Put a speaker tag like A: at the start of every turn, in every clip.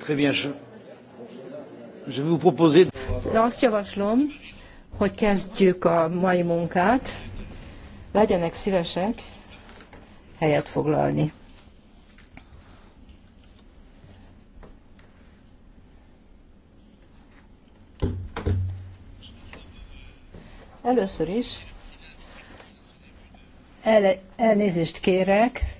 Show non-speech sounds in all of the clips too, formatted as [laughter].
A: Très bien, je, je vais vous proposer...
B: Azt javaslom, hogy kezdjük a mai munkát. Legyenek szívesek helyet foglalni. Először is el, elnézést kérek,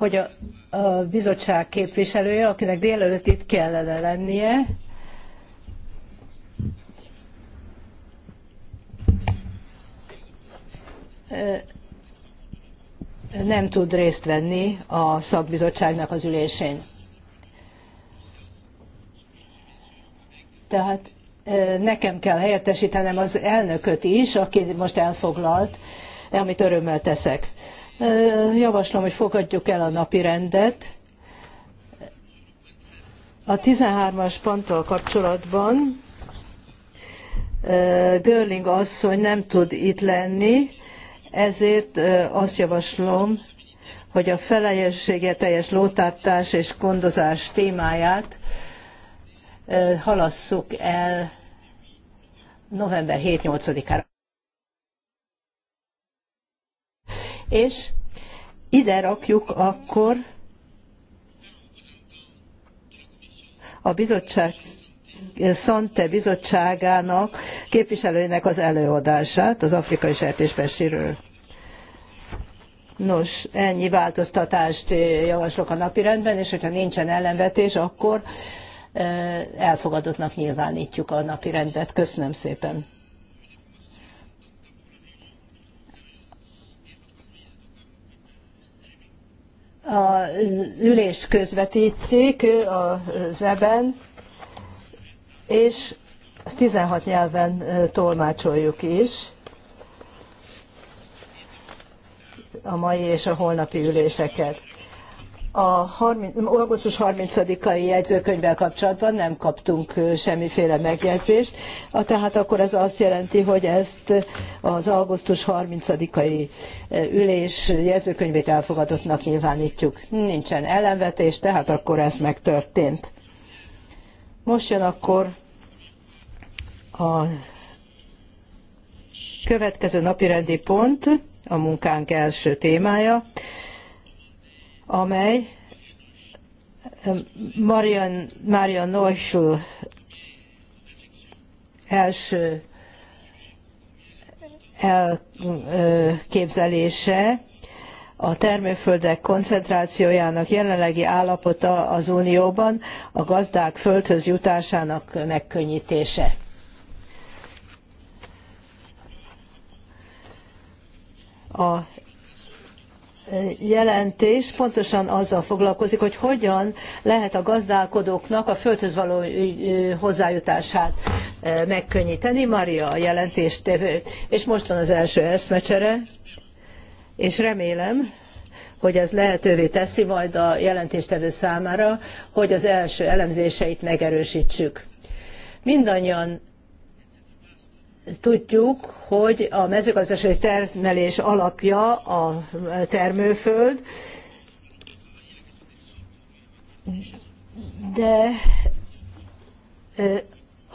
B: hogy a, a bizottság képviselője, akinek délelőtt itt kellene lennie, nem tud részt venni a szakbizottságnak az ülésén. Tehát nekem kell helyettesítenem az elnököt is, aki most elfoglalt, amit örömmel teszek. Javaslom, hogy fogadjuk el a napi rendet. A 13-as ponttal kapcsolatban Görling asszony nem tud itt lenni, ezért azt javaslom, hogy a teljes lótártás és gondozás témáját halasszuk el november 7-8-ára. és ide rakjuk akkor a bizottság Szante bizottságának képviselőinek az előadását az afrikai sertéspesiről. Nos, ennyi változtatást javaslok a napirendben, és hogyha nincsen ellenvetés, akkor eh, elfogadottnak nyilvánítjuk a napirendet. Köszönöm szépen. a ülést közvetítik a weben, és 16 nyelven tolmácsoljuk is a mai és a holnapi üléseket a 30, augusztus 30-ai jegyzőkönyvvel kapcsolatban nem kaptunk semmiféle megjegyzést, tehát akkor ez azt jelenti, hogy ezt az augusztus 30-ai ülés jegyzőkönyvét elfogadottnak nyilvánítjuk. Nincsen ellenvetés, tehát akkor ez megtörtént. Most jön akkor a következő napirendi pont, a munkánk első témája, amely eh, Marian, Marian Neuschel első elképzelése, eh, a termőföldek koncentrációjának jelenlegi állapota az Unióban, a gazdák földhöz jutásának megkönnyítése. A jelentés pontosan azzal foglalkozik, hogy hogyan lehet a gazdálkodóknak a földhöz való hozzájutását megkönnyíteni. Maria a jelentéstevő. És most van az első eszmecsere, és remélem, hogy ez lehetővé teszi majd a jelentéstevő számára, hogy az első elemzéseit megerősítsük. Mindannyian Tudjuk, hogy a mezőgazdasági termelés alapja a termőföld, de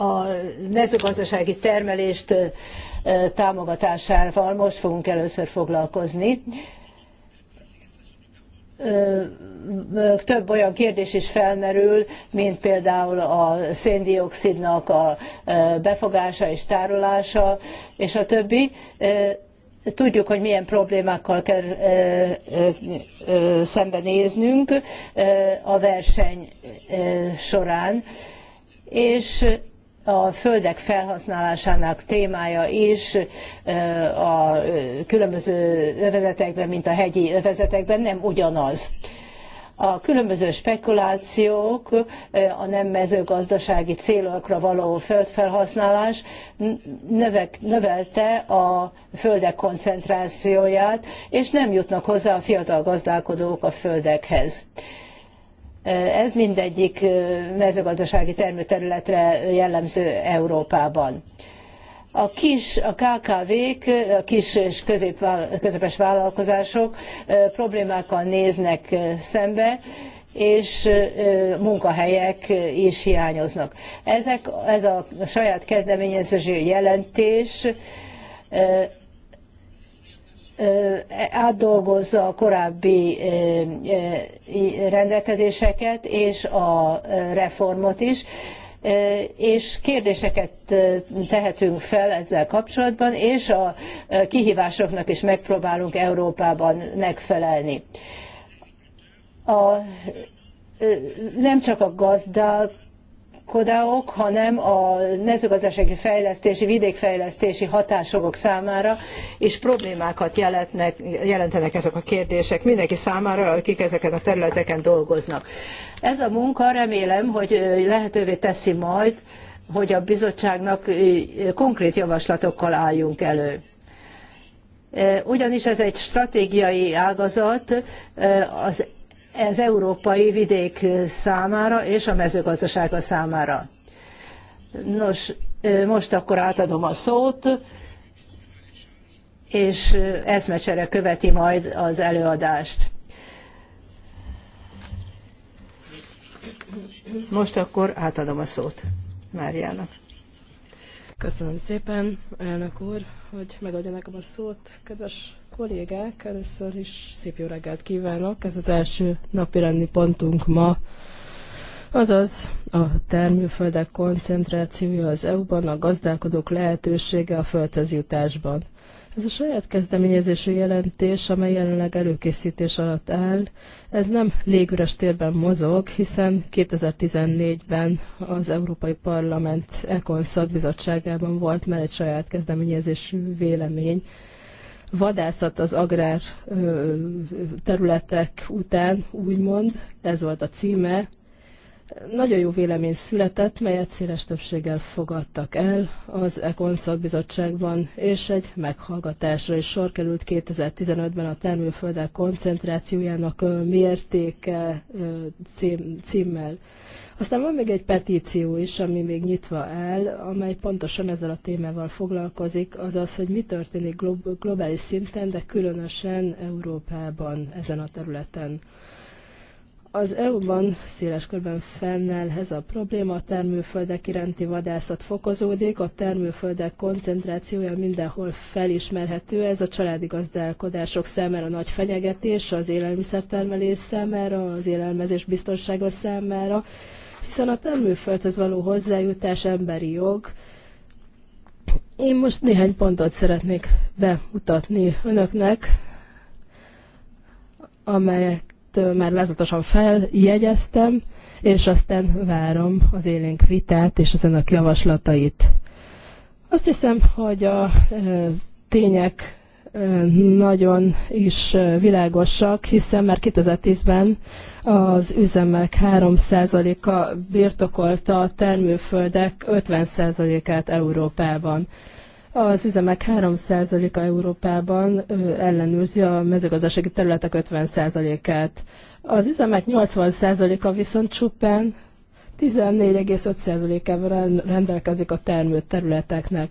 B: a mezőgazdasági termelést támogatásával most fogunk először foglalkozni több olyan kérdés is felmerül, mint például a széndiokszidnak a befogása és tárolása, és a többi. Tudjuk, hogy milyen problémákkal kell szembenéznünk a verseny során, és a földek felhasználásának témája is a különböző övezetekben, mint a hegyi övezetekben nem ugyanaz. A különböző spekulációk, a nem mezőgazdasági célokra való földfelhasználás növelte a földek koncentrációját, és nem jutnak hozzá a fiatal gazdálkodók a földekhez ez mindegyik mezőgazdasági termőterületre jellemző Európában. A kis, a KKV-k, a kis és közép, közepes vállalkozások problémákkal néznek szembe, és munkahelyek is hiányoznak. Ezek, ez a saját kezdeményezési jelentés átdolgozza a korábbi rendelkezéseket és a reformot is, és kérdéseket tehetünk fel ezzel kapcsolatban, és a kihívásoknak is megpróbálunk Európában megfelelni. A, nem csak a gazdák, gazdálkodók, hanem a mezőgazdasági fejlesztési, vidékfejlesztési hatásokok számára is problémákat jelentnek, jelentenek ezek a kérdések mindenki számára, akik ezeken a területeken dolgoznak. Ez a munka remélem, hogy lehetővé teszi majd, hogy a bizottságnak konkrét javaslatokkal álljunk elő ugyanis ez egy stratégiai ágazat, az az európai vidék számára és a mezőgazdasága számára. Nos, most akkor átadom a szót, és eszmecsere követi majd az előadást. Most akkor átadom a szót Máriának. Köszönöm szépen,
C: elnök úr, hogy megadja nekem a szót, kedves kollégák! Először is szép jó reggelt kívánok! Ez az első napi rendi pontunk ma, azaz a termőföldek koncentrációja az EU-ban, a gazdálkodók lehetősége a földhöz jutásban. Ez a saját kezdeményezésű jelentés, amely jelenleg előkészítés alatt áll, ez nem légüres térben mozog, hiszen 2014-ben az Európai Parlament Ekon szakbizottságában volt már egy saját kezdeményezésű vélemény vadászat az agrár területek után, úgymond, ez volt a címe. Nagyon jó vélemény született, melyet széles többséggel fogadtak el az Econ szakbizottságban, és egy meghallgatásra is sor került 2015-ben a termőföldek koncentrációjának mértéke címmel. Aztán van még egy petíció is, ami még nyitva áll, amely pontosan ezzel a témával foglalkozik, azaz, hogy mi történik globális szinten, de különösen Európában ezen a területen. Az EU-ban széles körben fennáll ez a probléma, a termőföldek iránti vadászat fokozódik, a termőföldek koncentrációja mindenhol felismerhető, ez a családi gazdálkodások számára nagy fenyegetés, az élelmiszertermelés számára, az élelmezés biztonsága számára, hiszen a termőföldhöz való hozzájutás emberi jog. Én most néhány pontot szeretnék bemutatni önöknek, amelyet már vázlatosan feljegyeztem, és aztán várom az élénk vitát és az önök javaslatait. Azt hiszem, hogy a tények nagyon is világosak, hiszen már 2010-ben az üzemek 3%-a birtokolta a termőföldek 50%-át Európában. Az üzemek 3%-a Európában ellenőrzi a mezőgazdasági területek 50%-át. Az üzemek 80%-a viszont csupán 14,5%-ával rendelkezik a termőterületeknek. területeknek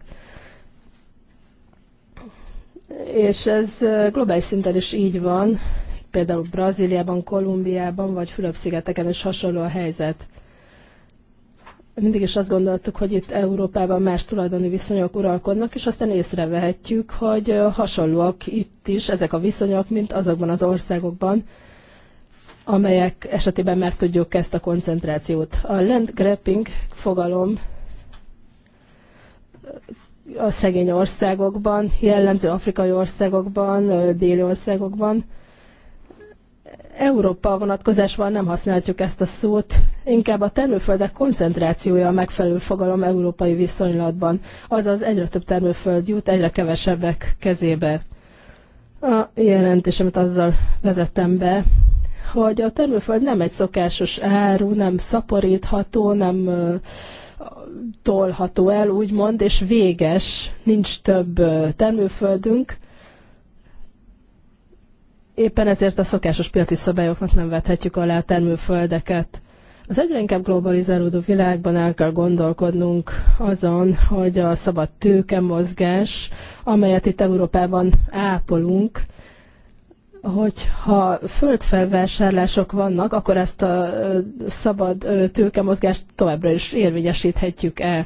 C: és ez globális szinten is így van, például Brazíliában, Kolumbiában, vagy Fülöp-szigeteken is hasonló a helyzet. Mindig is azt gondoltuk, hogy itt Európában más tulajdoni viszonyok uralkodnak, és aztán észrevehetjük, hogy hasonlóak itt is ezek a viszonyok, mint azokban az országokban, amelyek esetében már tudjuk ezt a koncentrációt. A land grabbing fogalom a szegény országokban, jellemző afrikai országokban, déli országokban. Európa vonatkozásban nem használhatjuk ezt a szót, inkább a termőföldek koncentrációja a megfelelő fogalom európai viszonylatban, azaz egyre több termőföld jut egyre kevesebbek kezébe. A jelentésemet azzal vezettem be, hogy a termőföld nem egy szokásos áru, nem szaporítható, nem tolható el, úgymond, és véges, nincs több termőföldünk. Éppen ezért a szokásos piaci szabályoknak nem vethetjük alá a termőföldeket. Az egyre inkább globalizálódó világban el kell gondolkodnunk azon, hogy a szabad tőkemozgás, amelyet itt Európában ápolunk, hogyha földfelvásárlások vannak, akkor ezt a szabad tőkemozgást továbbra is érvényesíthetjük el.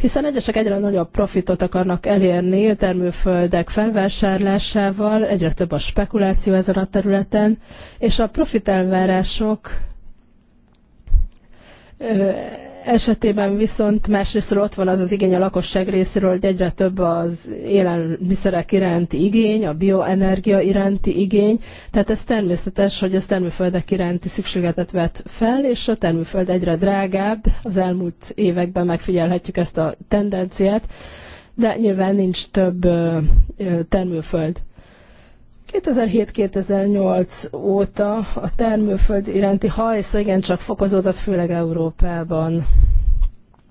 C: Hiszen egyesek egyre nagyobb profitot akarnak elérni a termőföldek felvásárlásával, egyre több a spekuláció ezen a területen, és a profitelvárások esetében viszont másrészt ott van az az igény a lakosság részéről, hogy egyre több az élelmiszerek iránti igény, a bioenergia iránti igény, tehát ez természetes, hogy ez termőföldek iránti szükségletet vet fel, és a termőföld egyre drágább, az elmúlt években megfigyelhetjük ezt a tendenciát, de nyilván nincs több termőföld. 2007-2008 óta a termőföld iránti hajsz igencsak fokozódott, főleg Európában.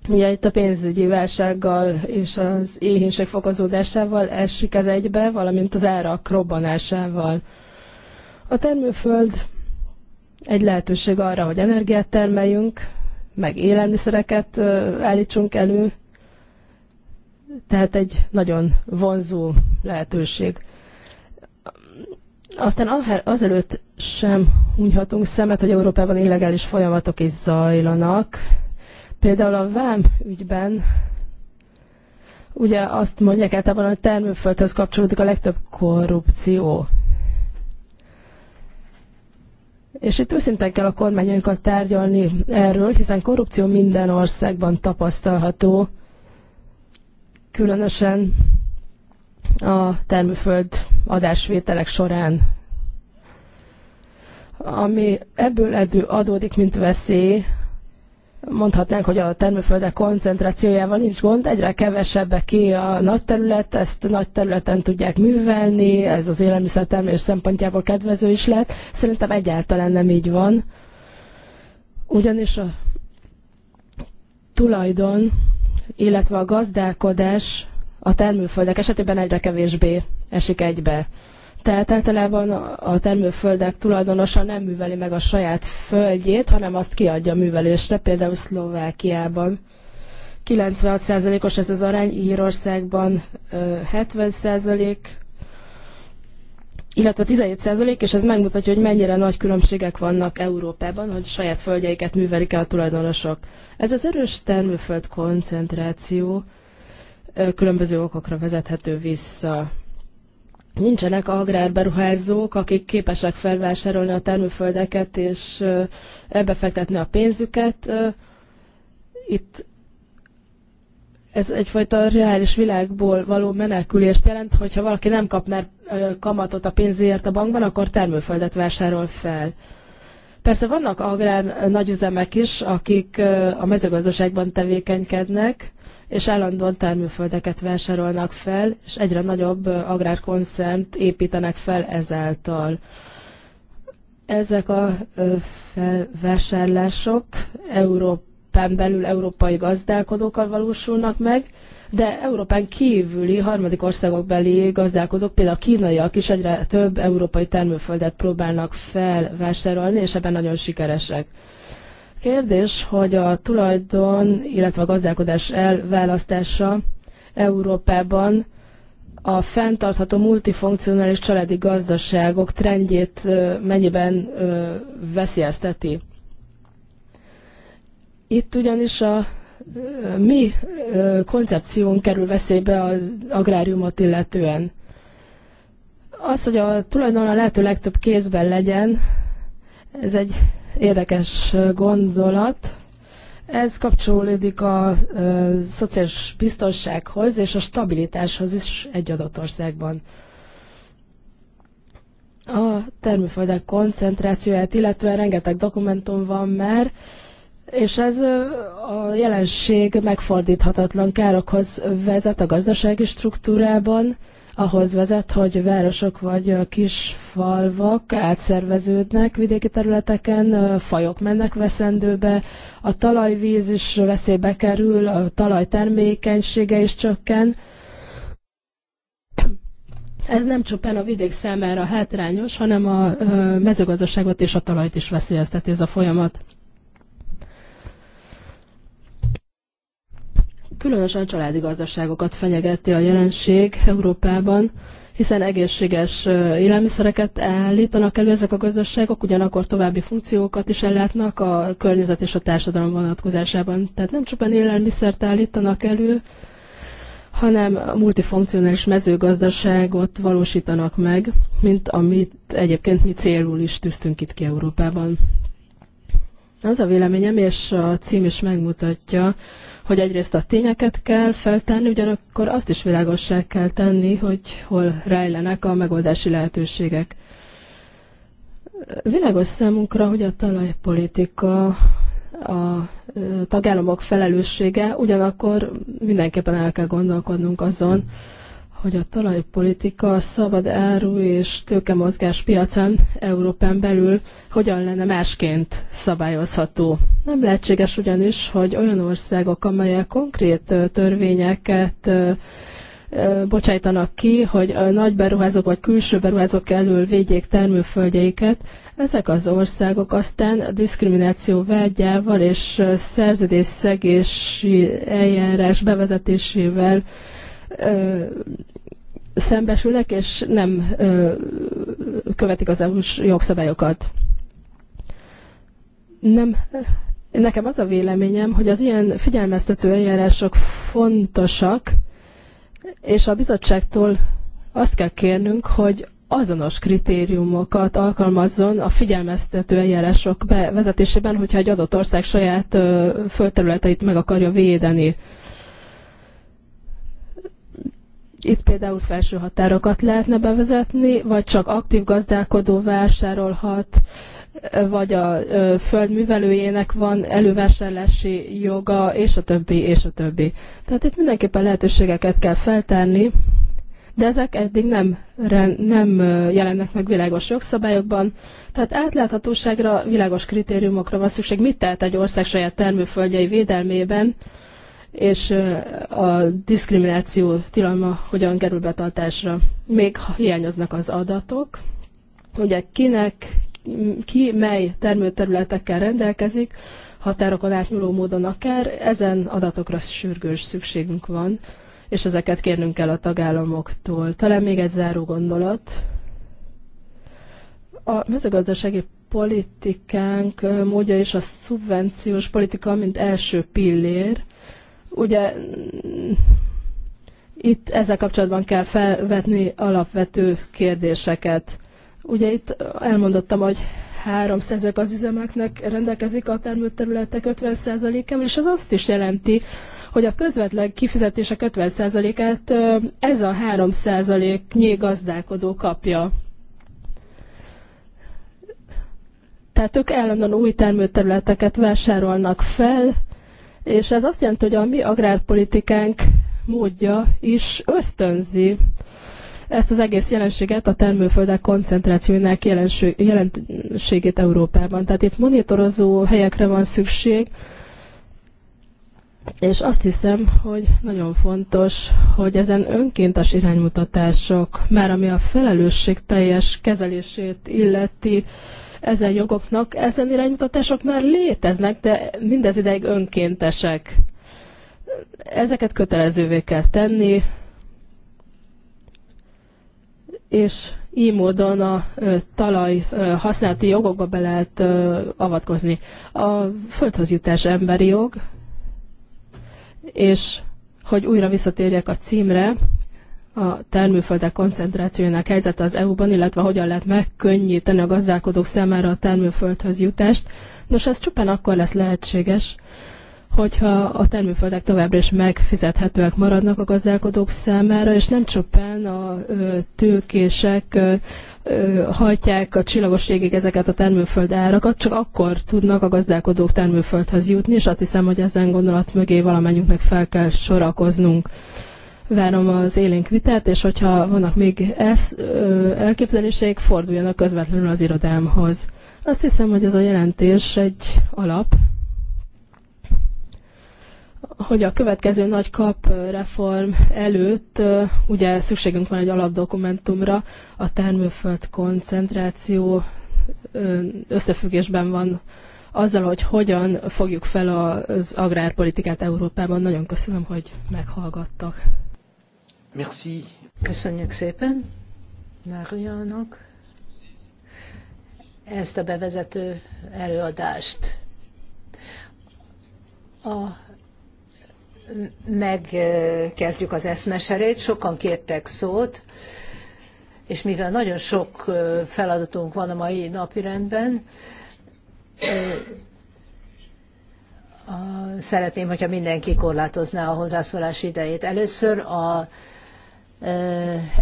C: Ugye itt a pénzügyi válsággal és az éhénység fokozódásával esik ez egybe, valamint az árak robbanásával. A termőföld egy lehetőség arra, hogy energiát termeljünk, meg élelmiszereket állítsunk elő, tehát egy nagyon vonzó lehetőség. Aztán azelőtt sem hunyhatunk szemet, hogy Európában illegális folyamatok is zajlanak. Például a vám ügyben ugye azt mondják általában, hogy termőföldhöz kapcsolódik a legtöbb korrupció. És itt őszintén kell a kormányainkat tárgyalni erről, hiszen korrupció minden országban tapasztalható, különösen a termőföld adásvételek során. Ami ebből edő adódik, mint veszély, mondhatnánk, hogy a termőföldek koncentrációjával nincs gond, egyre kevesebbek ki a nagy terület, ezt nagy területen tudják művelni, ez az élelmiszertermelés szempontjából kedvező is lehet. Szerintem egyáltalán nem így van. Ugyanis a tulajdon, illetve a gazdálkodás a termőföldek esetében egyre kevésbé esik egybe. Tehát általában a termőföldek tulajdonosa nem műveli meg a saját földjét, hanem azt kiadja a művelésre, például Szlovákiában. 96%-os ez az arány, Írországban 70%, illetve 17%, és ez megmutatja, hogy mennyire nagy különbségek vannak Európában, hogy saját földjeiket művelik el a tulajdonosok. Ez az erős termőföld koncentráció különböző okokra vezethető vissza. Nincsenek agrárberuházók, akik képesek felvásárolni a termőföldeket és ebbe fektetni a pénzüket. Itt ez egyfajta reális világból való menekülést jelent, hogyha valaki nem kap már kamatot a pénzért a bankban, akkor termőföldet vásárol fel. Persze vannak agrár nagyüzemek is, akik a mezőgazdaságban tevékenykednek, és állandóan termőföldeket vásárolnak fel, és egyre nagyobb agrárkonszent építenek fel ezáltal. Ezek a felvásárlások Európán belül európai gazdálkodókkal valósulnak meg, de Európán kívüli harmadik országok belé gazdálkodók, például a kínaiak is egyre több európai termőföldet próbálnak felvásárolni, és ebben nagyon sikeresek. Kérdés, hogy a tulajdon, illetve a gazdálkodás elválasztása Európában a fenntartható multifunkcionális családi gazdaságok trendjét mennyiben veszélyezteti. Itt ugyanis a mi koncepción kerül veszélybe az agráriumot illetően. Az, hogy a tulajdon a lehető legtöbb kézben legyen, ez egy érdekes gondolat. Ez kapcsolódik a ö, szociális biztonsághoz és a stabilitáshoz is egy adott országban. A termőföldek koncentrációját, illetve rengeteg dokumentum van már, és ez a jelenség megfordíthatatlan károkhoz vezet a gazdasági struktúrában, ahhoz vezet, hogy városok vagy kis falvak átszerveződnek vidéki területeken, fajok mennek veszendőbe, a talajvíz is veszélybe kerül, a talaj termékenysége is csökken. Ez nem csupán a vidék számára hátrányos, hanem a mezőgazdaságot és a talajt is veszélyezteti ez a folyamat. Különösen a családi gazdaságokat fenyegeti a jelenség Európában, hiszen egészséges élelmiszereket állítanak elő ezek a gazdaságok, ugyanakkor további funkciókat is ellátnak a környezet és a társadalom vonatkozásában. Tehát nem csupán élelmiszert állítanak elő, hanem multifunkcionális mezőgazdaságot valósítanak meg, mint amit egyébként mi célul is tűztünk itt ki Európában. Az a véleményem, és a cím is megmutatja, hogy egyrészt a tényeket kell feltenni, ugyanakkor azt is világossá kell tenni, hogy hol rejlenek a megoldási lehetőségek. Világos számunkra, hogy a talajpolitika a tagállamok felelőssége, ugyanakkor mindenképpen el kell gondolkodnunk azon, hogy a talajpolitika a szabad áru és tőkemozgás piacán Európán belül hogyan lenne másként szabályozható. Nem lehetséges ugyanis, hogy olyan országok, amelyek konkrét törvényeket bocsájtanak ki, hogy a nagy beruházók vagy külső beruházók elől védjék termőföldjeiket, ezek az országok aztán a diszkrimináció vágyával és szerződésszegési eljárás bevezetésével szembesülnek, és nem követik az EU-s jogszabályokat. Nem, nekem az a véleményem, hogy az ilyen figyelmeztető eljárások fontosak, és a bizottságtól azt kell kérnünk, hogy azonos kritériumokat alkalmazzon a figyelmeztető eljárások bevezetésében, hogyha egy adott ország saját földterületeit meg akarja védeni. Itt például felső határokat lehetne bevezetni, vagy csak aktív gazdálkodó vásárolhat, vagy a földművelőjének van elővásárlási joga, és a többi, és a többi. Tehát itt mindenképpen lehetőségeket kell feltárni, de ezek eddig nem, nem jelennek meg világos jogszabályokban, tehát átláthatóságra, világos kritériumokra van szükség, mit tehet egy ország saját termőföldjei védelmében, és a diszkrimináció tilalma hogyan kerül betartásra. Még hiányoznak az adatok, ugye kinek, ki mely termőterületekkel rendelkezik, határokon átnyúló módon akár, ezen adatokra sürgős szükségünk van, és ezeket kérnünk kell a tagállamoktól. Talán még egy záró gondolat. A mezőgazdasági politikánk módja és a szubvenciós politika, mint első pillér, Ugye itt ezzel kapcsolatban kell felvetni alapvető kérdéseket. Ugye itt elmondottam, hogy három százalék az üzemeknek rendelkezik a termőterületek 50 százalékem, és ez azt is jelenti, hogy a közvetlen kifizetések 50 százalékát ez a 3 nyíl gazdálkodó kapja. Tehát ők állandóan új termőterületeket vásárolnak fel, és ez azt jelenti, hogy a mi agrárpolitikánk módja is ösztönzi ezt az egész jelenséget, a termőföldek koncentrációjának jelenségét Európában. Tehát itt monitorozó helyekre van szükség, és azt hiszem, hogy nagyon fontos, hogy ezen önkéntes iránymutatások, már ami a felelősség teljes kezelését illeti, ezen jogoknak, ezen iránymutatások már léteznek, de mindez ideig önkéntesek. Ezeket kötelezővé kell tenni, és így módon a talaj használati jogokba be lehet avatkozni. A földhöz jutás emberi jog, és hogy újra visszatérjek a címre, a termőföldek koncentrációjának helyzete az EU-ban, illetve hogyan lehet megkönnyíteni a gazdálkodók számára a termőföldhöz jutást. Nos, ez csupán akkor lesz lehetséges, hogyha a termőföldek továbbra is megfizethetőek maradnak a gazdálkodók számára, és nem csupán a tőkések hajtják a csillagos ezeket a termőföld árakat, csak akkor tudnak a gazdálkodók termőföldhöz jutni, és azt hiszem, hogy ezen gondolat mögé valamennyünknek fel kell sorakoznunk. Várom az élénk vitát, és hogyha vannak még ez, elképzeléseik, forduljanak közvetlenül az irodámhoz. Azt hiszem, hogy ez a jelentés egy alap, hogy a következő nagy kap reform előtt ugye szükségünk van egy alapdokumentumra, a termőföld koncentráció összefüggésben van azzal, hogy hogyan fogjuk fel az agrárpolitikát Európában. Nagyon köszönöm, hogy meghallgattak.
D: Merci.
B: Köszönjük szépen Máriának ezt a bevezető előadást. A, megkezdjük az eszmeserét, sokan kértek szót, és mivel nagyon sok feladatunk van a mai napirendben, szeretném, hogyha mindenki korlátozná a hozzászólás idejét. Először a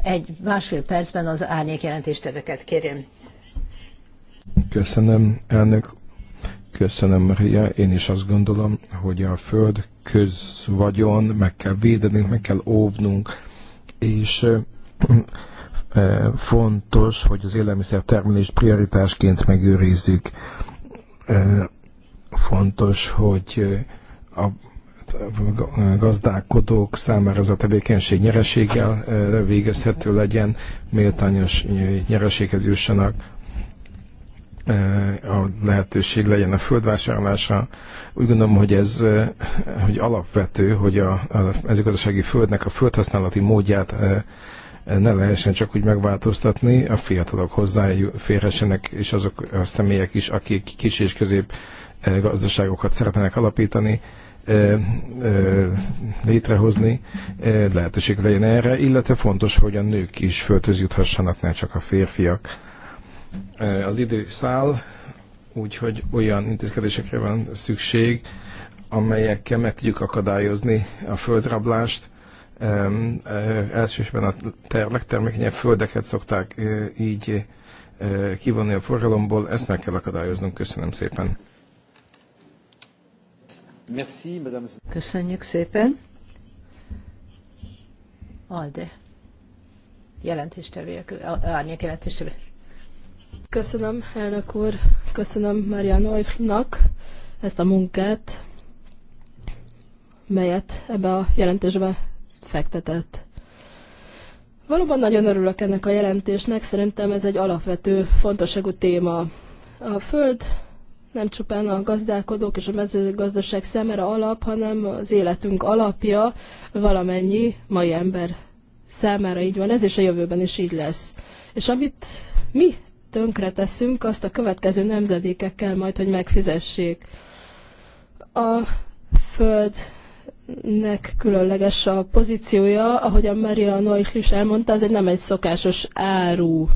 B: egy másfél percben az árnyék kérem.
E: Köszönöm, elnök. Köszönöm, Maria. Én is azt gondolom, hogy a föld közvagyon meg kell védenünk, meg kell óvnunk, és fontos, hogy az élelmiszer termelést prioritásként megőrizzük. Fontos, hogy a gazdálkodók számára ez a tevékenység nyereséggel eh, végezhető legyen, méltányos nyereséghez jussanak, eh, a lehetőség legyen a földvásárlása. Úgy gondolom, hogy ez eh, hogy alapvető, hogy a, a mezőgazdasági földnek a földhasználati módját ne lehessen csak úgy megváltoztatni, a fiatalok hozzáférhessenek, és azok a személyek is, akik kis és közép gazdaságokat szeretnének alapítani, létrehozni, lehetőség legyen erre, illetve fontos, hogy a nők is földhöz juthassanak, ne csak a férfiak. Az idő száll, úgyhogy olyan intézkedésekre van szükség, amelyekkel meg tudjuk akadályozni a földrablást. Elsősorban a ter- legtermékenyebb földeket szokták így kivonni a forgalomból, ezt meg kell akadályoznunk. Köszönöm szépen.
B: Merci, madame. Köszönjük szépen. Alde. Jelentéstevő, árnyék jelentéstevő. Köszönöm,
C: elnök úr, köszönöm Marianoiknak ezt a munkát, melyet ebbe a jelentésbe fektetett. Valóban nagyon örülök ennek a jelentésnek, szerintem ez egy alapvető fontosságú téma. A föld nem csupán a gazdálkodók és a mezőgazdaság szemere alap, hanem az életünk alapja valamennyi mai ember számára így van ez, és a jövőben is így lesz. És amit mi tönkre teszünk, azt a következő nemzedékekkel majd, hogy megfizessék. A föld nek különleges a pozíciója, a Maria Noichl is elmondta, ez egy nem egy szokásos áru.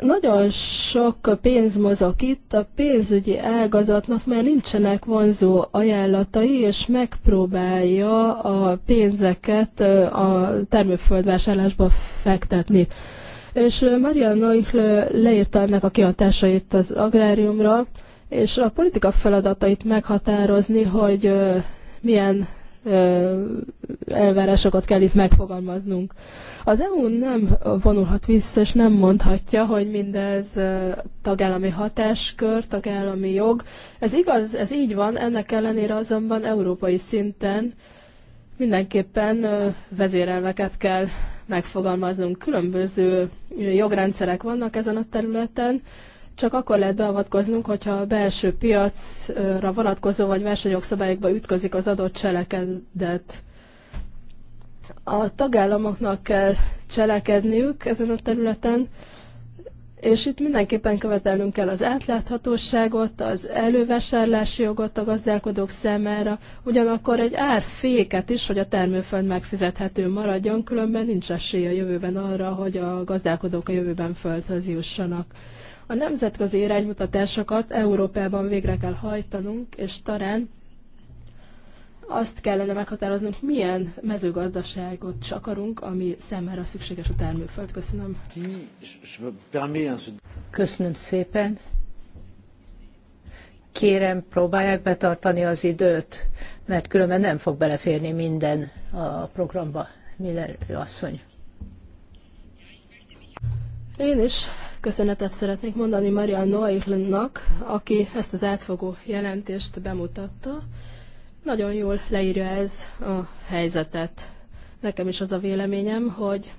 C: Nagyon sok pénz mozog itt, a pénzügyi ágazatnak már nincsenek vonzó ajánlatai, és megpróbálja a pénzeket a termőföldvásárlásba fektetni. És Marian Noich leírta ennek a kihatásait az agráriumra, és a politika feladatait meghatározni, hogy milyen elvárásokat kell itt megfogalmaznunk. Az EU nem vonulhat vissza, és nem mondhatja, hogy mindez tagállami hatáskör, tagállami jog. Ez igaz, ez így van, ennek ellenére azonban európai szinten mindenképpen vezérelveket kell megfogalmaznunk. Különböző jogrendszerek vannak ezen a területen, csak akkor lehet beavatkoznunk, hogyha a belső piacra vonatkozó vagy versenyjogszabályokba ütközik az adott cselekedet. A tagállamoknak kell cselekedniük ezen a területen, és itt mindenképpen követelnünk kell az átláthatóságot, az elővásárlási jogot a gazdálkodók számára, ugyanakkor egy árféket is, hogy a termőföld megfizethető maradjon, különben nincs esély a jövőben arra, hogy a gazdálkodók a jövőben földhöz jussanak. A nemzetközi iránymutatásokat Európában végre kell hajtanunk, és talán azt kellene meghatároznunk, milyen mezőgazdaságot akarunk, ami számára szükséges a termőföld. Köszönöm.
B: Köszönöm szépen. Kérem, próbálják betartani az időt, mert különben nem fog beleférni minden a programba. Miller asszony.
C: Én is Köszönetet szeretnék mondani Maria Noirnak, aki ezt az átfogó jelentést bemutatta. Nagyon jól leírja ez a helyzetet. Nekem is az a véleményem, hogy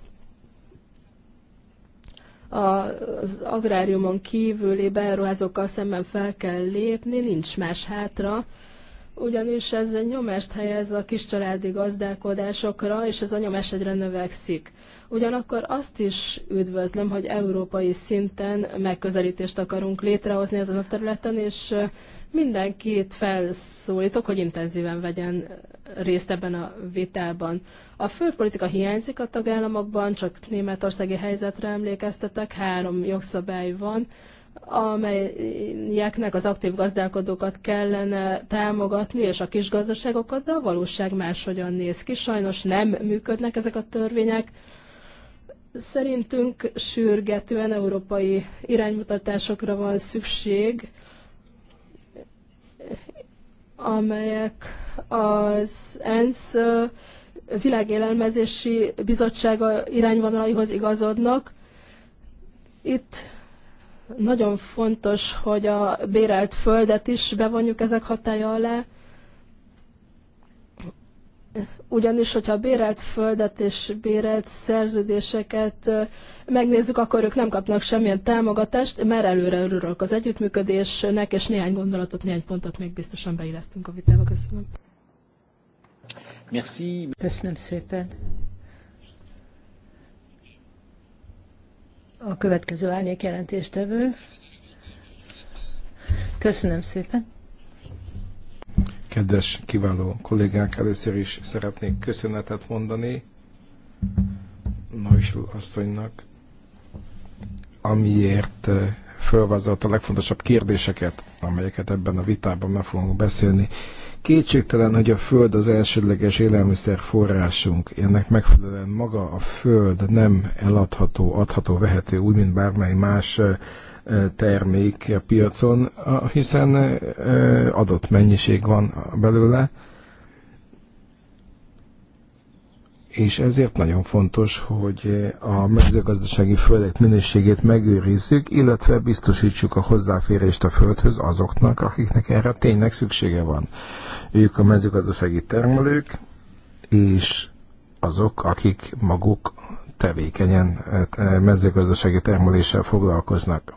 C: az agráriumon kívüli beruházókkal szemben fel kell lépni, nincs más hátra, ugyanis ez egy nyomást helyez a kiscsaládi gazdálkodásokra, és ez a nyomás egyre növekszik. Ugyanakkor azt is üdvözlöm, hogy európai szinten megközelítést akarunk létrehozni ezen a területen, és mindenkit felszólítok, hogy intenzíven vegyen részt ebben a vitában. A földpolitika hiányzik a tagállamokban, csak németországi helyzetre emlékeztetek, három jogszabály van, amelyeknek az aktív gazdálkodókat kellene támogatni, és a kis gazdaságokat, de a valóság máshogyan néz ki. Sajnos nem működnek ezek a törvények. Szerintünk sürgetően európai iránymutatásokra van szükség, amelyek az ENSZ világélelmezési bizottsága irányvonalaihoz igazodnak. Itt nagyon fontos, hogy a bérelt földet is bevonjuk ezek hatája alá, ugyanis, hogyha a bérelt földet és bérelt szerződéseket megnézzük, akkor ők nem kapnak semmilyen támogatást, mert előre örülök az együttműködésnek, és néhány gondolatot, néhány pontot még biztosan beillesztünk a
B: vitába. Köszönöm. Merci. Köszönöm szépen. a következő árnyék jelentéstevő. Köszönöm szépen.
E: Kedves, kiváló kollégák, először is szeretnék köszönetet mondani Noisul asszonynak, amiért eh, fölvázolta a legfontosabb kérdéseket, amelyeket ebben a vitában meg fogunk beszélni. Kétségtelen, hogy a Föld az elsődleges élelmiszerforrásunk. Ennek megfelelően maga a Föld nem eladható, adható, vehető, úgy, mint bármely más termék a piacon, hiszen adott mennyiség van belőle, és ezért nagyon fontos, hogy a mezőgazdasági földek minőségét megőrizzük, illetve biztosítsuk a hozzáférést a földhöz azoknak, akiknek erre tényleg szüksége van. Ők a mezőgazdasági termelők, és azok, akik maguk tevékenyen hát, eh, mezőgazdasági termeléssel foglalkoznak.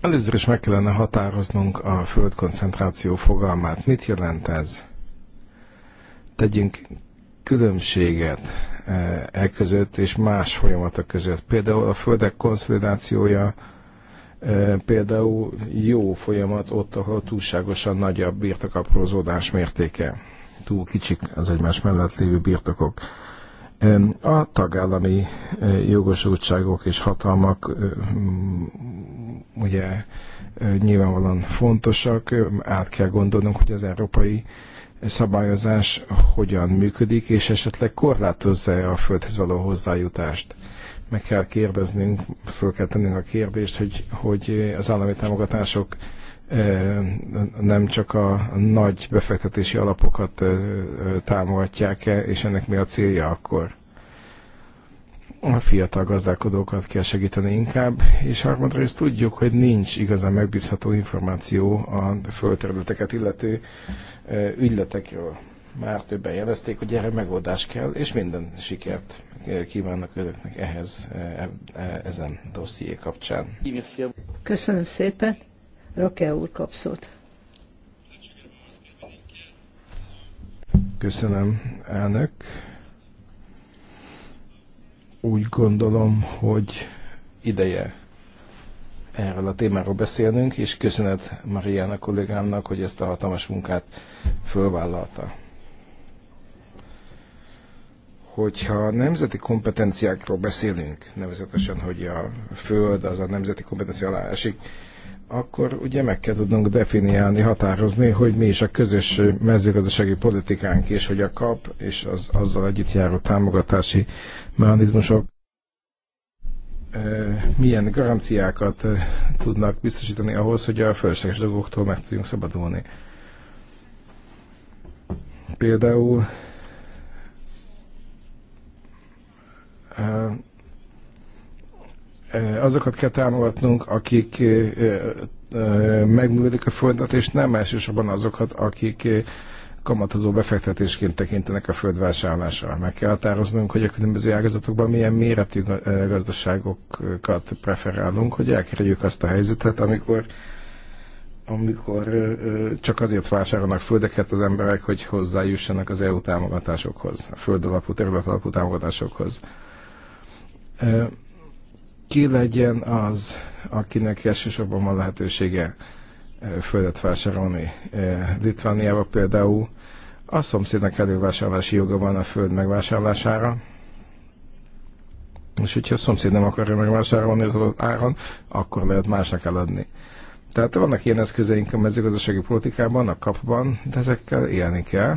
E: Először is meg kellene határoznunk a földkoncentráció fogalmát. Mit jelent ez? tegyünk különbséget e, e között és más folyamatok között. Például a földek konszolidációja e, például jó folyamat ott, ahol túlságosan nagyabb birtokaprózódás mértéke. Túl kicsik az egymás mellett lévő birtokok. E, a tagállami jogosultságok és hatalmak ugye nyilvánvalóan fontosak, át kell gondolnunk, hogy az európai szabályozás hogyan működik, és esetleg korlátozza-e a földhez való hozzájutást. Meg kell kérdeznünk, föl kell tennünk a kérdést, hogy, hogy az állami támogatások eh, nem csak a nagy befektetési alapokat eh, támogatják-e, és ennek mi a célja akkor a fiatal gazdálkodókat kell segíteni inkább, és harmadrészt tudjuk, hogy nincs igazán megbízható információ a földterületeket illető ügyletekről. Már többen jelezték, hogy erre megoldás kell, és minden sikert kívánnak önöknek ehhez, e, e, ezen dosszié kapcsán.
B: Köszönöm szépen. Roke úr kapszót.
E: Köszönöm, elnök úgy gondolom, hogy ideje erről a témáról beszélnünk, és köszönet Mariana kollégámnak, hogy ezt a hatalmas munkát fölvállalta. Hogyha nemzeti kompetenciákról beszélünk, nevezetesen, hogy a föld az a nemzeti kompetencia alá esik, akkor ugye meg kell tudnunk definiálni, határozni, hogy mi is a közös mezőgazdasági politikánk, és hogy a kap és az, azzal együtt járó támogatási mechanizmusok eh, milyen garanciákat eh, tudnak biztosítani ahhoz, hogy a fölösleges dolgoktól meg tudjunk szabadulni. Például eh, azokat kell támogatnunk, akik megművelik a földet, és nem elsősorban azokat, akik kamatozó befektetésként tekintenek a föld Meg kell határoznunk, hogy a különböző ágazatokban milyen méretű gazdaságokat preferálunk, hogy elkerüljük azt a helyzetet, amikor amikor csak azért vásárolnak földeket az emberek, hogy hozzájussanak az EU támogatásokhoz, a föld alapú, terület alapú támogatásokhoz ki legyen az, akinek elsősorban van lehetősége e, földet vásárolni e, Litvániába például. A szomszédnak elővásárlási joga van a föld megvásárlására, és hogyha a szomszéd nem akarja megvásárolni az adott áron, akkor lehet másnak eladni. Tehát vannak ilyen eszközeink a mezőgazdasági politikában, a kapban, de ezekkel élni kell.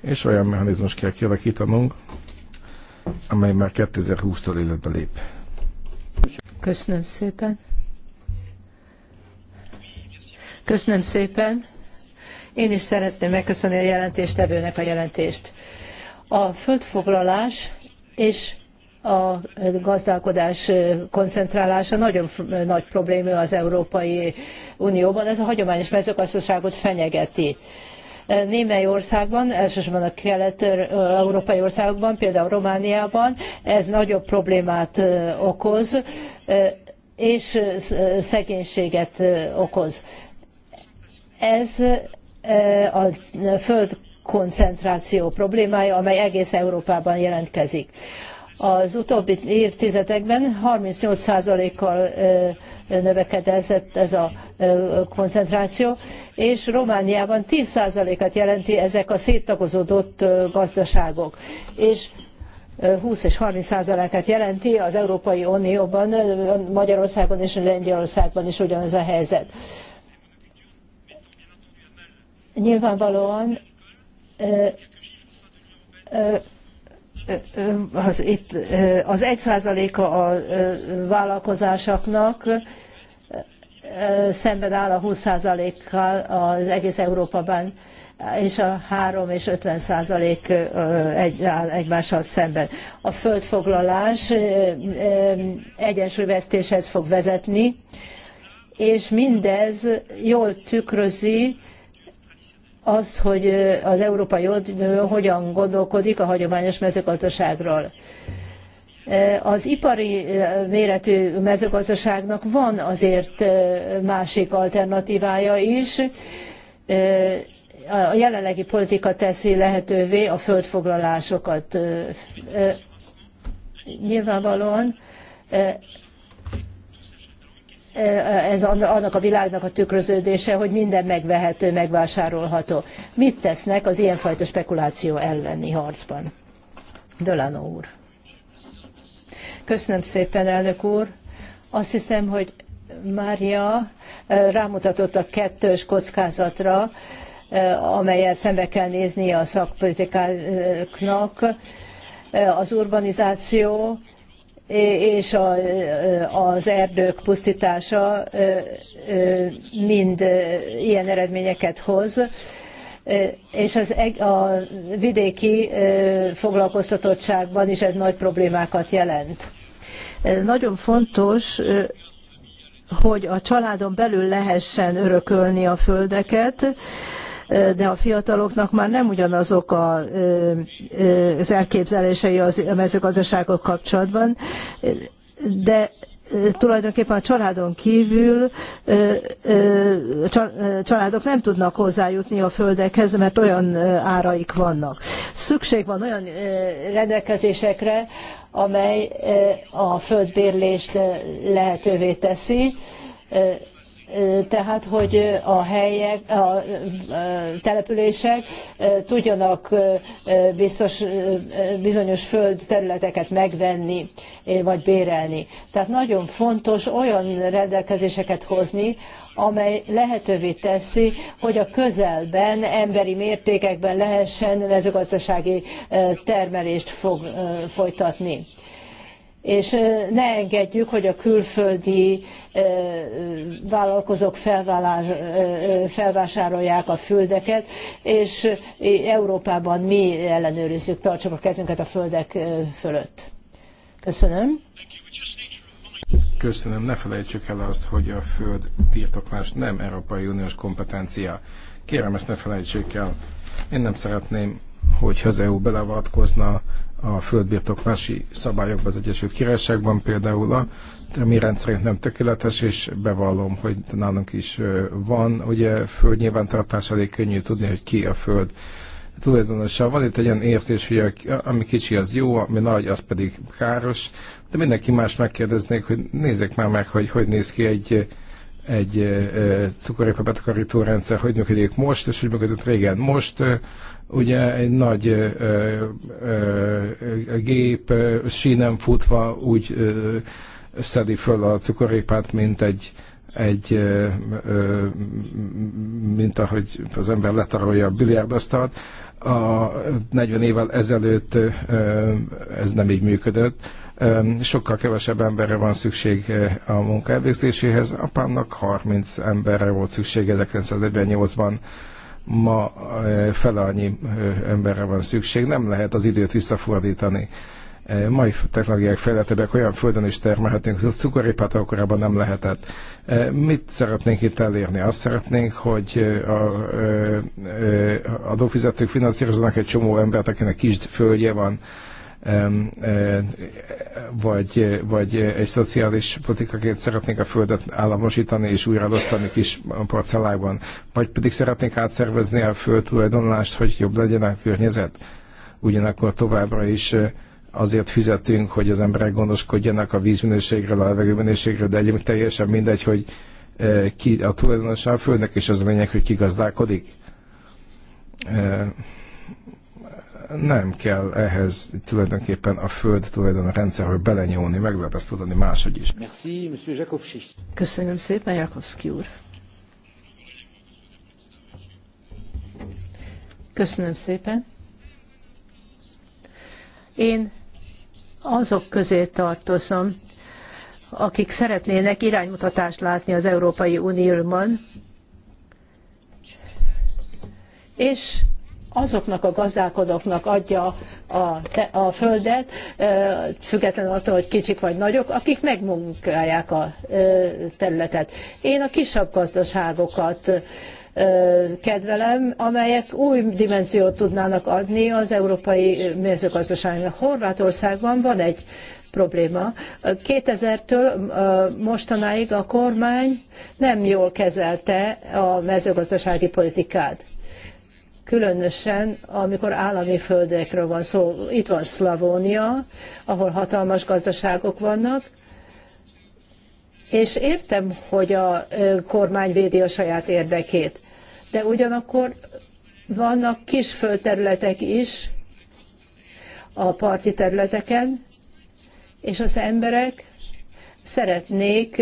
E: És olyan mechanizmus kell kialakítanunk, amely már 2020-tól életbe lép.
B: Köszönöm szépen. Köszönöm szépen. Én is szeretném megköszönni a jelentéstevőnek a jelentést. A földfoglalás és a gazdálkodás koncentrálása nagyon nagy probléma az Európai Unióban. Ez a hagyományos mezőgazdaságot fenyegeti Némely országban, elsősorban a kelet-európai országokban, például Romániában ez nagyobb problémát okoz, és szegénységet okoz. Ez a földkoncentráció problémája, amely egész Európában jelentkezik az utóbbi évtizedekben 38%-kal növekedett ez a koncentráció, és Romániában 10%-at jelenti ezek a széttagozódott gazdaságok. És 20 és 30 százalékát jelenti az Európai Unióban, Magyarországon és Lengyelországban is ugyanez a helyzet. Nyilvánvalóan az, itt, az a a vállalkozásoknak szemben áll a 20%-kal az egész Európában, és a 3 és 50 százalék egy, áll egymással szemben. A földfoglalás egyensúlyvesztéshez fog vezetni, és mindez jól tükrözi az, hogy az Európai Unió hogyan gondolkodik a hagyományos mezőgazdaságról. Az ipari méretű mezőgazdaságnak van azért másik alternatívája is. A jelenlegi politika teszi lehetővé a földfoglalásokat. Nyilvánvalóan Eh, ez annak a világnak a tükröződése, hogy minden megvehető, megvásárolható. Mit tesznek az ilyenfajta spekuláció elleni harcban? Dölano úr. Köszönöm szépen, elnök úr. Azt hiszem, hogy Mária eh, rámutatott a kettős kockázatra, eh, amelyel szembe kell néznie a szakpolitikáknak. Az urbanizáció és a, az erdők pusztítása mind ilyen eredményeket hoz és az, a vidéki foglalkoztatottságban is ez nagy problémákat jelent. Nagyon fontos, hogy a családon belül lehessen örökölni a földeket, de a fiataloknak már nem ugyanazok a, az elképzelései a mezőgazdasággal kapcsolatban, de tulajdonképpen a családon kívül családok nem tudnak hozzájutni a földekhez, mert olyan áraik vannak. Szükség van olyan rendelkezésekre, amely a földbérlést lehetővé teszi, tehát hogy a helyek, a települések tudjanak biztos, bizonyos földterületeket megvenni, vagy bérelni. Tehát nagyon fontos olyan rendelkezéseket hozni, amely lehetővé teszi, hogy a közelben emberi mértékekben lehessen mezőgazdasági termelést fog, folytatni és ne engedjük, hogy a külföldi vállalkozók felvásárolják a földeket, és Európában mi ellenőrizzük, tartsuk a kezünket a földek fölött. Köszönöm.
E: Köszönöm. Ne felejtsük el azt, hogy a föld birtoklás nem Európai Uniós kompetencia. Kérem, ezt ne felejtsük el. Én nem szeretném, hogyha az EU beleavatkozna a földbirtoklási szabályokba az Egyesült Királyságban például a mi rendszerint nem tökéletes, és bevallom, hogy nálunk is van, ugye földnyilvántartás elég könnyű tudni, hogy ki a föld tulajdonosa. Van itt egy olyan érzés, hogy ami kicsi az jó, ami nagy, az pedig káros, de mindenki más megkérdeznék, hogy nézzék már meg, hogy hogy néz ki egy egy cukorépra betakarító rendszer hogy működik most, és hogy működött régen. Most ugye egy nagy ö, ö, gép sínen futva úgy ö, szedi föl a cukorépát, mint egy egy, ö, ö, mint ahogy az ember letarolja a biliárdasztalt. A 40 évvel ezelőtt ö, ez nem így működött sokkal kevesebb emberre van szükség a munka elvégzéséhez. Apámnak 30 emberre volt szüksége 1948-ban, ma fele annyi emberre van szükség. Nem lehet az időt visszafordítani. Mai technológiák fejletebbek, olyan földön is termelhetünk, az cukoripát akkorában nem lehetett. Mit szeretnénk itt elérni? Azt szeretnénk, hogy a, a, adófizetők finanszírozzanak egy csomó embert, akinek kis földje van, E, vagy, vagy egy szociális politikaként szeretnék a földet államosítani és újraadosztani kis parcellákban, vagy pedig szeretnék átszervezni a föld tulajdonlást, hogy jobb legyen a környezet. Ugyanakkor továbbra is e, azért fizetünk, hogy az emberek gondoskodjanak a vízminőségről, a levegőminőségről, de egyébként teljesen mindegy, hogy e, ki a tulajdonosa a földnek, és az a lényeg, hogy ki gazdálkodik nem kell ehhez tulajdonképpen a föld tulajdon rendszerről belenyúlni, meg lehet ezt tudani máshogy is.
B: Köszönöm szépen, Jakovszki úr. Köszönöm szépen. Én azok közé tartozom, akik szeretnének iránymutatást látni az Európai Unióban, és azoknak a gazdálkodóknak adja a, te, a földet, függetlenül attól, hogy kicsik vagy nagyok, akik megmunkálják a területet. Én a kisebb gazdaságokat kedvelem, amelyek új dimenziót tudnának adni az európai mezőgazdaságnak. Horvátországban van egy probléma. 2000-től mostanáig a kormány nem jól kezelte a mezőgazdasági politikát különösen amikor állami földekről van szó. Itt van Szlavónia, ahol hatalmas gazdaságok vannak, és értem, hogy a kormány védi a saját érdekét, de ugyanakkor vannak kis földterületek is a parti területeken, és az emberek szeretnék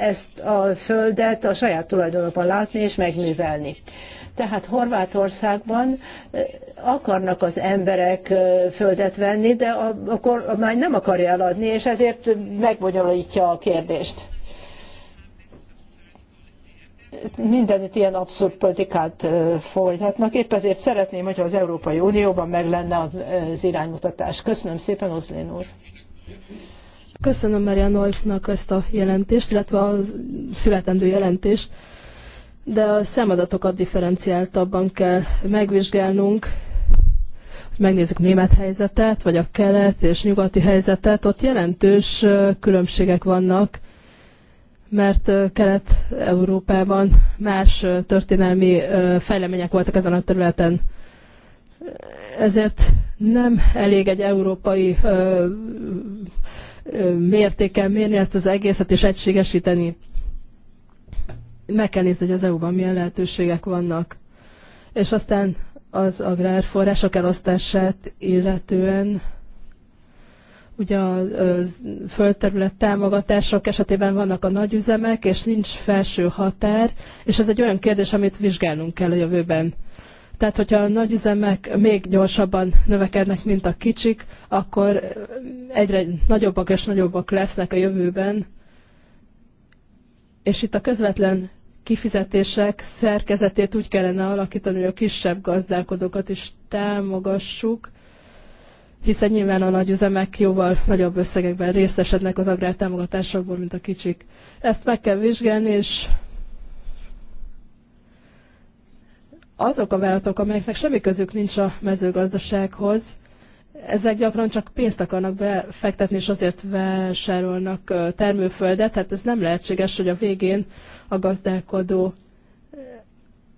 B: ezt a földet a saját tulajdonokban látni és megművelni. Tehát Horvátországban akarnak az emberek földet venni, de a, a kormány nem akarja eladni, és ezért megbonyolítja a kérdést. Mindenütt ilyen abszurd politikát folytatnak. Épp ezért szeretném, hogyha az Európai Unióban meg lenne az iránymutatás. Köszönöm szépen, Oszlén úr.
C: Köszönöm Marian Olfnak ezt a jelentést, illetve a születendő jelentést, de a szemadatokat differenciáltabban kell megvizsgálnunk, hogy megnézzük német helyzetet, vagy a kelet és nyugati helyzetet, ott jelentős különbségek vannak, mert Kelet-Európában más történelmi fejlemények voltak ezen a területen. Ezért nem elég egy európai mértékkel mérni ezt az egészet és egységesíteni. Meg kell nézni, hogy az EU-ban milyen lehetőségek vannak. És aztán az agrárforrások elosztását illetően ugye a földterület támogatások esetében vannak a nagyüzemek, és nincs felső határ, és ez egy olyan kérdés, amit vizsgálnunk kell a jövőben. Tehát, hogyha a nagyüzemek még gyorsabban növekednek, mint a kicsik, akkor egyre nagyobbak és nagyobbak lesznek a jövőben. És itt a közvetlen kifizetések szerkezetét úgy kellene alakítani, hogy a kisebb gazdálkodókat is támogassuk, hiszen nyilván a nagyüzemek jóval nagyobb összegekben részesednek az agrártámogatásokból, mint a kicsik. Ezt meg kell vizsgálni, és azok a vállalatok, amelyeknek semmi közük nincs a mezőgazdasághoz, ezek gyakran csak pénzt akarnak befektetni, és azért vásárolnak termőföldet, tehát ez nem lehetséges, hogy a végén a gazdálkodó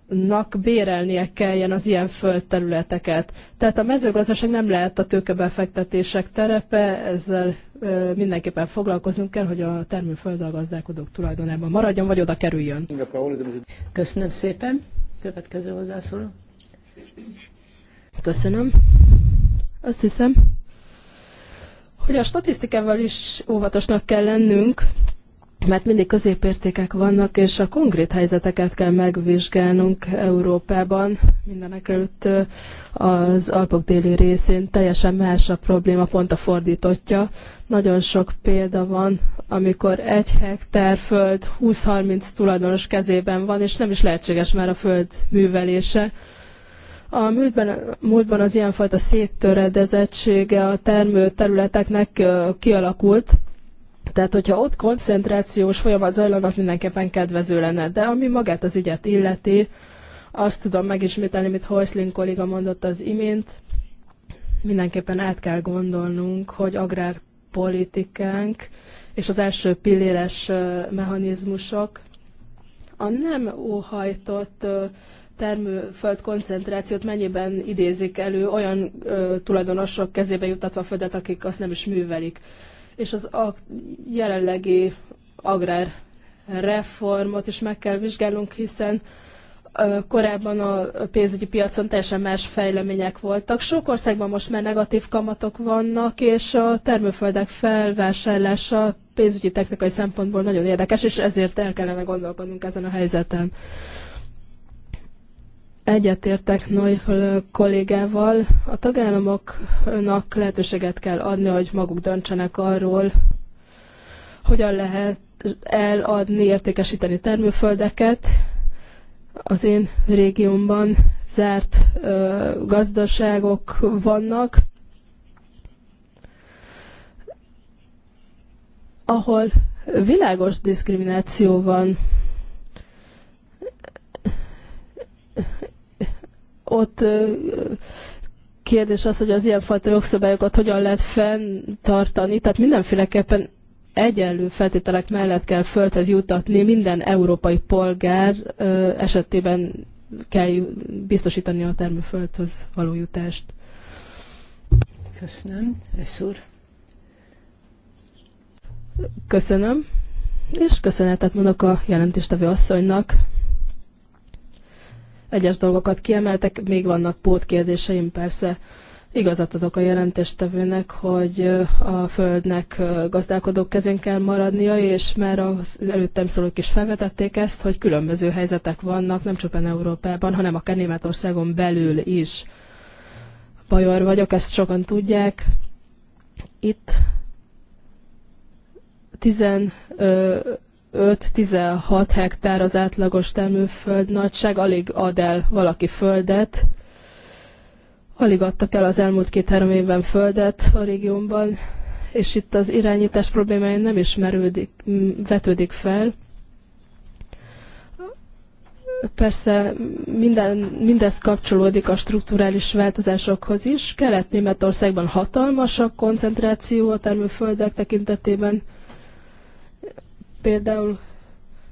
C: nak bérelnie kelljen az ilyen földterületeket. Tehát a mezőgazdaság nem lehet a tőkebefektetések terepe, ezzel mindenképpen foglalkozunk, kell, hogy a termőföld a gazdálkodók tulajdonában maradjon, vagy oda kerüljön. Köszönöm szépen. Következő hozzászóló. Köszönöm. Azt hiszem, hogy a statisztikával is óvatosnak kell lennünk, mert mindig középértékek vannak, és a konkrét helyzeteket kell megvizsgálnunk Európában. Mindenek előtt az Alpok déli részén teljesen más a probléma, pont a fordítottja. Nagyon sok példa van, amikor egy hektár föld 20-30 tulajdonos kezében van, és nem is lehetséges már a föld művelése. A múltban, múltban az ilyenfajta széttöredezettsége a termő területeknek kialakult, tehát, hogyha ott koncentrációs folyamat zajlan, az mindenképpen kedvező lenne. De ami magát az ügyet illeti, azt tudom megismételni, amit Hoisling kolléga mondott az imént, mindenképpen át kell gondolnunk, hogy agrárpolitikánk és az első pilléres mechanizmusok a nem óhajtott termőföld koncentrációt mennyiben idézik elő olyan ö, tulajdonosok kezébe jutatva a földet, akik azt nem is művelik és az a jelenlegi reformot is meg kell vizsgálnunk, hiszen korábban a pénzügyi piacon teljesen más fejlemények voltak. Sok országban most már negatív kamatok vannak, és a termőföldek felvásárlása pénzügyi technikai szempontból nagyon érdekes, és ezért el kellene gondolkodnunk ezen a helyzeten. Egyetértek Noil kollégával, a tagállamoknak lehetőséget kell adni, hogy maguk döntsenek arról, hogyan lehet eladni, értékesíteni termőföldeket. Az én régiómban zárt ö, gazdaságok vannak, ahol világos diszkrimináció van ott kérdés az, hogy az ilyenfajta jogszabályokat hogyan lehet fenntartani, tehát mindenféleképpen egyenlő feltételek mellett kell földhöz jutatni, minden európai polgár esetében kell biztosítani a termőföldhöz való jutást. Köszönöm, Eszúr. Köszönöm, és köszönetet mondok a jelentéstevő asszonynak, egyes dolgokat kiemeltek, még vannak pótkérdéseim persze. Igazat adok a jelentéstevőnek, hogy a Földnek gazdálkodók kezén kell maradnia, és már az előttem szólók is felvetették ezt, hogy különböző helyzetek vannak, nem csupán Európában, hanem a Németországon belül is. Bajor vagyok, ezt sokan tudják. Itt 15 5-16 hektár az átlagos termőföld nagyság, alig ad el valaki földet. Alig adtak el az elmúlt két-három évben földet a régiónban, és itt az irányítás problémája nem is merődik vetődik fel. Persze minden, mindez kapcsolódik a strukturális változásokhoz is. Kelet-Németországban hatalmas a koncentráció a termőföldek tekintetében Például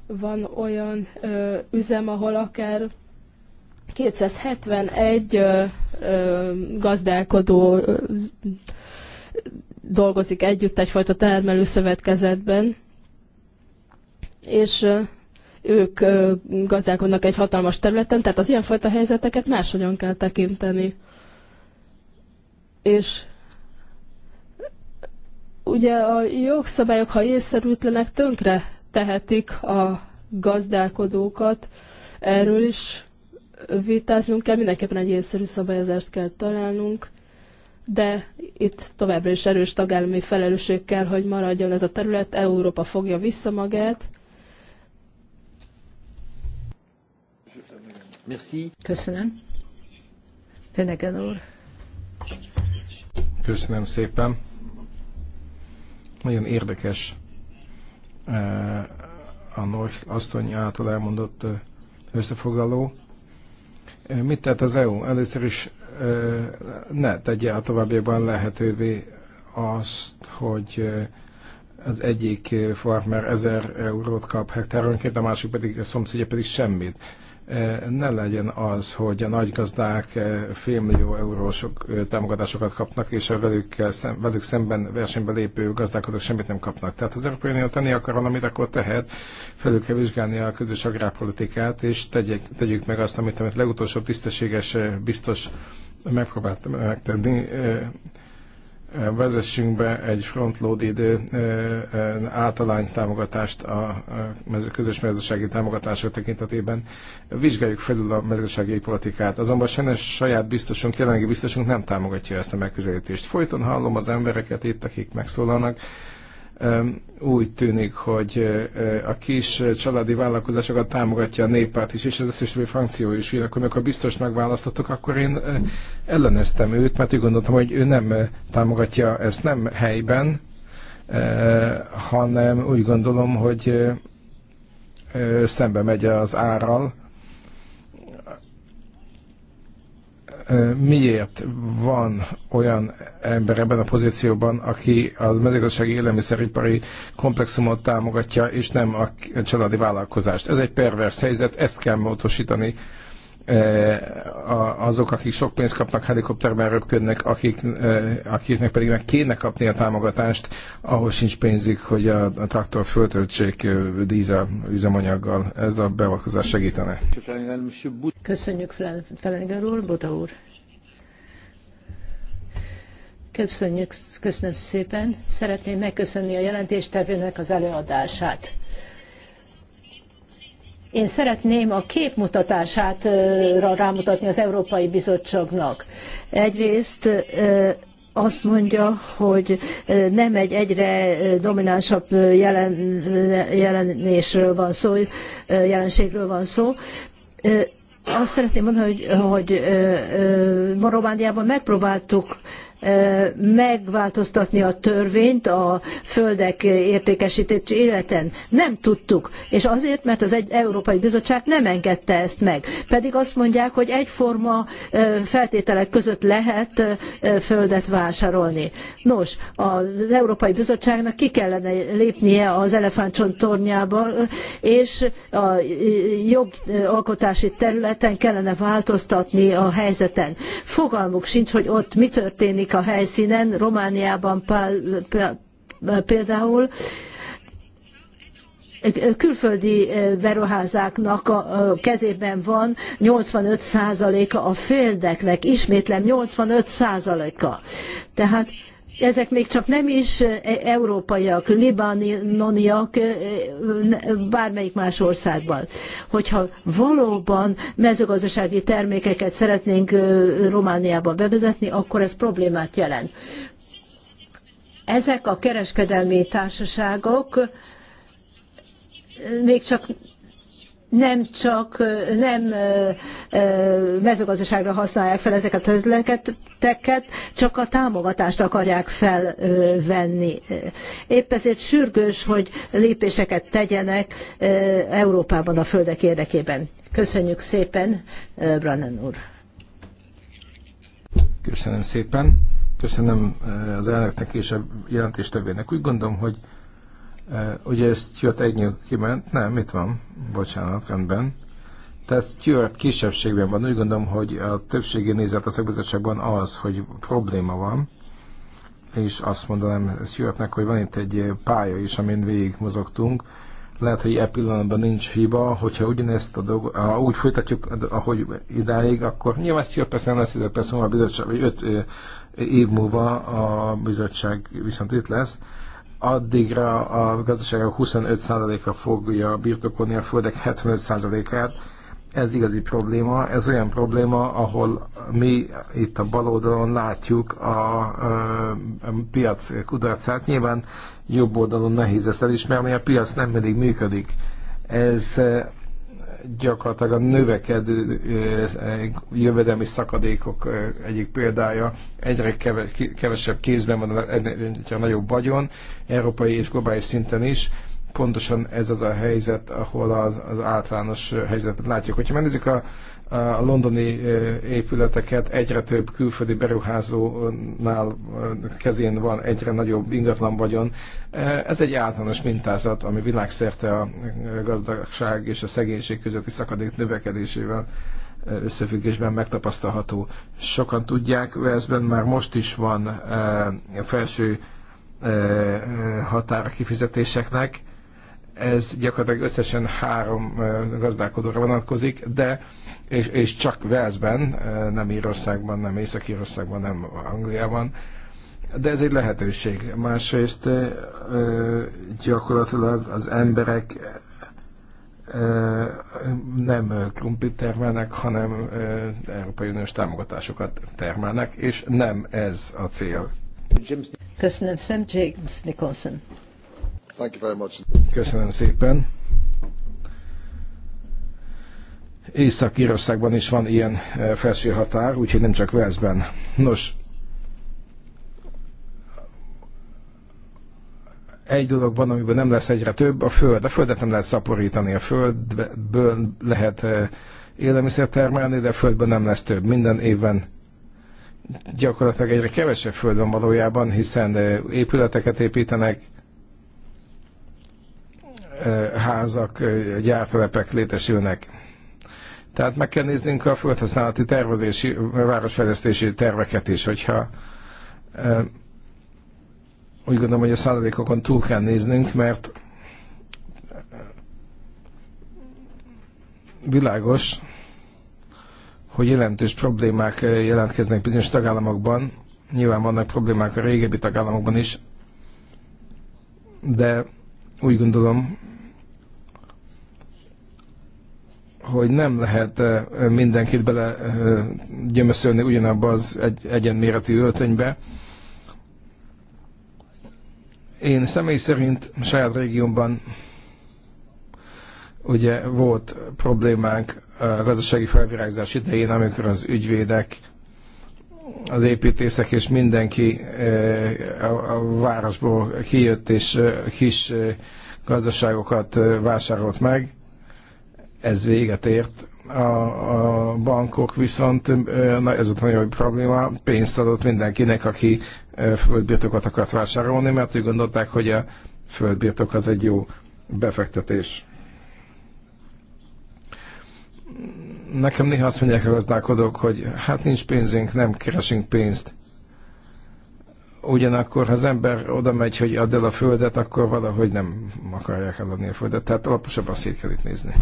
C: van olyan ö, üzem, ahol akár 271 ö, ö, gazdálkodó ö, dolgozik együtt egyfajta termelő szövetkezetben, és ö, ők ö, gazdálkodnak egy hatalmas területen, tehát az ilyenfajta helyzeteket máshogyan kell tekinteni. És Ugye a jogszabályok, ha észszerűtlenek, tönkre tehetik a gazdálkodókat. Erről is vitáznunk kell, mindenképpen egy észszerű szabályozást kell találnunk, de itt továbbra is erős tagállami felelősség kell, hogy maradjon ez a terület, Európa fogja vissza magát.
B: Köszönöm. Fenegen úr.
E: Köszönöm szépen. Nagyon érdekes eh, a North asszony által elmondott eh, összefoglaló. Eh, mit tett az EU? Először is ne tegye a továbbiakban lehetővé azt, hogy az egyik farmer 1000 eurót kap hektáronként, a másik pedig a szomszédja pedig semmit. E, ne legyen az, hogy a nagygazdák e, félmillió eurós támogatásokat kapnak, és a velük, velük szemben versenybe lépő gazdálkodók semmit nem kapnak. Tehát az Európai Unió tenni akar valamit, akkor tehet, felül kell vizsgálni a közös agrárpolitikát, és tegyek, tegyük meg azt, amit, amit legutolsó tisztességes biztos megpróbált megtenni, e, vezessünk be egy frontload idő általány támogatást a közös mezőgazdasági támogatások tekintetében. Vizsgáljuk felül a mezőgazdasági politikát. Azonban sajnos saját biztosunk, jelenlegi biztosunk nem támogatja ezt a megközelítést. Folyton hallom az embereket itt, akik megszólalnak, úgy tűnik, hogy a kis családi vállalkozásokat támogatja a néppárt is, és az összes frankció is. Én akkor, amikor biztos megválasztottuk, akkor én elleneztem őt, mert úgy gondoltam, hogy ő nem támogatja ezt nem helyben, hanem úgy gondolom, hogy szembe megy az árral, miért van olyan ember ebben a pozícióban, aki a mezőgazdasági élelmiszeripari komplexumot támogatja, és nem a családi vállalkozást. Ez egy pervers helyzet, ezt kell módosítani azok, akik sok pénzt kapnak, helikopterben röpködnek, akik, akiknek pedig meg kéne kapni a támogatást, ahhoz sincs pénzük, hogy a, a traktort föltöltsék dízel üzemanyaggal. Ez a beavatkozás segítene.
B: Köszönjük Felenger úr, Bota úr. Köszönjük, köszönöm szépen. Szeretném megköszönni a jelentéstevőnek az előadását én szeretném a képmutatását rámutatni az Európai Bizottságnak. Egyrészt azt mondja, hogy nem egy egyre dominánsabb jelen, jelenésről van szó, jelenségről van szó, azt szeretném mondani, hogy, hogy Romániában megpróbáltuk megváltoztatni a törvényt a földek értékesítési életen. Nem tudtuk, és azért, mert az egy Európai Bizottság nem engedte ezt meg. Pedig azt mondják, hogy egyforma feltételek között lehet földet vásárolni. Nos, az Európai Bizottságnak ki kellene lépnie az elefántcsont tornyába, és a jogalkotási területen kellene változtatni a helyzeten. Fogalmuk sincs, hogy ott mi történik, történik a helyszínen, Romániában például, külföldi beruházáknak eh, a kezében van 85%-a a földeknek, ismétlem 85%-a. Tehát ezek még csak nem is eh, európaiak, libanoniak, eh, bármelyik más országban. Hogyha valóban mezőgazdasági termékeket szeretnénk eh, Romániában bevezetni, akkor ez problémát jelent. Ezek a kereskedelmi társaságok még csak nem csak nem mezőgazdaságra használják fel ezeket a területeket, csak a támogatást akarják felvenni. Épp ezért sürgős, hogy lépéseket tegyenek Európában a földek érdekében. Köszönjük szépen, Brannan úr.
E: Köszönöm szépen. Köszönöm az elnöknek és a jelentéstevőnek. Úgy gondolom, hogy Ugye ezt Stuart Agnew kiment? Nem, itt van. Bocsánat, rendben. Tehát Stuart kisebbségben van. Úgy gondolom, hogy a többségi nézet a szakbizottságban az, hogy probléma van, és azt mondanám Stuartnek, hogy van itt egy pálya is, amin végig mozogtunk. Lehet, hogy e pillanatban nincs hiba, hogyha ugyanezt a dolgot, ha úgy folytatjuk, ahogy idáig, akkor nyilván Stuart persze nem lesz idő, persze a bizottság, vagy öt év múlva a bizottság viszont itt lesz addigra a gazdaság 25%-a fogja birtokolni a földek 75%-át. Ez igazi probléma, ez olyan probléma, ahol mi itt a baloldalon látjuk a, a, a piac kudarcát. Nyilván jobb oldalon nehéz ezt elismerni, a piac nem mindig működik. Ez gyakorlatilag a növekedő eh, jövedelmi szakadékok eh, egyik példája. Egyre kevesebb kézben van, a nagyobb vagyon, európai és globális szinten is. Pontosan ez az a helyzet, ahol az, az általános helyzetet látjuk. Hogyha megnézzük a a londoni épületeket egyre több külföldi beruházónál kezén van egyre nagyobb ingatlan vagyon. Ez egy általános mintázat, ami világszerte a gazdagság és a szegénység közötti szakadék növekedésével összefüggésben megtapasztalható. Sokan tudják, ezben már most is van felső határa kifizetéseknek, ez gyakorlatilag összesen három gazdálkodóra vonatkozik, de és, és csak Velszben, nem Írországban, nem Észak-Írországban, nem Angliában, de ez egy lehetőség. Másrészt gyakorlatilag az emberek nem krumplit termelnek, hanem Európai Uniós támogatásokat termelnek, és nem ez a cél.
B: Köszönöm, Sam James Nicholson.
E: Thank you very much. Köszönöm szépen. Észak-Írországban is van ilyen eh, felső határ, úgyhogy nem csak Velszben. Nos, egy dolog van, amiben nem lesz egyre több, a föld. A földet nem lehet szaporítani, a földből lehet eh, élelmiszert termelni, de a földben nem lesz több. Minden évben gyakorlatilag egyre kevesebb föld van valójában, hiszen eh, épületeket építenek, házak, gyártelepek létesülnek. Tehát meg kell néznünk a földhasználati tervezési, városfejlesztési terveket is, hogyha úgy gondolom, hogy a szállalékokon túl kell néznünk, mert világos, hogy jelentős problémák jelentkeznek bizonyos tagállamokban. Nyilván vannak problémák a régebbi tagállamokban is, de úgy gondolom, hogy nem lehet mindenkit bele gyömöszölni ugyanabba az egy, egyenméretű öltönybe. Én személy szerint saját régiómban ugye volt problémánk a gazdasági felvirágzás idején, amikor az ügyvédek, az építészek és mindenki a, a városból kijött és kis gazdaságokat vásárolt meg ez véget ért. A, a bankok viszont, na ez a nagyobb probléma, pénzt adott mindenkinek, aki földbirtokot akart vásárolni, mert úgy gondolták, hogy a földbirtok az egy jó befektetés. Nekem néha azt mondják a gazdálkodók, hogy hát nincs pénzünk, nem keresünk pénzt. Ugyanakkor, ha az ember oda megy, hogy add el a földet, akkor valahogy nem akarják eladni a földet. Tehát alaposabban szét kell itt nézni.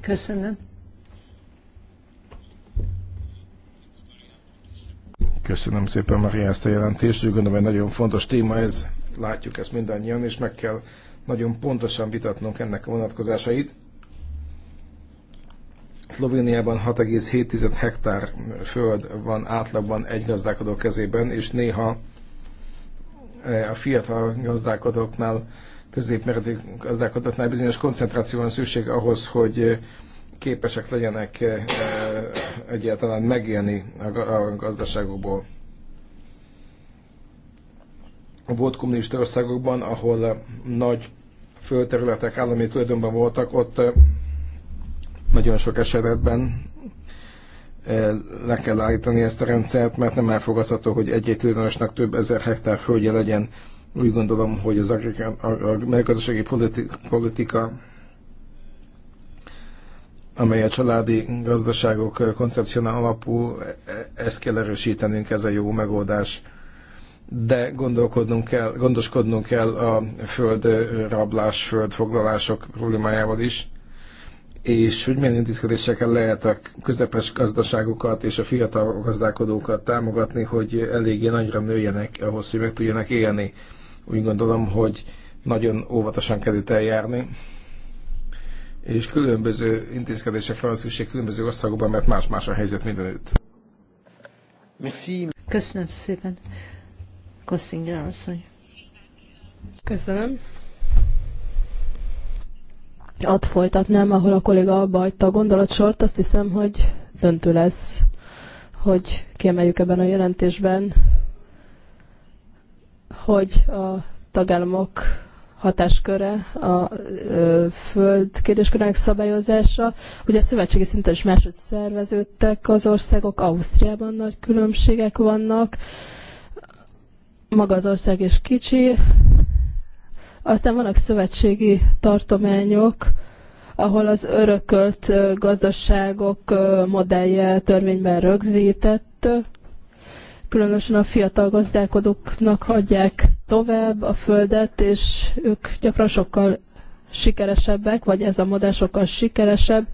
E: Köszönöm. Köszönöm szépen, Maria, ezt a jelentést. Úgy gondolom, egy nagyon fontos téma ez. Látjuk ezt mindannyian, és meg kell nagyon pontosan vitatnunk ennek a vonatkozásait. Szlovéniában 6,7 hektár föld van átlagban egy gazdálkodó kezében, és néha eh, a fiatal gazdálkodóknál középméretű gazdálkodatnál bizonyos koncentráció van szükség ahhoz, hogy eh, képesek legyenek eh, eh, egyáltalán megélni a gazdaságokból. Volt kommunista országokban, ahol nagy földterületek állami tulajdonban voltak, ott nagyon sok esetben le kell állítani ezt a rendszert, mert nem elfogadható, hogy egy-egy tulajdonosnak több ezer hektár földje legyen úgy gondolom, hogy az agrikán, a, politika, politika, amely a családi gazdaságok koncepción alapú, e- ezt kell erősítenünk, ez a jó megoldás de gondolkodnunk kell, gondoskodnunk kell a földrablás, földfoglalások problémájával is, és hogy milyen intézkedésekkel lehet a közepes gazdaságokat és a fiatal gazdálkodókat támogatni, hogy eléggé nagyra nőjenek ahhoz, hogy meg tudjanak élni. Úgy gondolom, hogy nagyon óvatosan került eljárni, és különböző intézkedésekre van szükség különböző országokban, mert más-más a helyzet mindenütt.
B: Köszönöm szépen. Kostinger asszony. Köszönöm.
C: Ott folytatnám, ahol a kolléga abba hagyta a gondolatsort, azt hiszem, hogy döntő lesz, hogy kiemeljük ebben a jelentésben hogy a tagállamok hatásköre a ö, föld kérdéskörének szabályozása. Ugye a szövetségi szinten is máshogy szerveződtek az országok, Ausztriában nagy különbségek vannak, maga az ország is kicsi, aztán vannak szövetségi tartományok, ahol az örökölt gazdaságok modellje törvényben rögzített, különösen a fiatal gazdálkodóknak hagyják tovább a földet, és ők gyakran sokkal sikeresebbek, vagy ez a modell sokkal sikeresebb,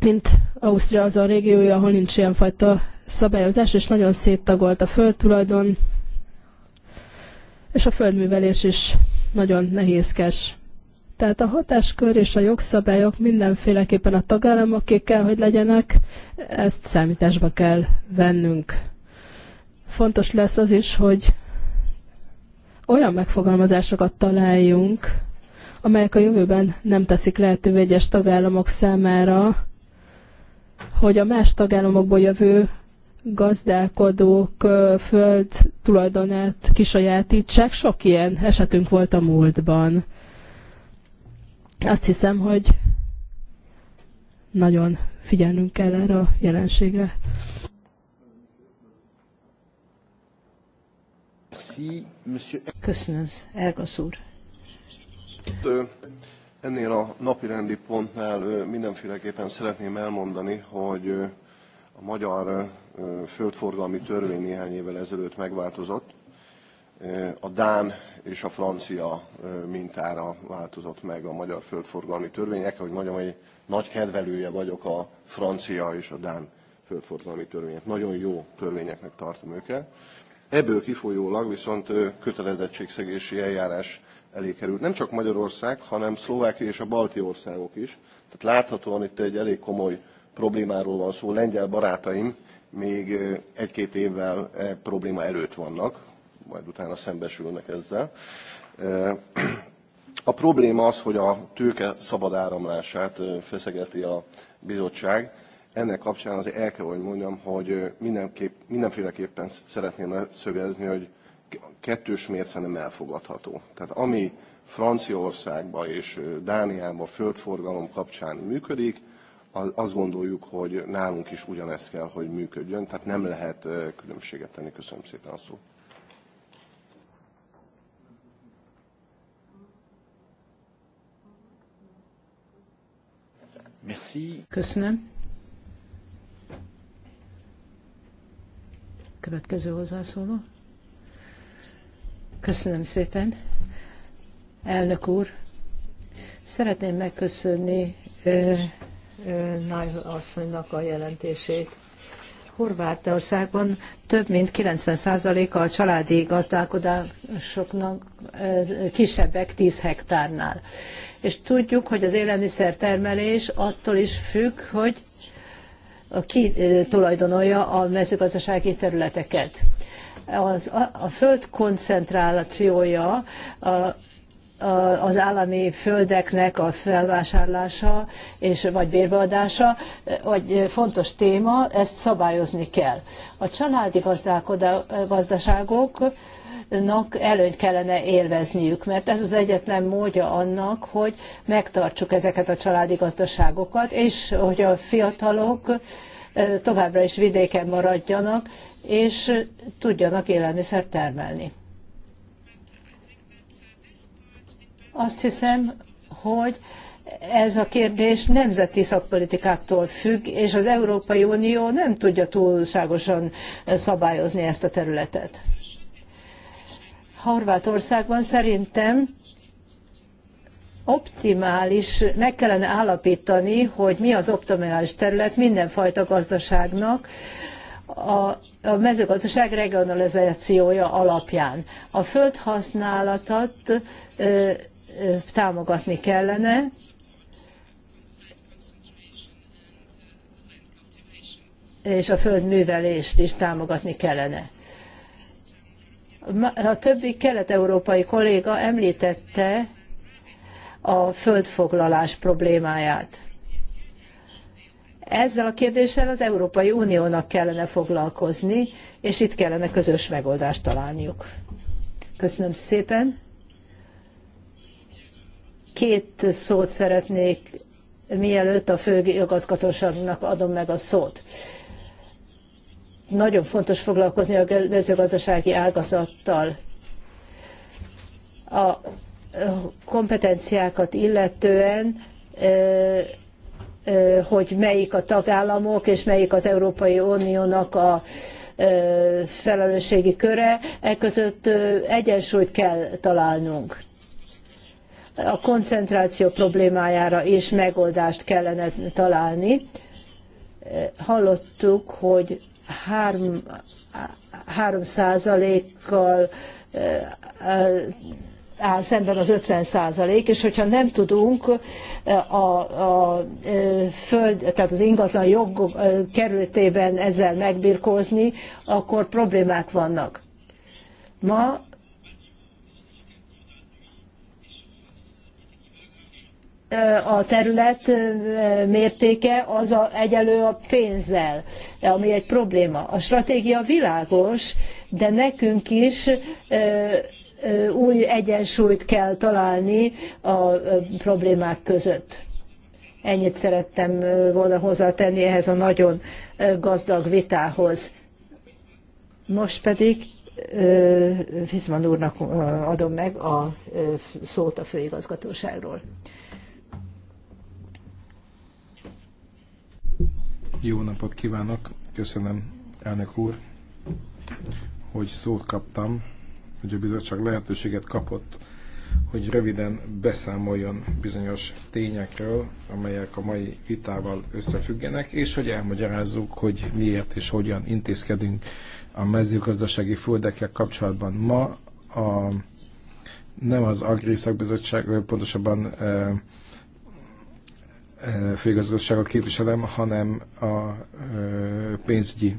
C: mint Ausztria az a régiója, ahol nincs ilyenfajta szabályozás, és nagyon széttagolt a földtulajdon, és a földművelés is nagyon nehézkes. Tehát a hatáskör és a jogszabályok mindenféleképpen a tagállamoké kell, hogy legyenek, ezt számításba kell vennünk. Fontos lesz az is, hogy olyan megfogalmazásokat találjunk, amelyek a jövőben nem teszik lehetővé egyes tagállamok számára, hogy a más tagállamokból jövő gazdálkodók föld tulajdonát kisajátítsák. Sok ilyen esetünk volt a múltban. Azt hiszem, hogy nagyon figyelnünk kell erre a jelenségre.
B: Köszönöm, Ergasz úr.
D: Ennél a napi rendi pontnál mindenféleképpen szeretném elmondani, hogy a magyar földforgalmi törvény néhány évvel ezelőtt megváltozott. A Dán és a francia mintára változott meg a magyar földforgalmi törvények. Hogy mondjam, hogy nagy kedvelője vagyok a francia és a dán földforgalmi törvények. Nagyon jó törvényeknek tartom őket. Ebből kifolyólag viszont kötelezettségszegési eljárás elé került. Nem csak Magyarország, hanem Szlovákia és a balti országok is. Tehát láthatóan itt egy elég komoly problémáról van szó. Lengyel barátaim még egy-két évvel e probléma előtt vannak, majd utána szembesülnek ezzel. A probléma az, hogy a tőke szabad áramlását feszegeti a bizottság. Ennek kapcsán azért el kell, hogy mondjam, hogy mindenképp, mindenféleképpen szeretném szögezni, hogy kettős mérce nem elfogadható. Tehát ami Franciaországban és Dániában földforgalom kapcsán működik, azt gondoljuk, hogy nálunk is ugyanezt kell, hogy működjön, tehát nem lehet különbséget tenni. Köszönöm szépen a szót.
B: Merci. Köszönöm. Következő hozzászóló. Köszönöm szépen. Elnök úr, szeretném megköszönni Náj asszonynak a jelentését Horvátországban több mint 90%-a a családi gazdálkodásoknak kisebbek 10 hektárnál. És tudjuk, hogy az termelés attól is függ, hogy ki tulajdonolja a mezőgazdasági területeket. Az, a, a föld koncentrációja a, az állami földeknek a felvásárlása és vagy bérbeadása, vagy fontos téma, ezt szabályozni kell. A családi gazdaságok előnyt kellene élvezniük, mert ez az egyetlen módja annak, hogy megtartsuk ezeket a családi gazdaságokat, és hogy a fiatalok továbbra is vidéken maradjanak, és tudjanak élelmiszert termelni. Azt hiszem, hogy ez a kérdés nemzeti szakpolitikáktól függ, és az Európai Unió nem tudja túlságosan szabályozni ezt a területet. Horvátországban szerintem optimális, meg kellene állapítani, hogy mi az optimális terület mindenfajta gazdaságnak, a, a mezőgazdaság regionalizációja alapján. A földhasználatot támogatni kellene. és a földművelést is támogatni kellene. A többi kelet-európai kolléga említette a földfoglalás problémáját. Ezzel a kérdéssel az Európai Uniónak kellene foglalkozni, és itt kellene közös megoldást találniuk. Köszönöm szépen. Két szót szeretnék, mielőtt a főigazgatóságnak adom meg a szót. Nagyon fontos foglalkozni a mezőgazdasági ágazattal. A kompetenciákat illetően hogy melyik a tagállamok és melyik az Európai Uniónak a felelősségi köre, e között egyensúlyt kell találnunk a koncentráció problémájára is megoldást kellene találni. Hallottuk, hogy 3, százalékkal kal eh, áll szemben az 50 százalék, és hogyha nem tudunk eh, a, a eh, föld, tehát az ingatlan jog kerületében ezzel megbirkózni, akkor problémák vannak. Ma a terület mértéke az a, egyelő a pénzzel, ami egy probléma. A stratégia világos, de nekünk is új egyensúlyt kell találni a problémák között. Ennyit szerettem volna hozzátenni ehhez a nagyon gazdag vitához. Most pedig Fizman úrnak adom meg a szót a főigazgatóságról.
E: Jó napot kívánok, köszönöm elnök úr, hogy szót kaptam, hogy a bizottság lehetőséget kapott, hogy röviden beszámoljon bizonyos tényekről, amelyek a mai vitával összefüggenek, és hogy elmagyarázzuk, hogy miért és hogyan intézkedünk a mezőgazdasági földekkel kapcsolatban. Ma a, nem az Agri Szakbizottság, pontosabban főigazgatóságot képviselem, hanem a pénzügyi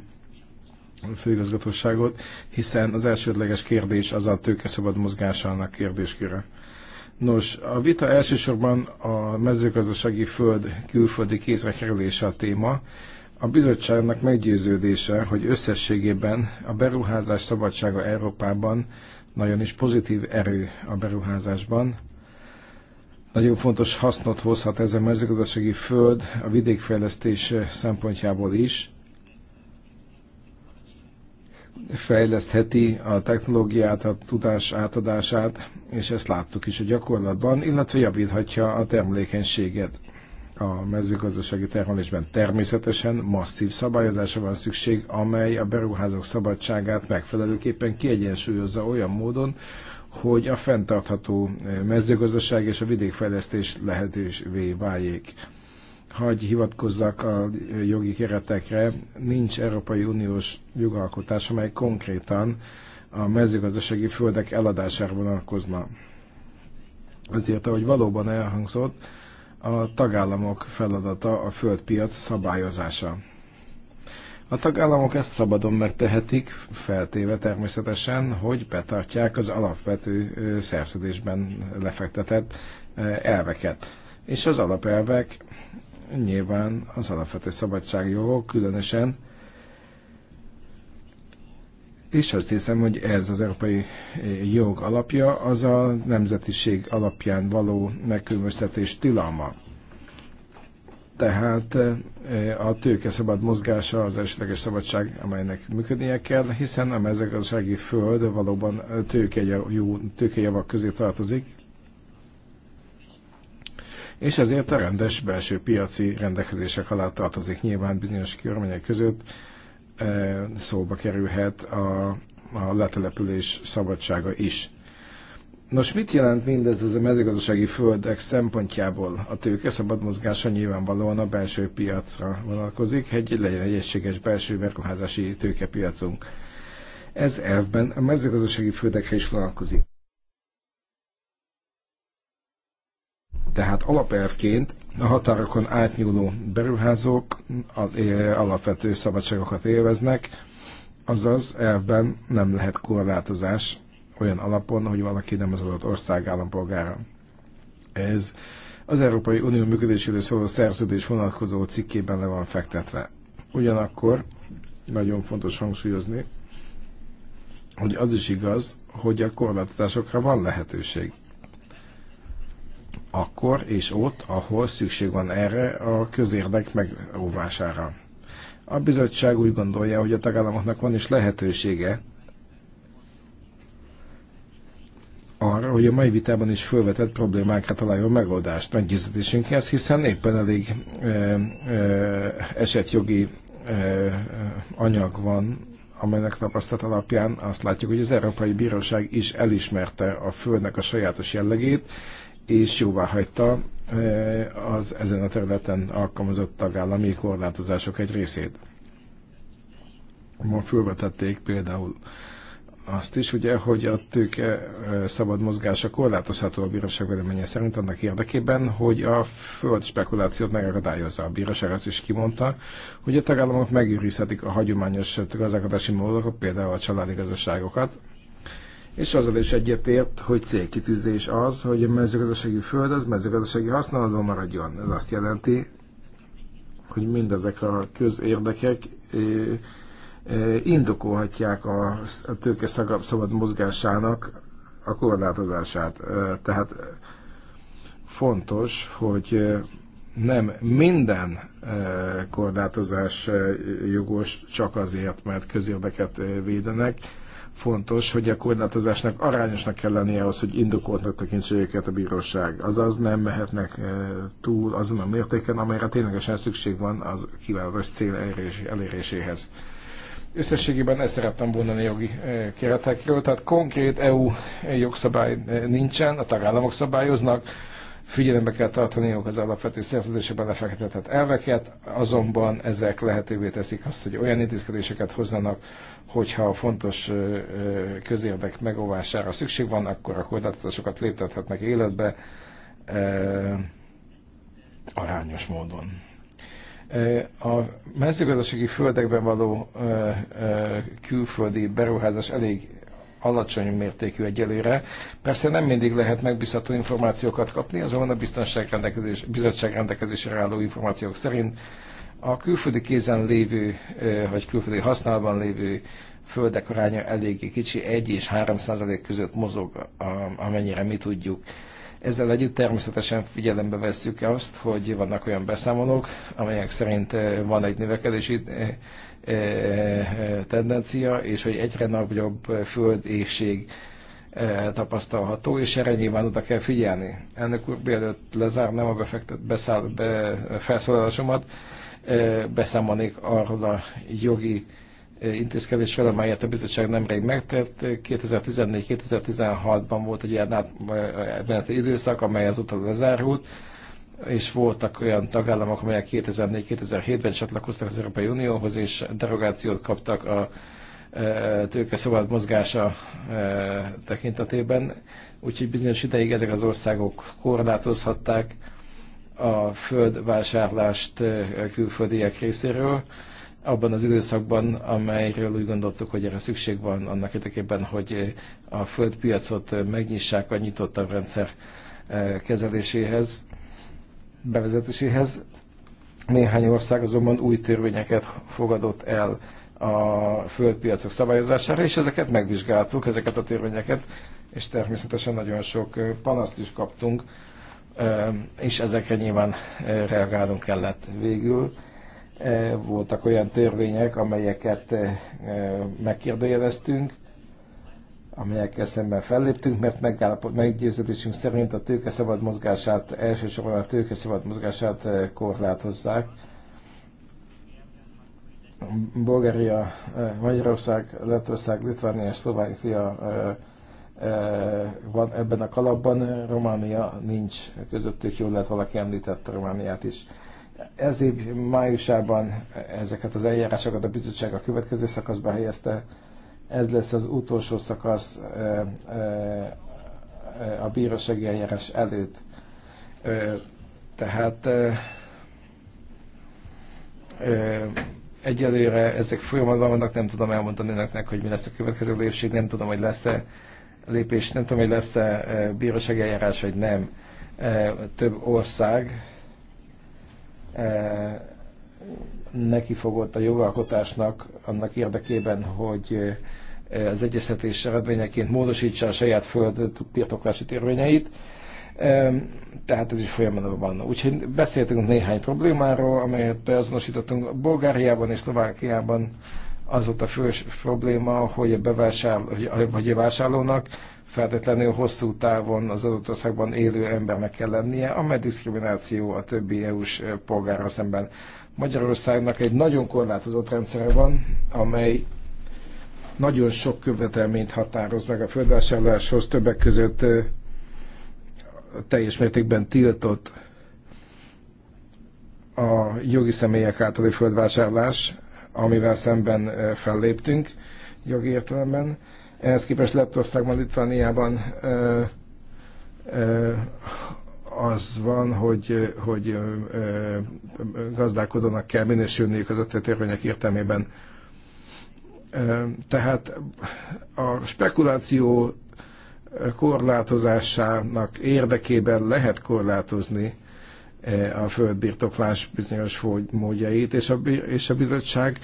E: főigazgatóságot, hiszen az elsődleges kérdés az a tőke szabad mozgásának kérdésköre. Nos, a vita elsősorban a mezőgazdasági föld külföldi kézre kerülése a téma. A bizottságnak meggyőződése, hogy összességében a beruházás szabadsága Európában nagyon is pozitív erő a beruházásban, nagyon fontos hasznot hozhat ez a mezőgazdasági föld a vidékfejlesztés szempontjából is. Fejlesztheti a technológiát, a tudás átadását, és ezt láttuk is a gyakorlatban, illetve javíthatja a termelékenységet a mezőgazdasági termelésben. Természetesen masszív szabályozásra van szükség, amely a beruházók szabadságát megfelelőképpen kiegyensúlyozza olyan módon, hogy a fenntartható eh, mezőgazdaság és a vidékfejlesztés lehetősvé váljék. Hagy hivatkozzak a jogi keretekre, nincs Európai Uniós jogalkotás, amely konkrétan a mezőgazdasági földek eladására vonatkozna. Azért, ahogy valóban elhangzott, a tagállamok feladata a földpiac szabályozása. A tagállamok ezt szabadon mert tehetik, feltéve természetesen, hogy betartják az alapvető szerződésben lefektetett elveket. És az alapelvek nyilván az alapvető szabadságjogok, különösen és azt hiszem, hogy ez az európai jog alapja, az a nemzetiség alapján való megkülönböztetés tilalma. Tehát eh, eh, a tőke szabad mozgása az esetleges szabadság, amelynek működnie kell, hiszen a mezőgazdasági föld valóban eh, tőke, jó tőkejavak közé tartozik, és ezért a rendes belső piaci rendelkezések alá tartozik. Nyilván bizonyos körmények között szóba kerülhet a, a letelepülés szabadsága is. Nos, mit jelent mindez az a mezőgazdasági földek szempontjából? A tőke szabad mozgása nyilvánvalóan a belső piacra vonatkozik, hogy legyen egy egységes belső beruházási tőkepiacunk. Ez elvben a mezőgazdasági földekre is vonatkozik. Tehát alapelvként a határokon átnyúló beruházók alapvető szabadságokat élveznek, azaz elvben nem lehet korlátozás olyan alapon, hogy valaki nem az adott ország állampolgára. Ez az Európai Unió működéséről szóló szerződés vonatkozó cikkében le van fektetve. Ugyanakkor nagyon fontos hangsúlyozni, hogy az is igaz, hogy a korlátozásokra van lehetőség. Akkor és ott, ahol szükség van erre a közérdek megóvására. A bizottság úgy gondolja, hogy a tagállamoknak van is lehetősége arra, hogy a mai vitában is felvetett problémákra találjon megoldást meggyőződésünkhez, hiszen éppen elég e, e, esetjogi e, anyag van, amelynek tapasztalat alapján azt látjuk, hogy az Európai Bíróság is elismerte a Földnek a sajátos jellegét, és jóvá hagyta az ezen a területen alkalmazott tagállami korlátozások egy részét. Ma fölvetették például azt is, ugye, hogy a tőke szabad mozgása korlátozható a bíróság véleménye szerint annak érdekében, hogy a föld spekulációt megakadályozza. A bíróság azt is kimondta, hogy a tagállamok megőrizhetik a hagyományos gazdálkodási módokat, például a családi gazdaságokat, és azzal is egyetért, hogy célkitűzés az, hogy a mezőgazdasági föld az mezőgazdasági használatban maradjon. Ez azt jelenti, hogy mindezek a közérdekek indokolhatják a tőke szabad mozgásának a korlátozását. Tehát fontos, hogy nem minden korlátozás jogos csak azért, mert közérdeket védenek. Fontos, hogy a korlátozásnak arányosnak kell lennie ahhoz, hogy indokoltnak tekintse őket a bíróság. Azaz nem mehetnek túl azon a mértéken, amelyre ténylegesen szükség van az kívánatos cél eléréséhez. Összességében ezt szerettem volna a jogi eh, keretekről, tehát konkrét EU eh, jogszabály eh, nincsen, a tagállamok szabályoznak, figyelembe kell tartaniuk az alapvető szerződésekben lefektetett elveket, azonban ezek lehetővé teszik azt, hogy olyan intézkedéseket hozzanak, hogyha fontos közérdek megóvására szükség van, akkor a korlátozásokat léptethetnek életbe arányos módon. A mezőgazdasági földekben való külföldi beruházás elég alacsony mértékű egyelőre. Persze nem mindig lehet megbízható információkat kapni, azonban a biztonság rendelkezés, bizottság rendelkezésre álló információk szerint a külföldi kézen lévő, vagy külföldi használatban lévő földek aránya eléggé kicsi, 1 és 3 százalék között mozog, amennyire mi tudjuk. Ezzel együtt természetesen figyelembe vesszük azt, hogy vannak olyan beszámolók, amelyek szerint eh, van egy növekedési eh, eh, tendencia, és hogy egyre nagyobb földéhség tapasztalható, és erre nyilván oda kell figyelni. Ennek úr, mielőtt lezárnám a befektet, beszáll, be, felszólalásomat, beszámolnék arról a jogi intézkedéssel, amelyet a bizottság nemrég megtett. 2014-2016-ban volt egy ilyen átmeneti időszak, amely azóta lezárult, és voltak olyan tagállamok, amelyek 2004-2007-ben csatlakoztak az Európai Unióhoz, és derogációt kaptak a e, tőke szabad mozgása e, tekintetében, úgyhogy bizonyos ideig ezek az országok korlátozhatták a földvásárlást e, külföldiek részéről abban az időszakban, amelyről úgy gondoltuk, hogy erre szükség van annak érdekében, hogy a földpiacot megnyissák a nyitottabb rendszer e, kezeléséhez, bevezetéséhez. Néhány ország azonban új törvényeket fogadott el a földpiacok szabályozására, és ezeket megvizsgáltuk, ezeket a törvényeket, és természetesen nagyon sok e, panaszt is kaptunk, e, és ezekre nyilván reagálnunk kellett végül E, voltak olyan törvények, amelyeket e, e, megkérdőjeleztünk, amelyekkel szemben felléptünk, mert meggyőződésünk szerint a tőke szabad mozgását, elsősorban a tőke szabad mozgását korlátozzák. Bulgária, Magyarország, Lettország, Litvánia, Szlovákia van ebben a kalapban, Románia nincs közöttük, jól lehet valaki említette Romániát is. Ez év májusában ezeket az eljárásokat a bizottság a következő szakaszba helyezte. Ez lesz az utolsó szakasz a bírósági eljárás előtt. Tehát egyelőre ezek folyamatban vannak, nem tudom elmondani önöknek, hogy mi lesz a következő lépség, nem tudom, hogy lesz-e lépés, nem tudom, hogy lesz-e bírósági eljárás, vagy nem. Több ország nekifogott a jogalkotásnak annak érdekében, hogy az egyeztetés eredményeként módosítsa a saját föld birtoklási törvényeit, tehát ez is folyamatban van. Úgyhogy beszéltünk néhány problémáról, amelyet beazonosítottunk Bulgáriában és Szlovákiában az volt a fő probléma, hogy a, bevásárló, vagy a vásárlónak feltétlenül hosszú távon az adott országban élő embernek kell lennie, amely diszkrimináció a többi EU-s eh, polgára szemben. Magyarországnak egy nagyon korlátozott rendszere van, amely nagyon sok követelményt határoz meg a földvásárláshoz, többek között eh, teljes mértékben tiltott a jogi személyek általi földvásárlás, amivel szemben eh, felléptünk jogi értelemben. Ehhez képest Lettországban, Litvániában az van, hogy, hogy gazdálkodónak kell minősülniük az ötlet törvények értelmében. Tehát a spekuláció korlátozásának érdekében lehet korlátozni a földbirtoklás bizonyos módjait, és a, és a bizottság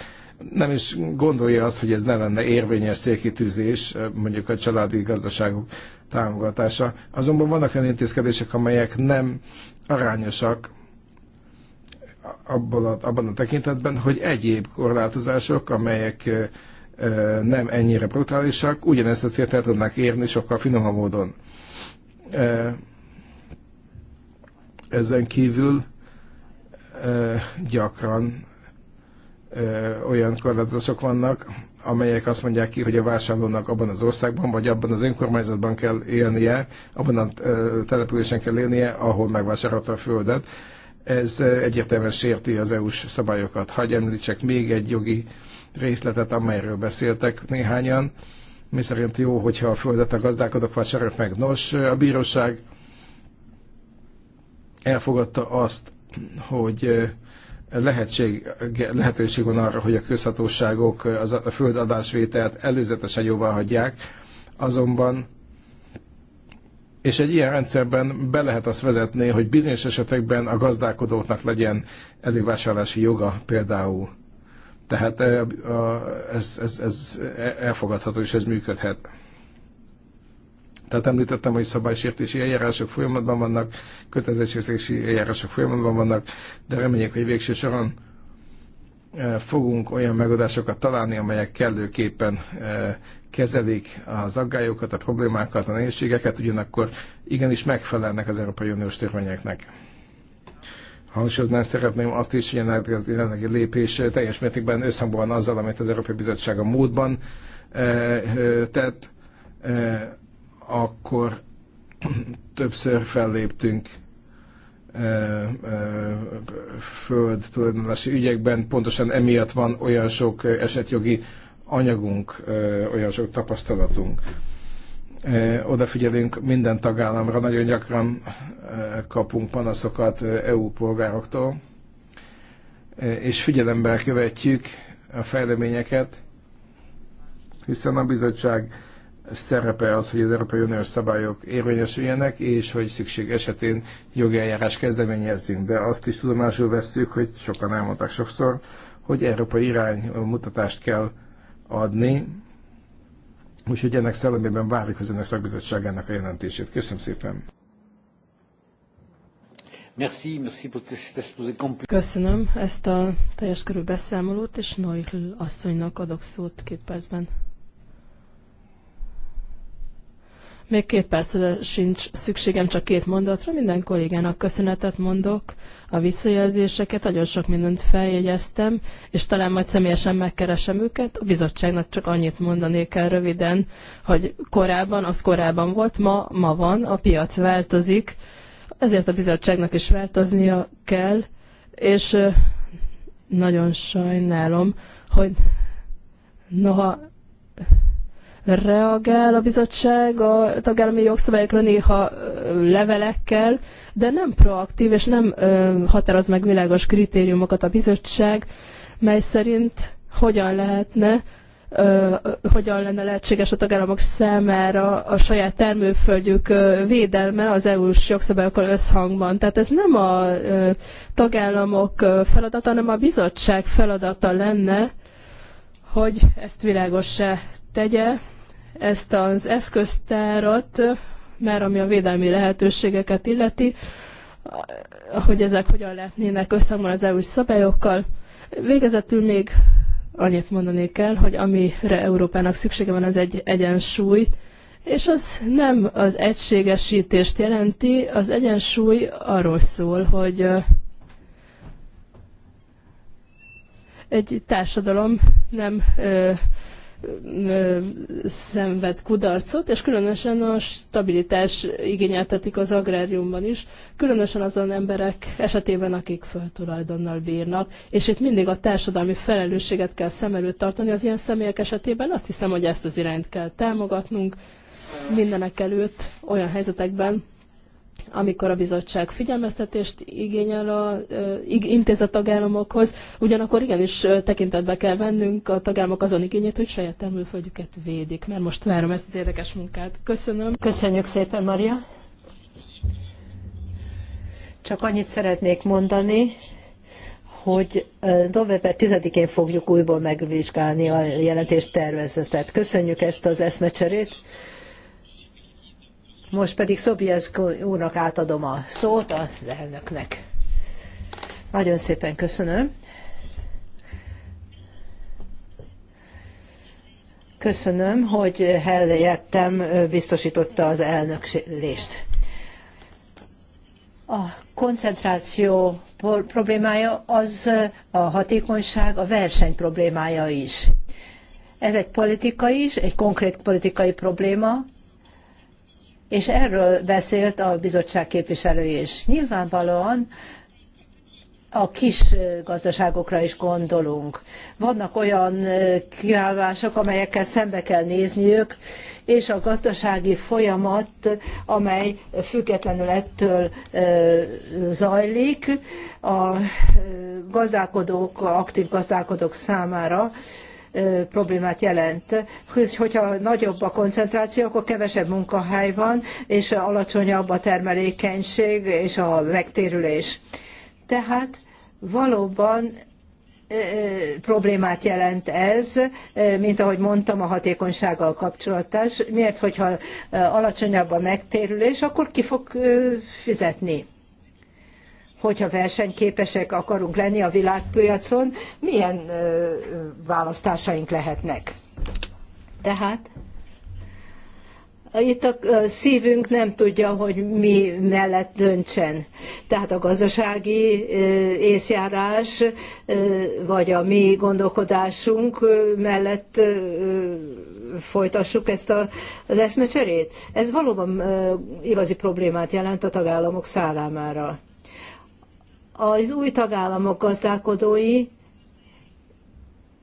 E: nem is gondolja azt, hogy ez ne lenne érvényes célkitűzés, mondjuk a családi gazdaságok támogatása. Azonban vannak olyan intézkedések, amelyek nem arányosak abban a, abban a tekintetben, hogy egyéb korlátozások, amelyek nem ennyire brutálisak, ugyanezt a célt el tudnák érni sokkal finomabb módon. Ezen kívül gyakran olyan korlátozások vannak, amelyek azt mondják ki, hogy a vásárlónak abban az országban, vagy abban az önkormányzatban kell élnie, abban a településen kell élnie, ahol megvásárolta a földet. Ez egyértelműen sérti az EU-s szabályokat. Hagy említsek még egy jogi részletet, amelyről beszéltek néhányan, mi szerint jó, hogyha a földet a gazdálkodók vásárolják meg. Nos, a bíróság elfogadta azt, hogy lehetség, lehetőség van arra, hogy a közhatóságok az, a földadásvételt előzetesen jóvá hagyják, azonban és egy ilyen rendszerben be lehet azt vezetni, hogy bizonyos esetekben a gazdálkodóknak legyen elővásárlási joga például. Tehát ez, ez, ez elfogadható és ez működhet. Tehát említettem, hogy szabálysértési eljárások folyamatban vannak, kötelezettségszegési eljárások folyamatban vannak, de reméljük, hogy végső soron e, fogunk olyan megoldásokat találni, amelyek kellőképpen e, kezelik az aggályokat, a problémákat, a nehézségeket, ugyanakkor igenis megfelelnek az Európai Uniós törvényeknek. Hangsúlyoznám, szeretném azt is, hogy a egy lépés teljes mértékben összhangban azzal, amit az Európai Bizottság a múltban e, tett, akkor többször felléptünk föld tulajdonlási ügyekben. Pontosan emiatt van olyan sok esetjogi anyagunk, olyan sok tapasztalatunk. Odafigyelünk minden tagállamra, nagyon gyakran kapunk panaszokat EU polgároktól, és figyelemben követjük a fejleményeket, hiszen a bizottság szerepe az, hogy az Európai Uniós szabályok érvényesüljenek, és hogy szükség esetén eljárás kezdeményezzünk. De azt is tudomásul veszük, hogy sokan elmondták sokszor, hogy európai iránymutatást kell adni, úgyhogy ennek szellemében várjuk az önök szakbizottságának a jelentését. Köszönöm szépen!
C: Köszönöm ezt a teljes körű beszámolót, és Noil asszonynak adok szót két percben. Még két percre sincs szükségem, csak két mondatra. Minden kollégának köszönetet mondok, a visszajelzéseket, nagyon sok mindent feljegyeztem, és talán majd személyesen megkeresem őket. A bizottságnak csak annyit mondanék el röviden, hogy korábban, az korábban volt, ma, ma van, a piac változik, ezért a bizottságnak is változnia kell, és nagyon sajnálom, hogy noha reagál a bizottság a tagállami jogszabályokra néha levelekkel, de nem proaktív és nem határoz meg világos kritériumokat a bizottság, mely szerint hogyan lehetne hogyan lenne lehetséges a tagállamok számára a saját termőföldjük védelme az EU-s jogszabályokkal összhangban. Tehát ez nem a tagállamok feladata, hanem a bizottság feladata lenne, hogy ezt se tegye, ezt az eszköztárat, már ami a védelmi lehetőségeket illeti, hogy ezek hogyan lehetnének összehangban az EU-s szabályokkal. Végezetül még annyit mondanék el, hogy amire Európának szüksége van, az egy egyensúly, és az nem az egységesítést jelenti, az egyensúly arról szól, hogy egy társadalom nem szenved kudarcot, és különösen a stabilitás igényeltetik az agráriumban is, különösen azon emberek esetében, akik föltulajdonnal bírnak, és itt mindig a társadalmi felelősséget kell szem előtt tartani az ilyen személyek esetében, azt hiszem, hogy ezt az irányt kell támogatnunk mindenek előtt olyan helyzetekben, amikor a bizottság figyelmeztetést igényel a, intéz a tagállamokhoz, ugyanakkor igenis tekintetbe kell vennünk a tagállamok azon igényét, hogy saját termőföldjüket védik, mert most várom ezt az
B: érdekes munkát. Köszönöm. Köszönjük szépen, Maria. Csak annyit szeretnék mondani, hogy november 10-én fogjuk újból megvizsgálni a jelentést tervezetet. Köszönjük ezt az eszmecserét. Most pedig Szobjeszko úrnak átadom a szót az elnöknek. Nagyon szépen köszönöm. Köszönöm, hogy helyettem biztosította az elnöklést. A koncentráció problémája az a hatékonyság, a verseny problémája is. Ez egy politika is, egy konkrét politikai probléma, és erről beszélt a bizottság képviselője is. Nyilvánvalóan a kis gazdaságokra is gondolunk. Vannak olyan kihívások, amelyekkel szembe kell nézniük, és a gazdasági folyamat, amely függetlenül ettől zajlik, a gazdálkodók, aktív gazdálkodók számára problémát jelent. Hogyha nagyobb a koncentráció, akkor kevesebb munkahely van, és alacsonyabb a termelékenység és a megtérülés. Tehát valóban problémát jelent ez, mint ahogy mondtam, a hatékonysággal kapcsolatos, miért, hogyha alacsonyabb a megtérülés, akkor ki fog fizetni hogyha versenyképesek akarunk lenni a világpiacon, milyen választásaink lehetnek. Tehát itt a szívünk nem tudja, hogy mi mellett döntsen. Tehát a gazdasági észjárás, vagy a mi gondolkodásunk mellett folytassuk ezt a, az eszmecserét. Ez valóban igazi problémát jelent a tagállamok számára az új tagállamok gazdálkodói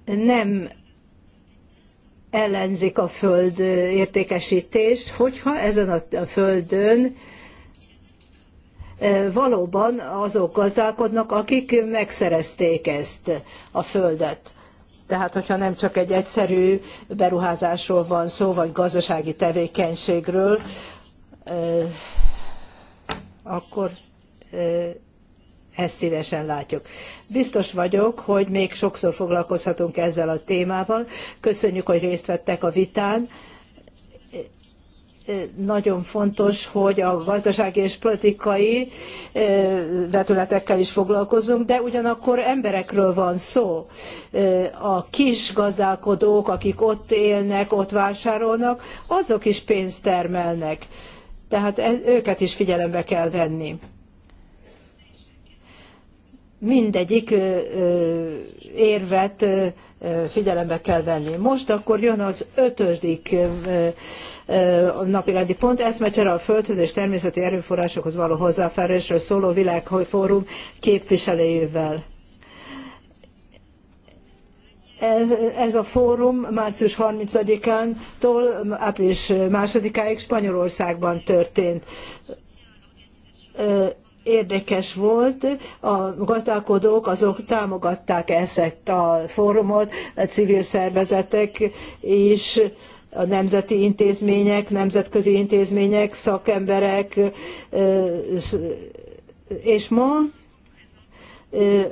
B: nem ellenzik a föld értékesítést, hogyha ezen a földön e, valóban azok gazdálkodnak, akik megszerezték ezt a földet. Tehát, hogyha nem csak egy egyszerű beruházásról van szó, vagy gazdasági tevékenységről, e, akkor e, ezt szívesen látjuk. Biztos vagyok, hogy még sokszor foglalkozhatunk ezzel a témával. Köszönjük, hogy részt vettek a vitán. Nagyon fontos, hogy a gazdasági és politikai eh, vetületekkel is foglalkozunk, de ugyanakkor emberekről van szó. Eh, a kis gazdálkodók, akik ott élnek, ott vásárolnak, azok is pénzt termelnek. Tehát e- őket is figyelembe kell venni mindegyik érvet figyelembe kell venni. Most akkor jön az ötödik napirendi pont, eszmecsere a földhöz és természeti erőforrásokhoz való hozzáférésről szóló világfórum képviselőivel. Ez a fórum március 30-án-tól április 2 ig Spanyolországban történt érdekes volt, a gazdálkodók azok támogatták ezt a fórumot, a civil szervezetek is, a nemzeti intézmények, nemzetközi intézmények, szakemberek, és ma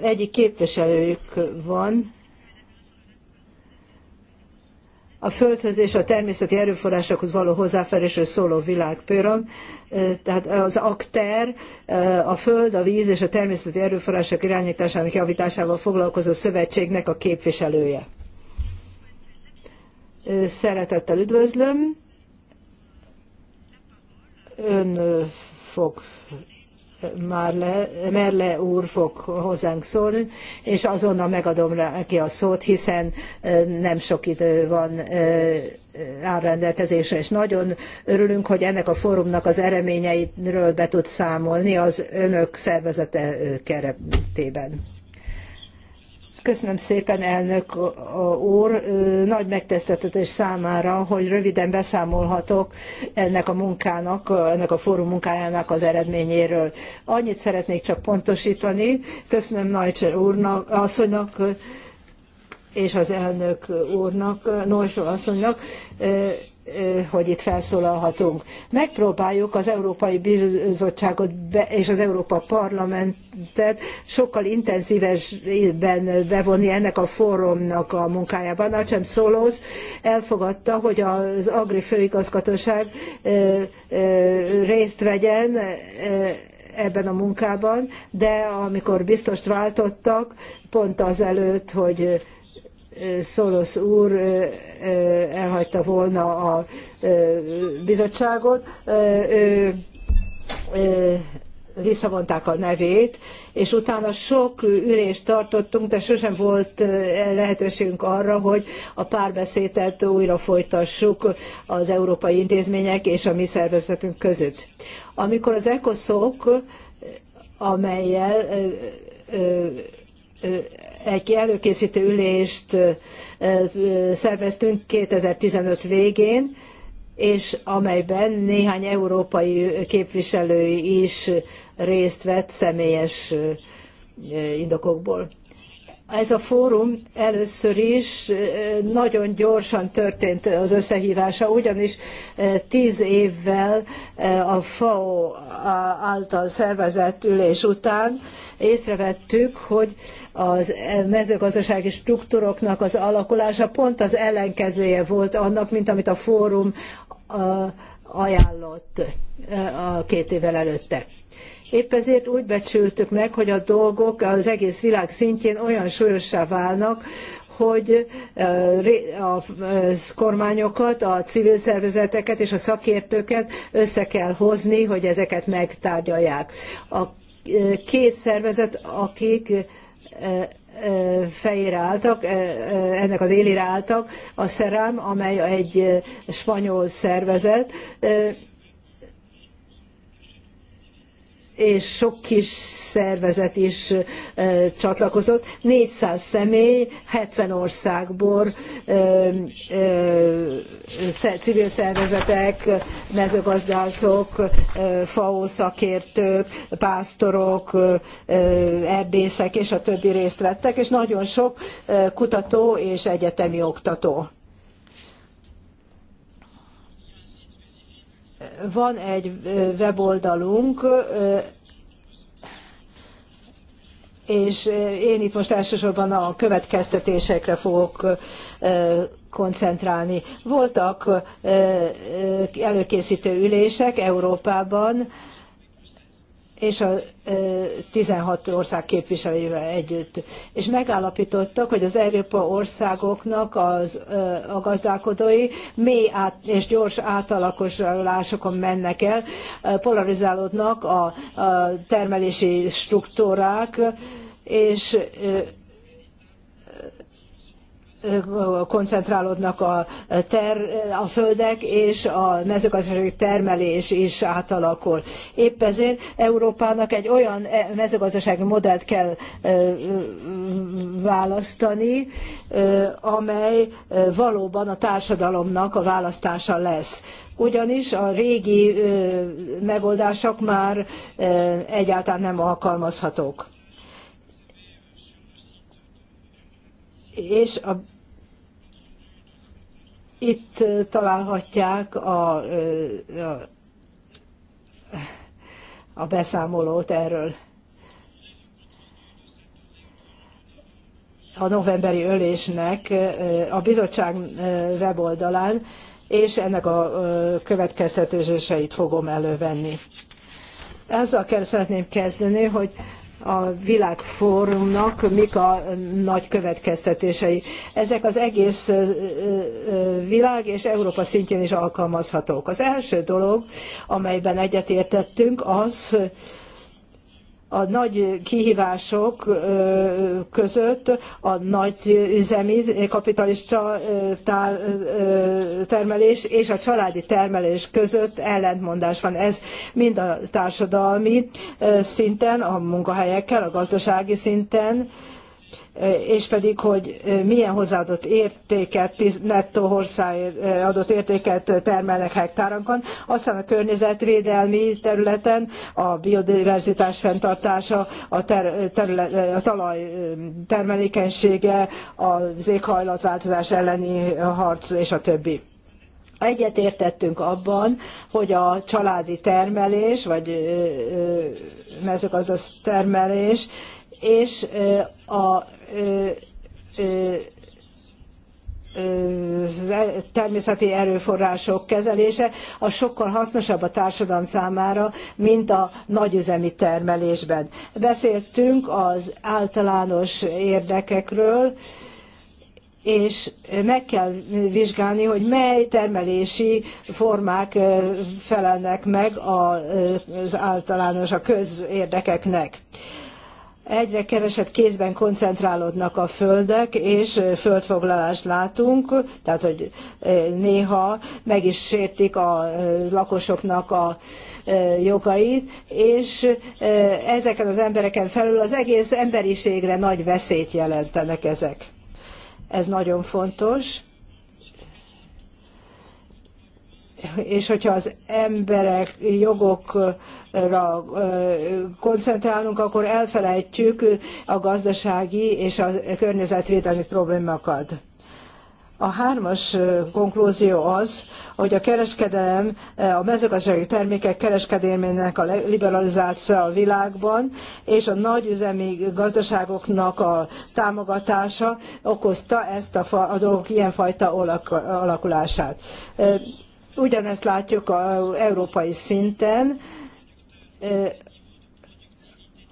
B: egyik képviselőjük van, a földhöz és a természeti erőforrásokhoz való hozzáférésről szóló világprogram, tehát az akter, a föld, a víz és a természeti erőforrások irányításának javításával foglalkozó szövetségnek a képviselője. Szeretettel üdvözlöm. Ön fog Merle úr fog hozzánk szólni, és azonnal megadom neki a szót, hiszen nem sok idő van áll rendelkezésre, és nagyon örülünk, hogy ennek a fórumnak az eredményeiről be tud számolni az önök szervezete keretében. Köszönöm szépen, elnök úr. Nagy megtiszteltetés számára, hogy röviden beszámolhatok ennek a munkának, ennek a fórum munkájának az eredményéről. Annyit szeretnék csak pontosítani. Köszönöm Nagycser úrnak, asszonynak, és az elnök úrnak, Norsó asszonynak, hogy itt felszólalhatunk. Megpróbáljuk az Európai Bizottságot és az Európa Parlamentet sokkal intenzívesben bevonni ennek a fórumnak a munkájába. Nacsem Szólósz elfogadta, hogy az Agri Főigazgatóság részt vegyen ebben a munkában, de amikor biztost váltottak, pont azelőtt, hogy Szolosz úr elhagyta volna a bizottságot, ő visszavonták a nevét, és utána sok ülést tartottunk, de sosem volt lehetőségünk arra, hogy a párbeszédet újra folytassuk az európai intézmények és a mi szervezetünk között. Amikor az ECOSOC, amelyel egy előkészítő ülést szerveztünk 2015 végén, és amelyben néhány európai képviselő is részt vett személyes indokokból. Ez a fórum először is nagyon gyorsan történt az összehívása, ugyanis tíz évvel a FAO által szervezett ülés után észrevettük, hogy az mezőgazdasági struktúroknak az alakulása pont az ellenkezője volt annak, mint amit a fórum ajánlott a két évvel előtte. Épp ezért úgy becsültük meg, hogy a dolgok az egész világ szintjén olyan súlyossá válnak, hogy a kormányokat, a civil szervezeteket és a szakértőket össze kell hozni, hogy ezeket megtárgyalják. A két szervezet, akik fejére álltak, ennek az élére álltak, a SZERÁM, amely egy spanyol szervezet, és sok kis szervezet is csatlakozott. 400 személy 70 országból civil szervezetek, mezőgazdászok, FAO szakértők, pásztorok, erdészek és a többi részt vettek, és nagyon sok kutató és egyetemi oktató. Van egy weboldalunk, és én itt most elsősorban a következtetésekre fogok koncentrálni. Voltak előkészítő ülések Európában, és a 16 ország képviselőivel együtt. És megállapítottak, hogy az Európa országoknak az, a gazdálkodói mély át, és gyors átalakulásokon mennek el, polarizálódnak a, a termelési struktúrák, és koncentrálódnak a, ter, a földek, és a mezőgazdasági termelés is átalakul. Épp ezért Európának egy olyan e, mezőgazdasági modellt kell e, választani, e, amely valóban a társadalomnak a választása lesz. Ugyanis a régi megoldások már egyáltalán nem alkalmazhatók és a, itt találhatják a, a, a beszámolót erről. a novemberi ölésnek a bizottság weboldalán, és ennek a következtetéseit fogom elővenni. Ezzel kell szeretném kezdeni, hogy a világfórumnak mik a nagy következtetései. Ezek az egész világ és Európa szintjén is alkalmazhatók. Az első dolog, amelyben egyetértettünk, az, a nagy kihívások között a nagy üzemi kapitalista termelés és a családi termelés között ellentmondás van. Ez mind a társadalmi szinten, a munkahelyekkel, a gazdasági szinten, Eh, és pedig, hogy eh, milyen hozzáadott értéket, nettó hozzáadott eh, értéket termelnek hektáronkon. Aztán a környezetvédelmi területen a biodiverzitás fenntartása, a, ter, terület, a talaj termelékenysége, az éghajlatváltozás elleni harc és a többi. Egyetértettünk abban, hogy a családi termelés, vagy mezőgazdasági termelés és a e, természeti erőforrások kezelése, a sokkal hasznosabb a társadalom számára, mint a nagyüzemi termelésben. Beszéltünk az általános érdekekről, és meg kell vizsgálni, hogy mely termelési formák felelnek meg az általános, a közérdekeknek egyre kevesebb kézben koncentrálódnak a földek, és földfoglalást látunk, tehát hogy néha meg is sértik a lakosoknak a jogait, és ezeken az embereken felül az egész emberiségre nagy veszélyt jelentenek ezek. Ez nagyon fontos és hogyha az emberek jogokra koncentrálunk, akkor elfelejtjük a gazdasági és a környezetvédelmi problémákat. A hármas konklúzió az, hogy a kereskedelem, a mezőgazdasági termékek kereskedelmének a liberalizáció a világban, és a nagyüzemi gazdaságoknak a támogatása okozta ezt a, a dolgok ilyenfajta alakulását. Ugyanezt látjuk a európai szinten.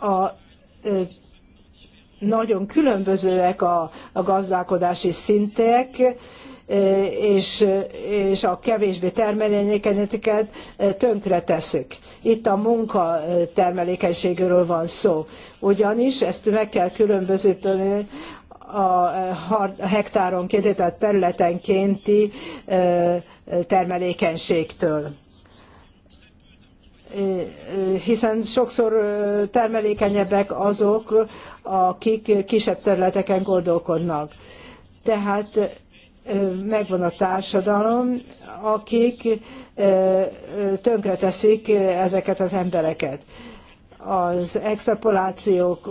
B: A nagyon különbözőek a, a gazdálkodási szintek, és, és a kevésbé termelékenyeket tönkre teszik. Itt a munka termelékenységről van szó. Ugyanis ezt meg kell különbözíteni a hektáron tehát területenkénti termelékenységtől hiszen sokszor termelékenyebbek azok, akik kisebb területeken gondolkodnak. Tehát megvan a társadalom, akik tönkreteszik ezeket az embereket. Az extrapolációk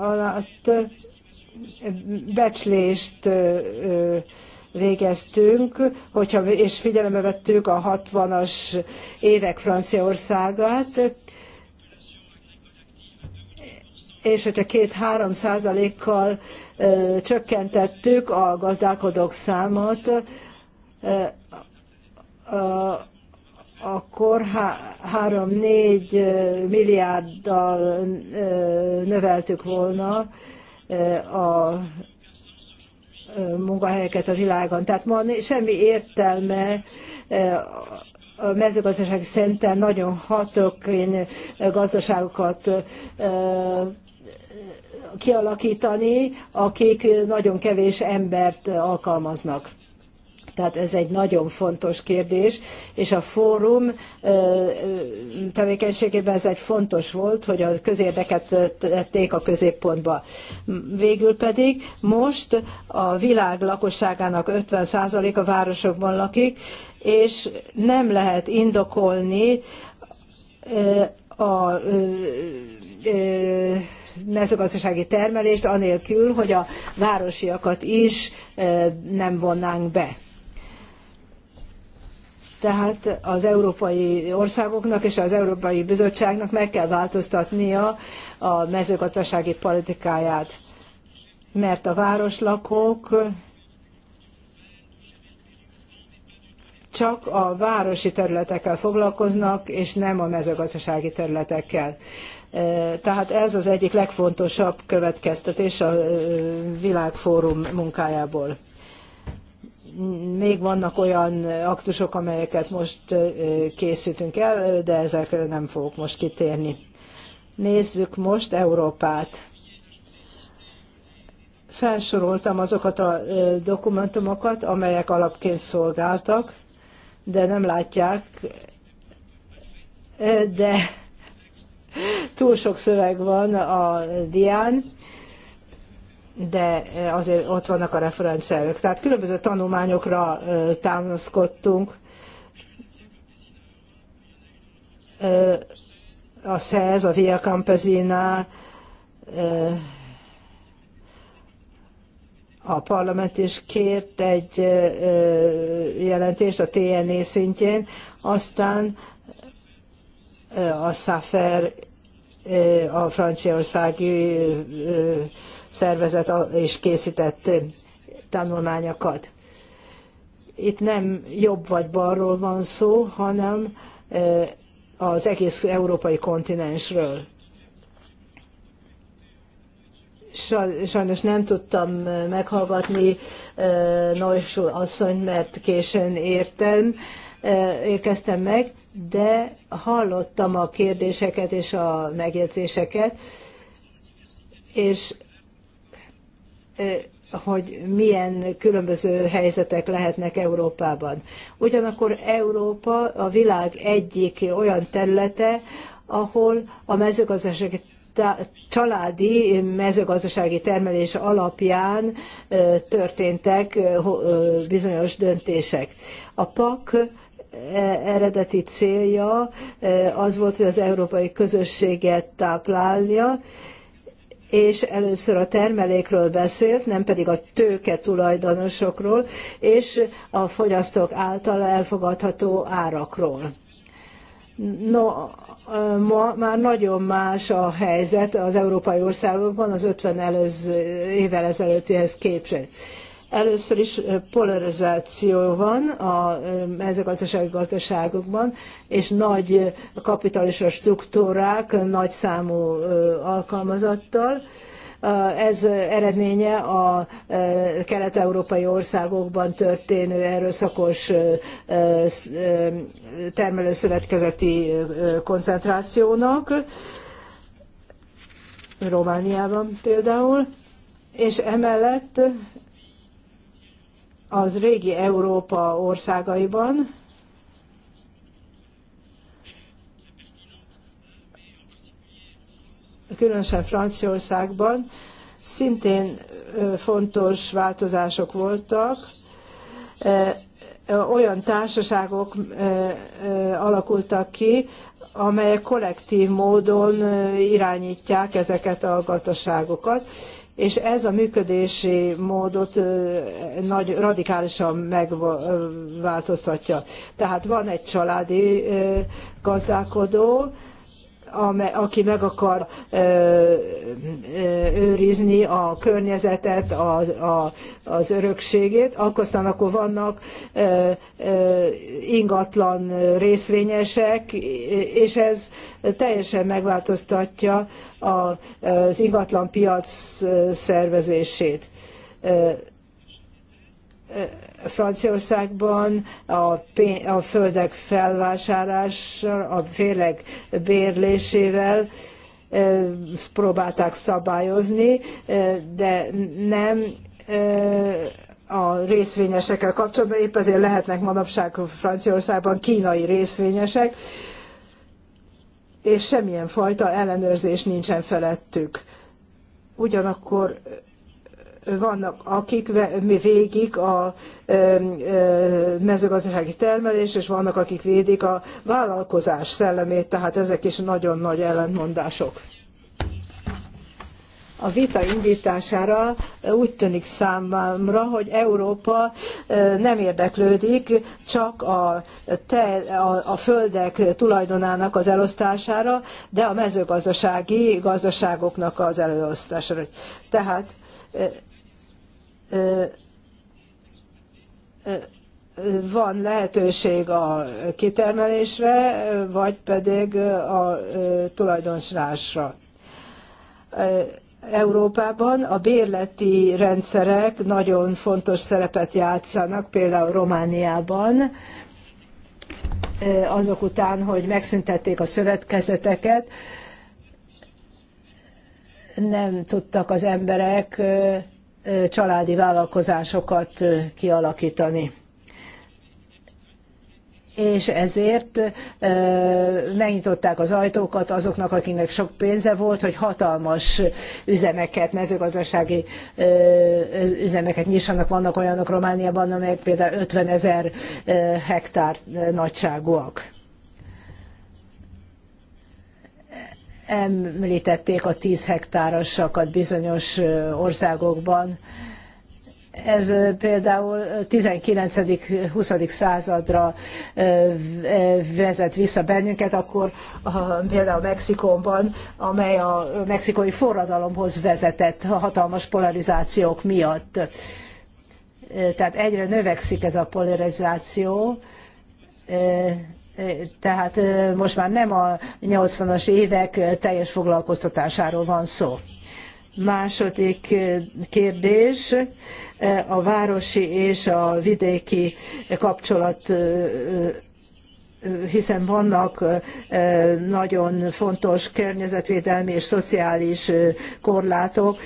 B: alatt becslést végeztünk, hogyha, és figyelembe vettük a 60-as évek Franciaországát, és hogyha két-három százalékkal csökkentettük a gazdálkodók számot, akkor 3-4 milliárddal növeltük volna a munkahelyeket a világon. Tehát ma semmi értelme a mezőgazdaság szenten nagyon hatókén gazdaságokat kialakítani, akik nagyon kevés embert alkalmaznak. Tehát ez egy nagyon fontos kérdés, és a fórum tevékenységében ez egy fontos volt, hogy a közérdeket tették a középpontba. Végül pedig most a világ lakosságának 50%-a városokban lakik, és nem lehet indokolni a mezőgazdasági termelést, anélkül, hogy a városiakat is nem vonnánk be. Tehát az európai országoknak és az Európai Bizottságnak meg kell változtatnia a mezőgazdasági politikáját, mert a városlakók csak a városi területekkel foglalkoznak, és nem a mezőgazdasági területekkel. Tehát ez az egyik legfontosabb következtetés a világfórum munkájából még vannak olyan aktusok, amelyeket most készítünk el, de ezekre nem fogok most kitérni. Nézzük most Európát. Felsoroltam azokat a dokumentumokat, amelyek alapként szolgáltak, de nem látják, de [laughs] túl sok szöveg van a dián de eh, azért ott vannak a referenciák. Tehát különböző tanulmányokra eh, támaszkodtunk. Eh, a SZEZ, a Via Campesina, a parlament is kért egy jelentést a TNE szintjén, aztán a SAFER, a franciaországi szervezett és készített tanulmányokat. Itt nem jobb vagy balról van szó, hanem az egész európai kontinensről. Sajnos nem tudtam meghallgatni Neusul asszonyt, mert későn értem, érkeztem meg, de hallottam a kérdéseket és a megjegyzéseket, és hogy milyen különböző helyzetek lehetnek Európában. Ugyanakkor Európa a világ egyik olyan területe, ahol a mezőgazdasági családi mezőgazdasági termelés alapján történtek bizonyos döntések. A PAK eredeti célja az volt, hogy az európai közösséget táplálja, és először a termelékről beszélt, nem pedig a tőke tulajdonosokról, és a fogyasztók által elfogadható árakról. No, ma már nagyon más a helyzet az európai országokban az 50 előző évvel ezelőttihez képest. Először is polarizáció van a mezőgazdasági gazdaságokban, és nagy kapitalista struktúrák, nagy számú alkalmazattal. Ez eredménye a kelet-európai országokban történő erőszakos termelőszövetkezeti koncentrációnak, Romániában például, és emellett az régi Európa országaiban, különösen Franciaországban, szintén fontos változások voltak. Olyan társaságok alakultak ki, amelyek kollektív módon irányítják ezeket a gazdaságokat, és ez a működési módot nagy, radikálisan megváltoztatja. Tehát van egy családi gazdálkodó, aki meg akar őrizni a környezetet, a, a, az örökségét, akkor aztán akkor vannak ingatlan részvényesek, és ez teljesen megváltoztatja az ingatlan piac szervezését Franciaországban a, pénz, a földek felvásárlással, a félek bérlésével próbálták szabályozni, de nem a részvényesekkel kapcsolatban, épp ezért lehetnek manapság Franciaországban kínai részvényesek, és semmilyen fajta ellenőrzés nincsen felettük. Ugyanakkor vannak, akik végig a mezőgazdasági termelés, és vannak, akik védik a vállalkozás szellemét, tehát ezek is nagyon nagy ellentmondások. A vita indítására úgy tűnik számomra, hogy Európa nem érdeklődik csak a, te, a, a földek tulajdonának az elosztására, de a mezőgazdasági gazdaságoknak az elosztására. Tehát van lehetőség a kitermelésre, vagy pedig a tulajdonsrásra. Európában a bérleti rendszerek nagyon fontos szerepet játszanak, például Romániában, azok után, hogy megszüntették a szövetkezeteket, nem tudtak az emberek családi vállalkozásokat kialakítani. És ezért megnyitották az ajtókat azoknak, akiknek sok pénze volt, hogy hatalmas üzemeket, mezőgazdasági üzemeket nyissanak. Vannak olyanok Romániában, amelyek például 50 ezer hektár nagyságúak említették a 10 hektárosakat bizonyos országokban. Ez például 19.-20. századra vezet vissza bennünket, akkor például Mexikóban, amely a mexikói forradalomhoz vezetett hatalmas polarizációk miatt. Tehát egyre növekszik ez a polarizáció, tehát most már nem a 80-as évek teljes foglalkoztatásáról van szó. Második kérdés, a városi és a vidéki kapcsolat hiszen vannak nagyon fontos környezetvédelmi és szociális korlátok,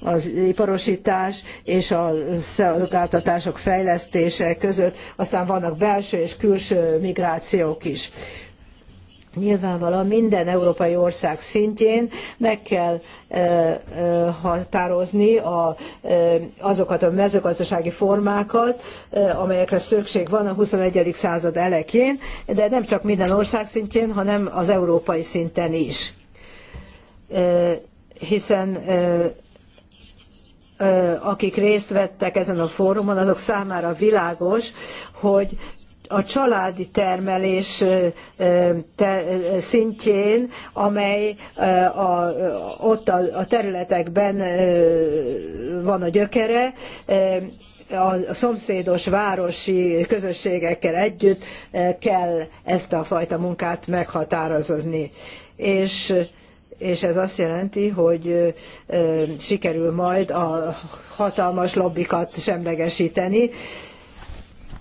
B: az iparosítás és a szolgáltatások fejlesztése között, aztán vannak belső és külső migrációk is. Nyilvánvalóan minden európai ország szintjén meg kell határozni a, azokat a mezőgazdasági formákat, amelyekre szükség van a 21. század elején, de nem csak minden ország szintjén, hanem az európai szinten is. Hiszen akik részt vettek ezen a fórumon, azok számára világos, hogy a családi termelés szintjén, amely a, ott a, a területekben van a gyökere, a szomszédos városi közösségekkel együtt kell ezt a fajta munkát meghatározni. És, és ez azt jelenti, hogy sikerül majd a hatalmas lobbikat semlegesíteni.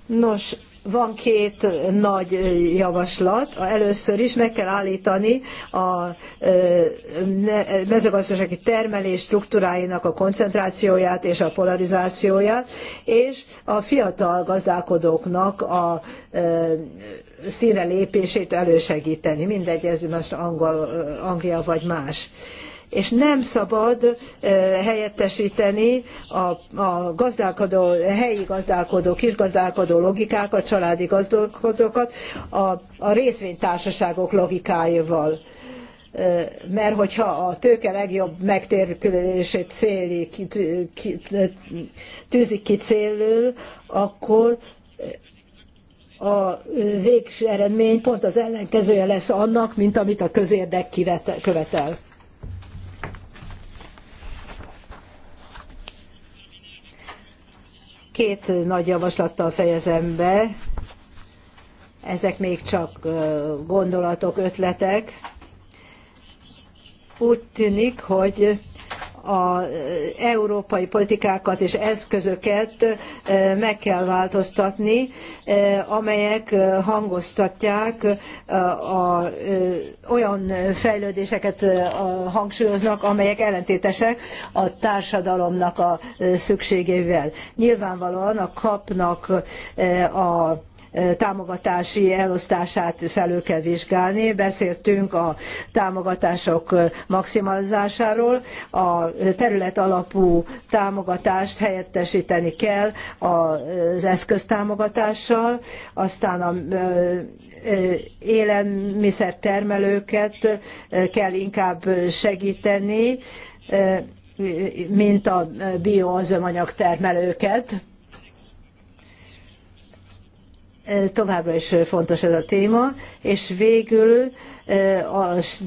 B: Nos, van két nagy javaslat. Először is meg kell állítani a mezőgazdasági termelés struktúráinak a koncentrációját és a polarizációját, és a fiatal gazdálkodóknak a színre lépését elősegíteni. Mindegy, ez most angol, Anglia vagy más és nem szabad helyettesíteni a, a gazdálkodó, helyi gazdálkodó, kisgazdálkodó logikákat, családi gazdálkodókat a, a részvénytársaságok logikáival mert hogyha a tőke legjobb megtérülését céli, tűzik ki célul, akkor a végső eredmény pont az ellenkezője lesz annak, mint amit a közérdek követel. Két nagy javaslattal fejezem be, ezek még csak gondolatok, ötletek. Úgy tűnik, hogy az e, európai politikákat és eszközöket e, meg kell változtatni, e, amelyek hangoztatják a, olyan fejlődéseket hangsúlyoznak, amelyek ellentétesek a társadalomnak a szükségével. Nyilvánvalóan a kapnak a támogatási elosztását felül kell vizsgálni. Beszéltünk a támogatások maximalizásáról, a terület alapú támogatást helyettesíteni kell az eszköztámogatással, aztán a élelmiszertermelőket kell inkább segíteni, mint a bioazomanyag termelőket továbbra is fontos ez a téma, és végül eh,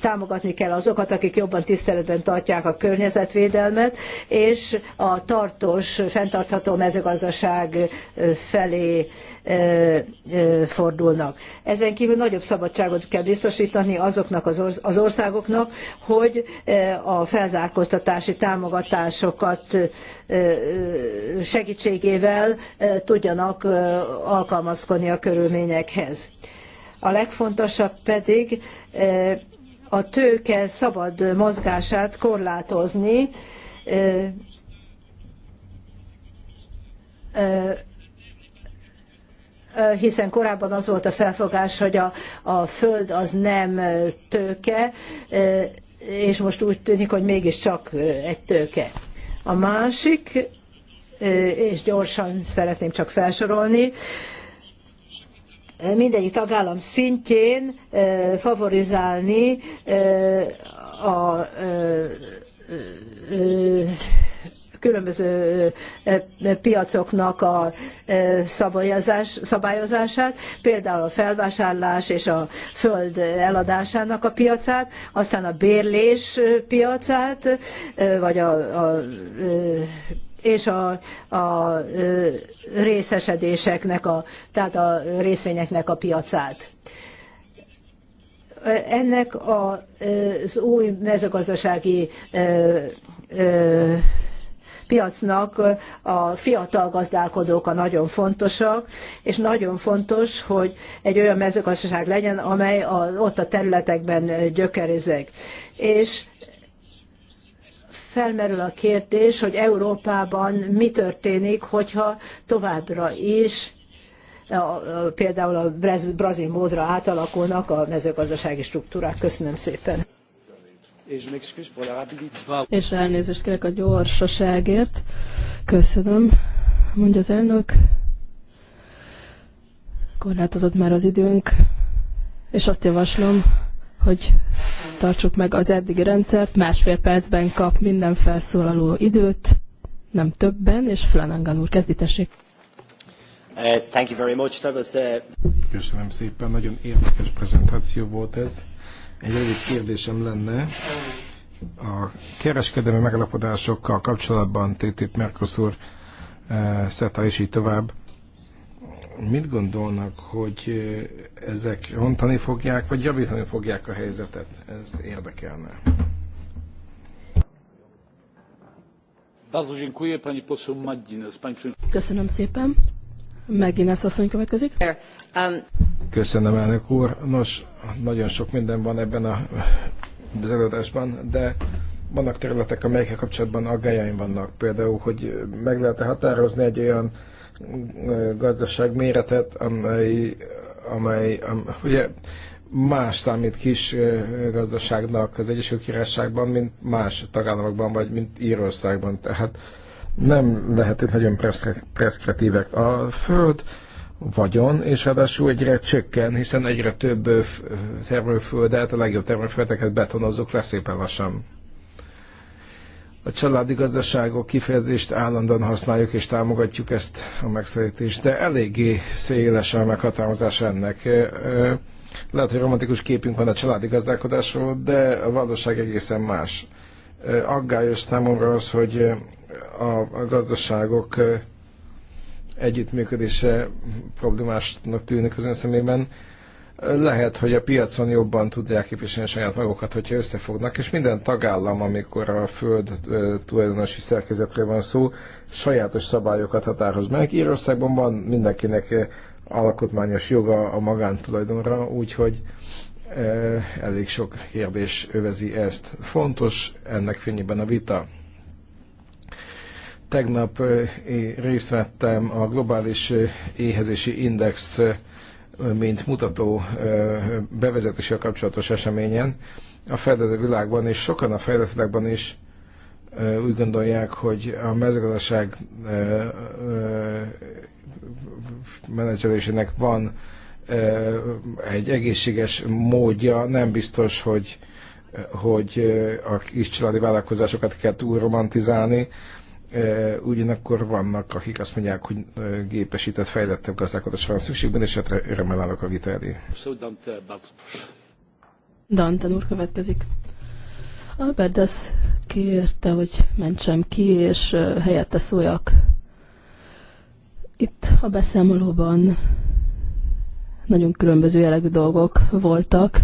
B: támogatni kell azokat, akik jobban tiszteletben tartják a környezetvédelmet, és a tartós, fenntartható mezőgazdaság eh, felé eh, fordulnak. Ezen kívül nagyobb szabadságot kell biztosítani azoknak az országoknak, hogy a felzárkóztatási támogatásokat segítségével tudjanak alkalmazkodni a körülményekhez. A legfontosabb pedig e, a tőke szabad mozgását korlátozni, e, e, hiszen korábban az volt a felfogás, hogy a, a föld az nem tőke, és most úgy tűnik, hogy mégiscsak egy tőke. A másik, és gyorsan szeretném csak felsorolni, mindegyik tagállam szintjén favorizálni a különböző piacoknak a szabályozását, például a felvásárlás és a föld eladásának a piacát, aztán a bérlés piacát, vagy a, a és a, a részesedéseknek, a, tehát a részvényeknek a piacát. Ennek a, az új mezőgazdasági piacnak a fiatal gazdálkodók a nagyon fontosak, és nagyon fontos, hogy egy olyan mezőgazdaság legyen, amely a, ott a területekben gyökerezik. És felmerül a kérdés, hogy Európában mi történik, hogyha továbbra is például a brazil módra átalakulnak a mezőgazdasági struktúrák. Köszönöm szépen.
C: És elnézést kérek a gyorsaságért. Köszönöm, mondja az elnök. Korlátozott már az időnk, és azt javaslom, hogy tartsuk meg az eddigi rendszert, másfél percben kap minden felszólaló időt, nem többen, és Flanagan úr, kezdítessék.
E: Uh, thank you very much. That was, uh... Köszönöm szépen, nagyon érdekes prezentáció volt ez. Egy rövid kérdésem lenne a kereskedelmi megalapodásokkal kapcsolatban TTIP, Mercosur, uh, SETA és így tovább Mit gondolnak, hogy ezek rontani fogják, vagy javítani fogják a helyzetet? Ez érdekelne. Köszönöm
C: szépen. ezt asszony következik. Um,
E: Köszönöm, elnök úr. Nos, nagyon sok minden van ebben a bizonyításban, de vannak területek, amelyekkel kapcsolatban aggájaim vannak. Például, hogy meg lehet-e határozni egy olyan gazdaság méretet, amely, amely am, ugye más számít kis gazdaságnak az Egyesült Királyságban, mint más tagállamokban, vagy mint Írországban. Tehát nem lehetünk nagyon preszkretívek. A föld vagyon, és ráadásul egyre csökken, hiszen egyre több termőföldet, a legjobb termőföldeket betonozzuk le szépen lassan a családi gazdaságok kifejezést állandóan használjuk és támogatjuk ezt a megszerítést, de eléggé széles a meghatározás ennek. Lehet, hogy romantikus képünk van a családi gazdálkodásról, de a valóság egészen más. Aggályos számomra az, hogy a gazdaságok együttműködése problémásnak tűnik az ön szemében lehet, hogy a piacon jobban tudják képviselni saját magukat, hogyha összefognak, és minden tagállam, amikor a föld tulajdonosi szerkezetről van szó, sajátos szabályokat határoz meg. Írországban van mindenkinek alkotmányos joga a magántulajdonra, úgyhogy elég sok kérdés övezi ezt. Fontos ennek fényében a vita. Tegnap részt vettem a globális éhezési index mint mutató bevezetéssel kapcsolatos eseményen. A fejlett világban és sokan a fejlett világban is úgy gondolják, hogy a mezőgazdaság menedzselésének van egy egészséges módja, nem biztos, hogy hogy a kis családi vállalkozásokat kell túl romantizálni, Ugyanakkor vannak, akik azt mondják, hogy gépesített, fejlettebb gazdálkodásra van szükségben, és hát örömmel állok a vita elé.
C: Danten úr következik. Albert az kérte, hogy mentsem ki, és helyette szóljak. Itt a beszámolóban nagyon különböző jellegű dolgok voltak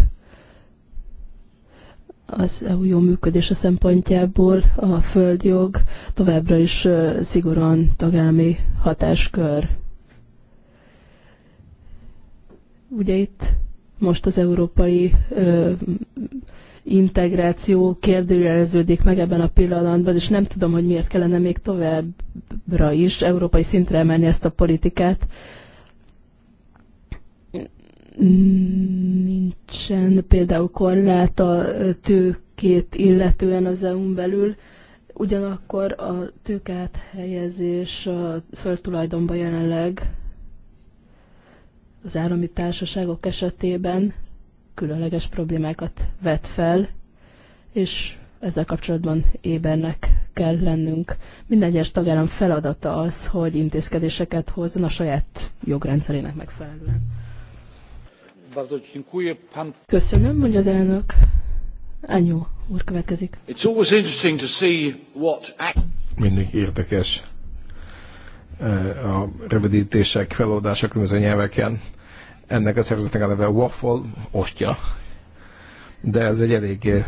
C: az EU jó működése szempontjából a földjog továbbra is szigorúan tagállami hatáskör. Ugye itt most az európai ö, integráció kérdőjeleződik meg ebben a pillanatban, és nem tudom, hogy miért kellene még továbbra is európai szintre emelni ezt a politikát. Ö, Mm, nincsen például korlát a tőkét illetően az EU-n belül, ugyanakkor a tőkát helyezés a föltulajdonba jelenleg az állami társaságok esetében különleges problémákat vet fel, és ezzel kapcsolatban ébernek kell lennünk. Minden egyes tagállam feladata az, hogy intézkedéseket hozzon a saját jogrendszerének megfelelően. Köszönöm, hogy az elnök. Anyó úr következik.
A: It's always interesting to see what...
E: Mindig érdekes eh, a rövidítések, feloldása különböző nyelveken. Ennek a szervezetnek a neve waffle, ostya. De ez egy elég eh,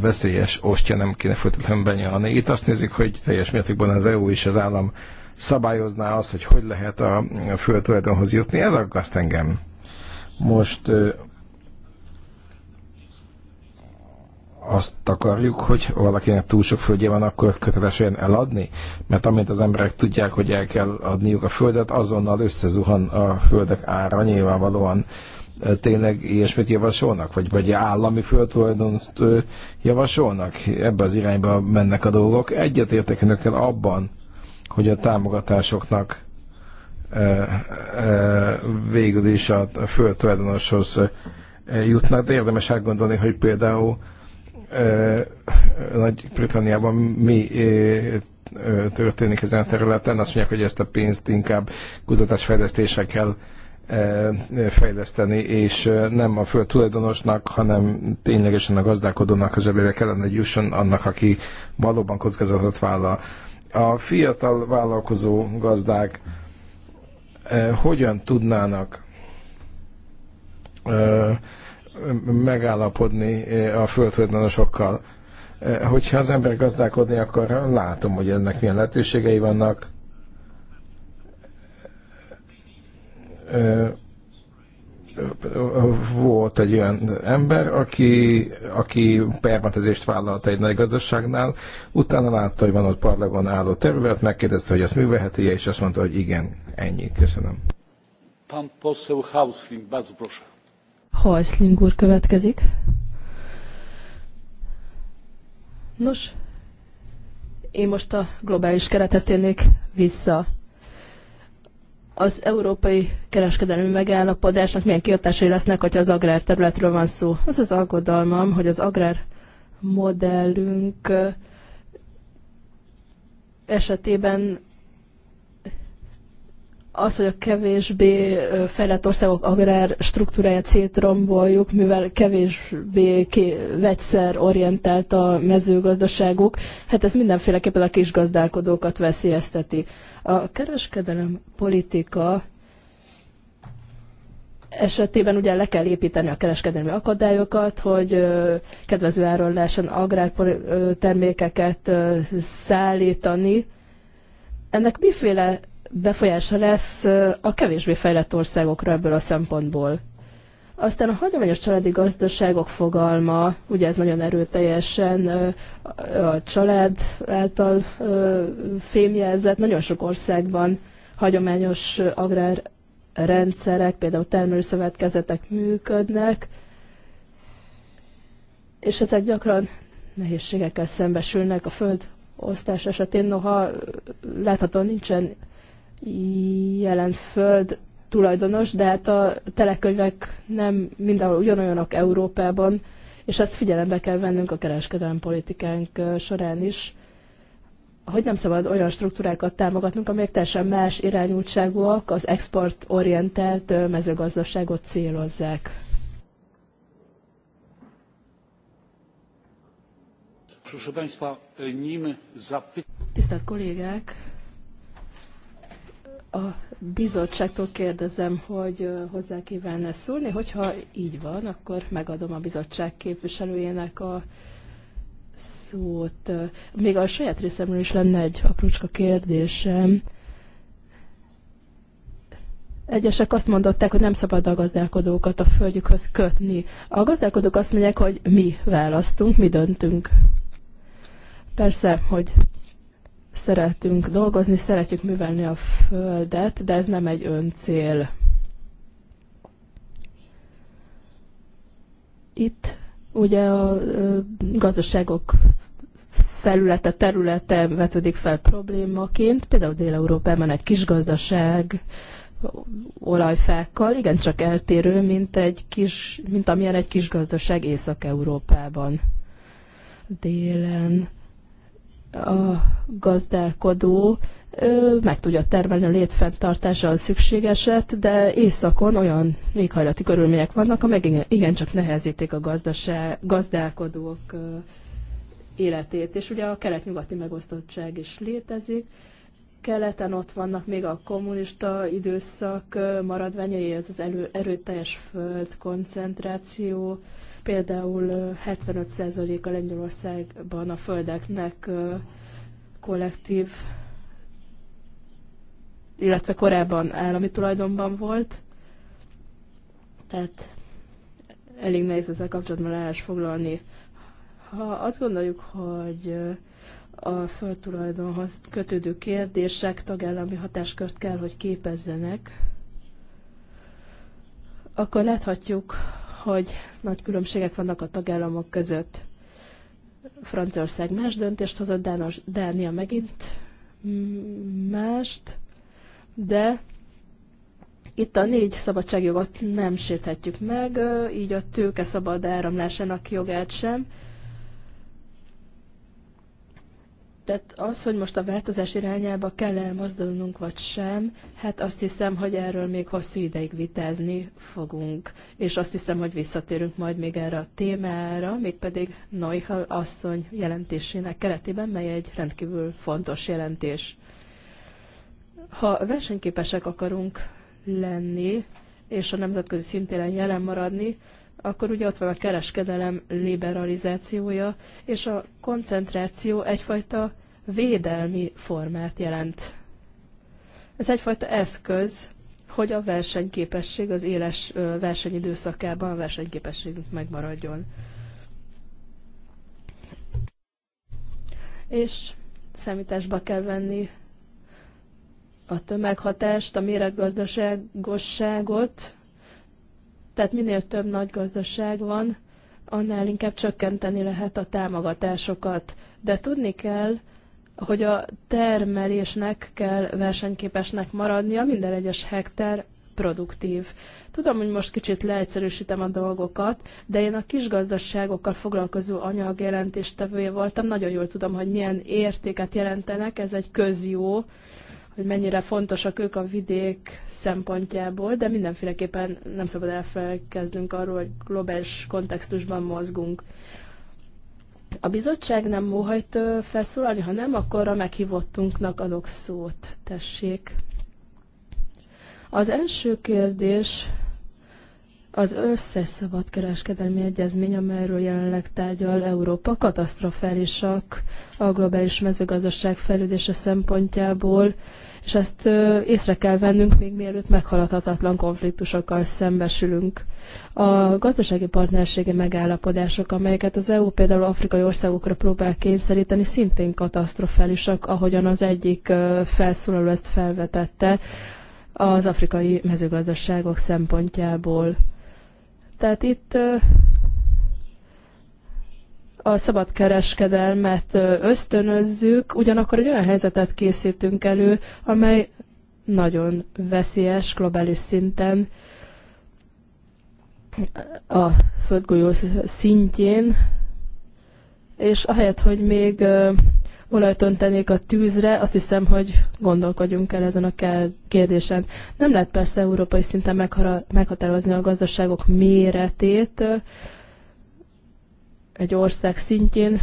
E: veszélyes ostya, nem kéne folytatlanul benyalni. Itt azt nézik, hogy teljes mértékben az EU és az állam szabályozná azt, hogy hogy lehet a földtulajdonhoz jutni. Ez aggaszt engem. Most azt akarjuk, hogy valakinek túl sok földje van, akkor kötelesen eladni? Mert amint az emberek tudják, hogy el kell adniuk a földet, azonnal összezuhan a földek ára nyilvánvalóan tényleg ilyesmit javasolnak? Vagy, vagy állami földtulajdont javasolnak? Ebbe az irányba mennek a dolgok. Egyetértek önökkel abban, hogy a támogatásoknak végül is a földtulajdonoshoz jutnak, de érdemes átgondolni, hogy például Nagy-Britanniában mi történik ezen a területen. Azt mondják, hogy ezt a pénzt inkább kutatásfejlesztésre kell fejleszteni, és nem a föld tulajdonosnak, hanem ténylegesen a gazdálkodónak az zsebébe kellene, hogy jusson annak, aki valóban kockázatot vállal. A fiatal vállalkozó gazdák hogyan tudnának megállapodni a földtulajdonosokkal. Hogyha az ember gazdálkodni akar, látom, hogy ennek milyen lehetőségei vannak volt egy olyan ember, aki, aki permetezést vállalt egy nagy gazdaságnál, utána látta, hogy van ott parlagon álló terület, megkérdezte, hogy ezt műveheti -e, és azt mondta, hogy igen, ennyi, köszönöm. Pan poseł Hausling, bardzo proszę.
C: Hausling úr következik. Nos, én most a globális kerethez térnék vissza az európai kereskedelmi megállapodásnak milyen kihatásai lesznek, hogyha az agrárterületről van szó. Az az aggodalmam, hogy az agrármodellünk esetében az, hogy a kevésbé fejlett országok agrár struktúráját szétromboljuk, mivel kevésbé vegyszer orientált a mezőgazdaságuk, hát ez mindenféleképpen a kisgazdálkodókat veszélyezteti. A kereskedelem politika esetében ugye le kell építeni a kereskedelmi akadályokat, hogy kedvező áron lehessen agrártermékeket szállítani. Ennek miféle befolyása lesz a kevésbé fejlett országokra ebből a szempontból? Aztán a hagyományos családi gazdaságok fogalma, ugye ez nagyon erőteljesen a család által fémjelzett, nagyon sok országban hagyományos agrárrendszerek, például termőszövetkezetek működnek, és ezek gyakran nehézségekkel szembesülnek a föld osztás esetén, noha láthatóan nincsen jelen föld tulajdonos, de hát a telekönyvek nem mindenhol ugyanolyanok Európában, és ezt figyelembe kell vennünk a kereskedelmi politikánk során is, hogy nem szabad olyan struktúrákat támogatnunk, amelyek teljesen más irányultságúak, az exportorientált mezőgazdaságot célozzák. Tisztelt kollégák! A bizottságtól kérdezem, hogy hozzá kívánne szólni. Hogyha így van, akkor megadom a bizottság képviselőjének a szót. Még a saját részemről is lenne egy aprócska kérdésem. Egyesek azt mondották, hogy nem szabad a gazdálkodókat a földjükhöz kötni. A gazdálkodók azt mondják, hogy mi választunk, mi döntünk. Persze, hogy Szeretünk dolgozni, szeretjük művelni a Földet, de ez nem egy öncél. Itt ugye a gazdaságok felülete, területe vetődik fel problémaként, például Dél-Európában egy kis gazdaság, olajfákkal, igencsak eltérő, mint, egy kis, mint amilyen egy kis gazdaság Észak-Európában. Délen a gazdálkodó meg tudja termelni a a szükségeset, de északon olyan éghajlati körülmények vannak, amelyek igencsak nehezítik a gazdaság, gazdálkodók életét. És ugye a kelet-nyugati megosztottság is létezik. Keleten ott vannak még a kommunista időszak maradványai, ez az elő, erőteljes föld koncentráció, Például 75%-a Lengyelországban a földeknek kollektív, illetve korábban állami tulajdonban volt. Tehát elég nehéz ezzel kapcsolatban állás foglalni. Ha azt gondoljuk, hogy a földtulajdonhoz kötődő kérdések tagállami hatáskört kell, hogy képezzenek, akkor láthatjuk, hogy nagy különbségek vannak a tagállamok között. Franciaország más döntést hozott, Dános, Dánia megint mást, de itt a négy szabadságjogot nem sérthetjük meg, így a tőke szabad áramlásának jogát sem, Tehát az, hogy most a változás irányába kell elmozdulnunk, vagy sem, hát azt hiszem, hogy erről még hosszú ideig vitázni fogunk. És azt hiszem, hogy visszatérünk majd még erre a témára, mégpedig Neuhal asszony jelentésének keretében, mely egy rendkívül fontos jelentés. Ha versenyképesek akarunk lenni, és a nemzetközi szintén jelen maradni, akkor ugye ott van a kereskedelem liberalizációja, és a koncentráció egyfajta védelmi formát jelent. Ez egyfajta eszköz, hogy a versenyképesség az éles versenyidőszakában a versenyképességünk megmaradjon. És számításba kell venni a tömeghatást, a méretgazdaságosságot, tehát minél több nagy gazdaság van, annál inkább csökkenteni lehet a támogatásokat. De tudni kell, hogy a termelésnek kell versenyképesnek maradnia, minden egyes hektár produktív. Tudom, hogy most kicsit leegyszerűsítem a dolgokat, de én a kisgazdaságokkal foglalkozó anyag voltam, nagyon jól tudom, hogy milyen értéket jelentenek, ez egy közjó, hogy mennyire fontosak ők a vidék szempontjából, de mindenféleképpen nem szabad elfelkeznünk arról, hogy globális kontextusban mozgunk. A bizottság nem óhajt felszólalni, ha nem, akkor a meghívottunknak adok szót. Tessék. Az első kérdés az összes szabadkereskedelmi egyezmény, amelyről jelenleg tárgyal Európa, katasztrofálisak a globális mezőgazdaság fejlődése szempontjából, és ezt észre kell vennünk, még mielőtt meghaladhatatlan konfliktusokkal szembesülünk. A gazdasági partnerségi megállapodások, amelyeket az EU például afrikai országokra próbál kényszeríteni, szintén katasztrofálisak, ahogyan az egyik felszólaló ezt felvetette az afrikai mezőgazdaságok szempontjából. Tehát itt a szabadkereskedelmet ösztönözzük, ugyanakkor egy olyan helyzetet készítünk elő, amely nagyon veszélyes globális szinten a földgolyó szintjén, és ahelyett, hogy még olajt öntenék a tűzre, azt hiszem, hogy gondolkodjunk el ezen a kérdésen. Nem lehet persze európai szinten meghatározni a gazdaságok méretét, egy ország szintjén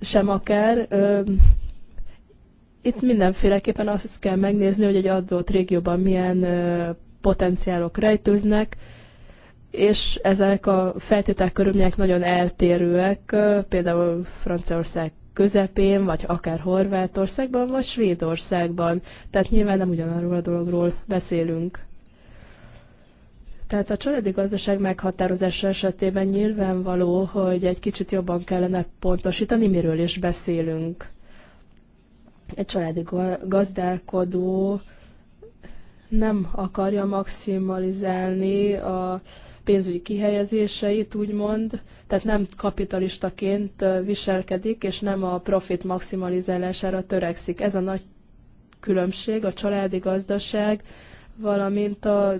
C: sem akár. Itt mindenféleképpen azt kell megnézni, hogy egy adott régióban milyen potenciálok rejtőznek, és ezek a feltétel körülmények nagyon eltérőek, például Franciaország közepén, vagy akár Horvátországban, vagy Svédországban. Tehát nyilván nem ugyanarról a dologról beszélünk. Tehát a családi gazdaság meghatározása esetében nyilvánvaló, hogy egy kicsit jobban kellene pontosítani, miről is beszélünk. Egy családi gazdálkodó nem akarja maximalizálni a pénzügyi kihelyezéseit, úgymond, tehát nem kapitalistaként viselkedik, és nem a profit maximalizálására törekszik. Ez a nagy különbség, a családi gazdaság valamint a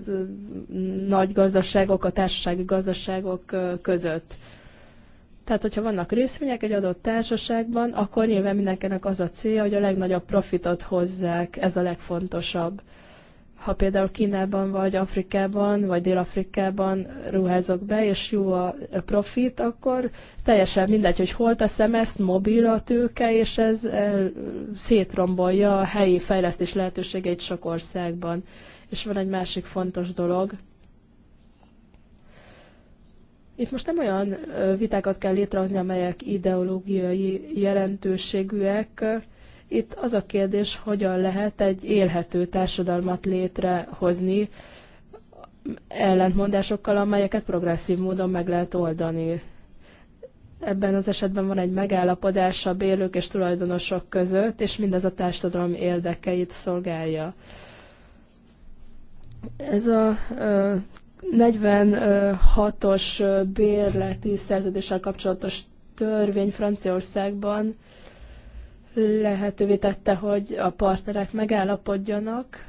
C: nagy gazdaságok, a társasági gazdaságok között. Tehát, hogyha vannak részvények egy adott társaságban, akkor nyilván mindenkinek az a célja, hogy a legnagyobb profitot hozzák, ez a legfontosabb. Ha például Kínában, vagy Afrikában, vagy Dél-Afrikában ruházok be, és jó a profit, akkor teljesen mindegy, hogy hol teszem ezt, mobil a tőke, és ez szétrombolja a helyi fejlesztés lehetőségeit sok országban. És van egy másik fontos dolog. Itt most nem olyan vitákat kell létrehozni, amelyek ideológiai jelentőségűek. Itt az a kérdés, hogyan lehet egy élhető társadalmat létrehozni ellentmondásokkal, amelyeket progresszív módon meg lehet oldani ebben az esetben van egy megállapodás a bérlők és tulajdonosok között, és mindez a társadalom érdekeit szolgálja. Ez a 46-os bérleti szerződéssel kapcsolatos törvény Franciaországban lehetővé tette, hogy a partnerek megállapodjanak,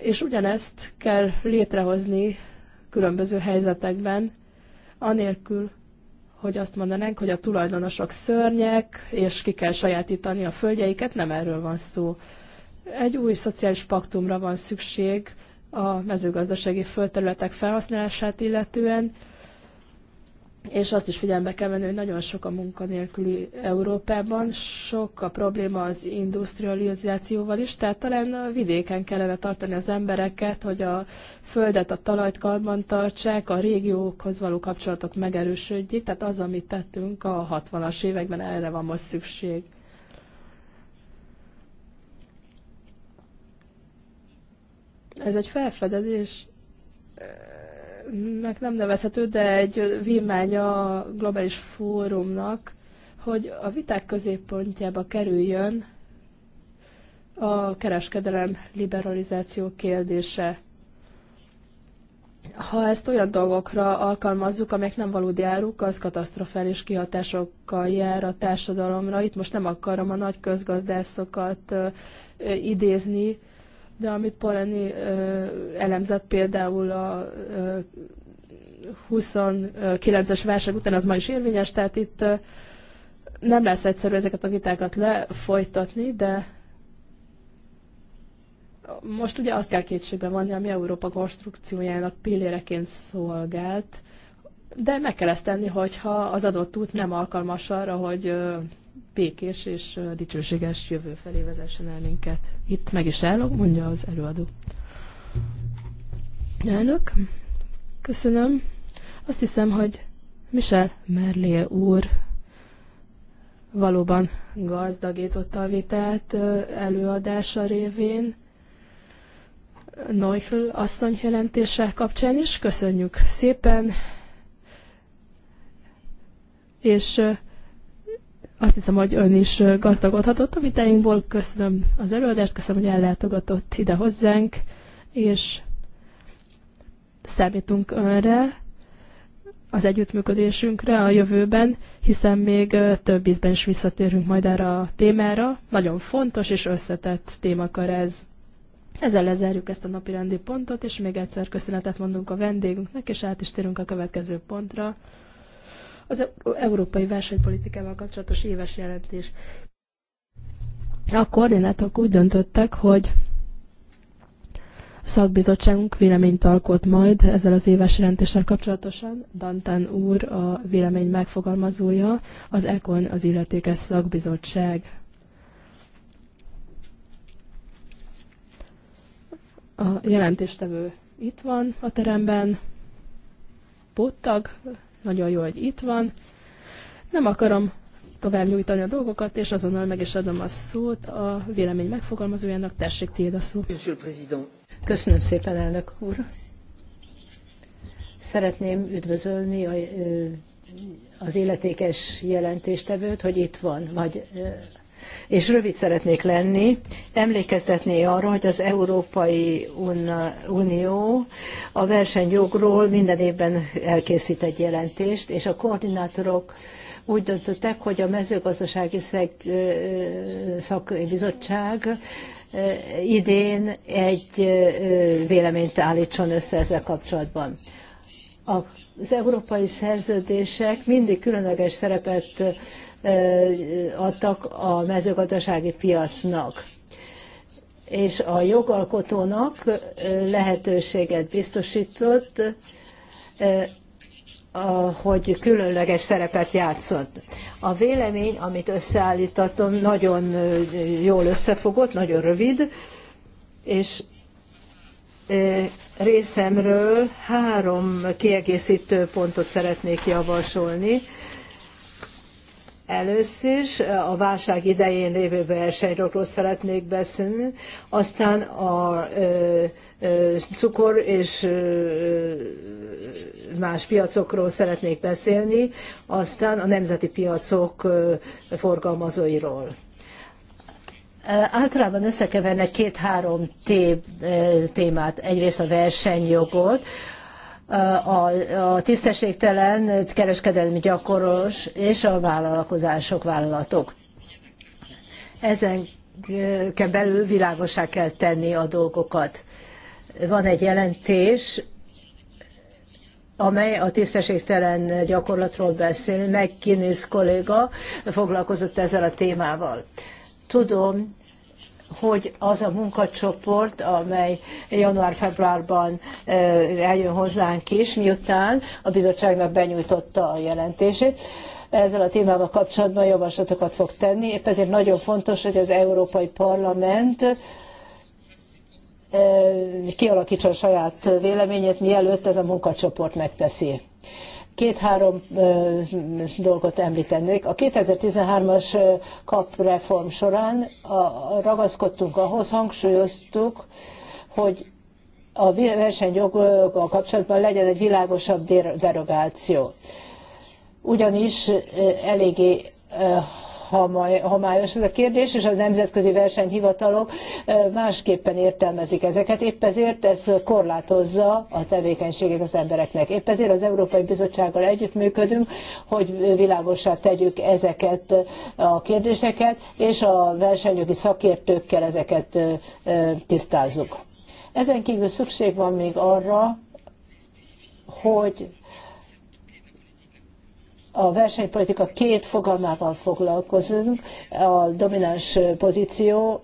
C: és ugyanezt kell létrehozni különböző helyzetekben, anélkül, hogy azt mondanánk, hogy a tulajdonosok szörnyek, és ki kell sajátítani a földjeiket, nem erről van szó. Egy új szociális paktumra van szükség a mezőgazdasági földterületek felhasználását illetően, és azt is figyelembe kell venni, hogy nagyon sok a munkanélküli Európában, sok a probléma az industrializációval is, tehát talán a vidéken kellene tartani az embereket, hogy a földet, a talajt karban tartsák, a régiókhoz való kapcsolatok megerősödjék, tehát az, amit tettünk a 60-as években, erre van most szükség. Ez egy felfedezés, eh, nek nem nevezhető, de egy vívmány a globális fórumnak, hogy a viták középpontjába kerüljön a kereskedelem liberalizáció kérdése. Ha ezt olyan dolgokra alkalmazzuk, amelyek nem valódi áruk, az katasztrofális kihatásokkal jár a társadalomra. Itt most nem akarom a nagy közgazdászokat eh, idézni, de amit Poleni elemzett például a 29-es válság után, az ma is érvényes, tehát itt nem lesz egyszerű ezeket a vitákat lefolytatni, de most ugye azt kell kétségbe vanni, ami Európa konstrukciójának pilléreként szolgált, de meg kell ezt tenni, hogyha az adott út nem alkalmas arra, hogy békés és dicsőséges jövő felé vezessen el minket. Itt meg is állok, mondja az előadó. Elnök, köszönöm. Azt hiszem, hogy Michel Merlé úr valóban gazdagította a vitát előadása révén. Neuchl asszony jelentése kapcsán is. Köszönjük szépen, és azt hiszem, hogy ön is gazdagodhatott a vitáinkból. Köszönöm az előadást, köszönöm, hogy ellátogatott ide hozzánk, és számítunk önre, az együttműködésünkre a jövőben, hiszen még több ízben is visszatérünk majd erre a témára. Nagyon fontos és összetett témakör ez. Ezzel lezárjuk ezt a napi rendi pontot, és még egyszer köszönetet mondunk a vendégünknek, és át is térünk a következő pontra az európai versenypolitikával kapcsolatos éves jelentés. A koordinátok úgy döntöttek, hogy szakbizottságunk véleményt alkot majd ezzel az éves jelentéssel kapcsolatosan. Dantán úr a vélemény megfogalmazója, az ECON az illetékes szakbizottság. A jelentéstevő itt van a teremben. Bottag. Nagyon jó, hogy itt van. Nem akarom tovább nyújtani a dolgokat, és azonnal meg is adom a szót a vélemény megfogalmazójának.
B: Tessék, tiéd a szó. Köszönöm szépen, elnök úr. Szeretném üdvözölni a, az életékes jelentéstevőt, hogy itt van, vagy és rövid szeretnék lenni, emlékeztetné arra, hogy az Európai Unió a versenyjogról minden évben elkészít egy jelentést, és a koordinátorok úgy döntöttek, hogy a mezőgazdasági szakbizottság idén egy véleményt állítson össze ezzel kapcsolatban. Az európai szerződések mindig különleges szerepet adtak a mezőgazdasági piacnak és a jogalkotónak lehetőséget biztosított, hogy különleges szerepet játszott. A vélemény, amit összeállítatom, nagyon jól összefogott, nagyon rövid, és részemről három kiegészítő pontot szeretnék javasolni Először is a válság idején lévő versenyről szeretnék beszélni, aztán a ö, ö, cukor és ö, más piacokról szeretnék beszélni, aztán a nemzeti piacok ö, forgalmazóiról. Általában összekevernek két-három témát. Egyrészt a versenyjogot, a, a tisztességtelen kereskedelmi gyakoros és a vállalkozások, vállalatok. Ezen belül világosá kell tenni a dolgokat. Van egy jelentés, amely a tisztességtelen gyakorlatról beszél. McKinnis kolléga foglalkozott ezzel a témával. Tudom, hogy az a munkacsoport, amely január-februárban eljön hozzánk is, miután a bizottságnak benyújtotta a jelentését, ezzel a témával kapcsolatban javaslatokat fog tenni. Épp ezért nagyon fontos, hogy az Európai Parlament kialakítsa a saját véleményét, mielőtt ez a munkacsoport megteszi. Két-három dolgot említenék. A 2013-as kapreform során ragaszkodtunk ahhoz, hangsúlyoztuk, hogy a versenyjoggal kapcsolatban legyen egy világosabb derogáció. Ugyanis eléggé homályos ez a kérdés, és a nemzetközi versenyhivatalok másképpen értelmezik ezeket. Épp ezért ez korlátozza a tevékenységet az embereknek. Épp ezért az Európai Bizottsággal együttműködünk, hogy világosá tegyük ezeket a kérdéseket, és a versenyjogi szakértőkkel ezeket tisztázzuk. Ezen kívül szükség van még arra, hogy a versenypolitika két fogalmával foglalkozunk, a domináns pozíció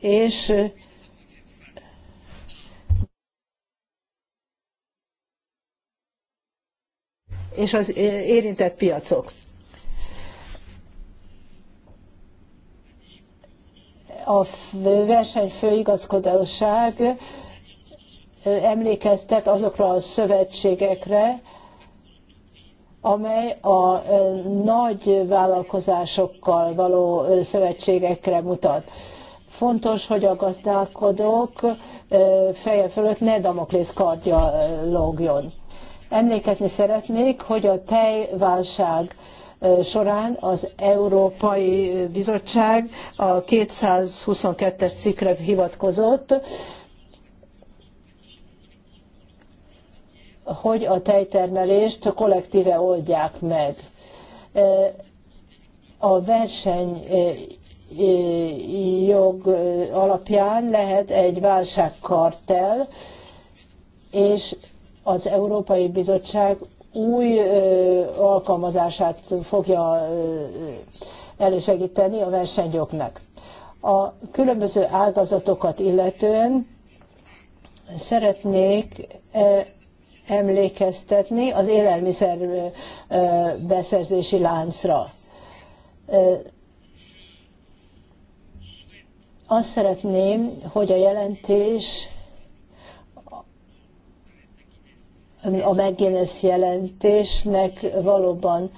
B: és és az érintett piacok. A verseny főigazgatóság emlékeztet azokra a szövetségekre, amely a nagy vállalkozásokkal való szövetségekre mutat. Fontos, hogy a gazdálkodók feje fölött ne Damoklész kardja lógjon. Emlékezni szeretnék, hogy a tejválság során az Európai Bizottság a 222-es cikkre hivatkozott, hogy a tejtermelést kollektíve oldják meg. A verseny jog alapján lehet egy válságkartel, és az Európai Bizottság új alkalmazását fogja elősegíteni a versenyjognak. A különböző ágazatokat illetően szeretnék emlékeztetni az élelmiszer beszerzési láncra. Azt szeretném, hogy a jelentés a McGuinness jelentésnek valóban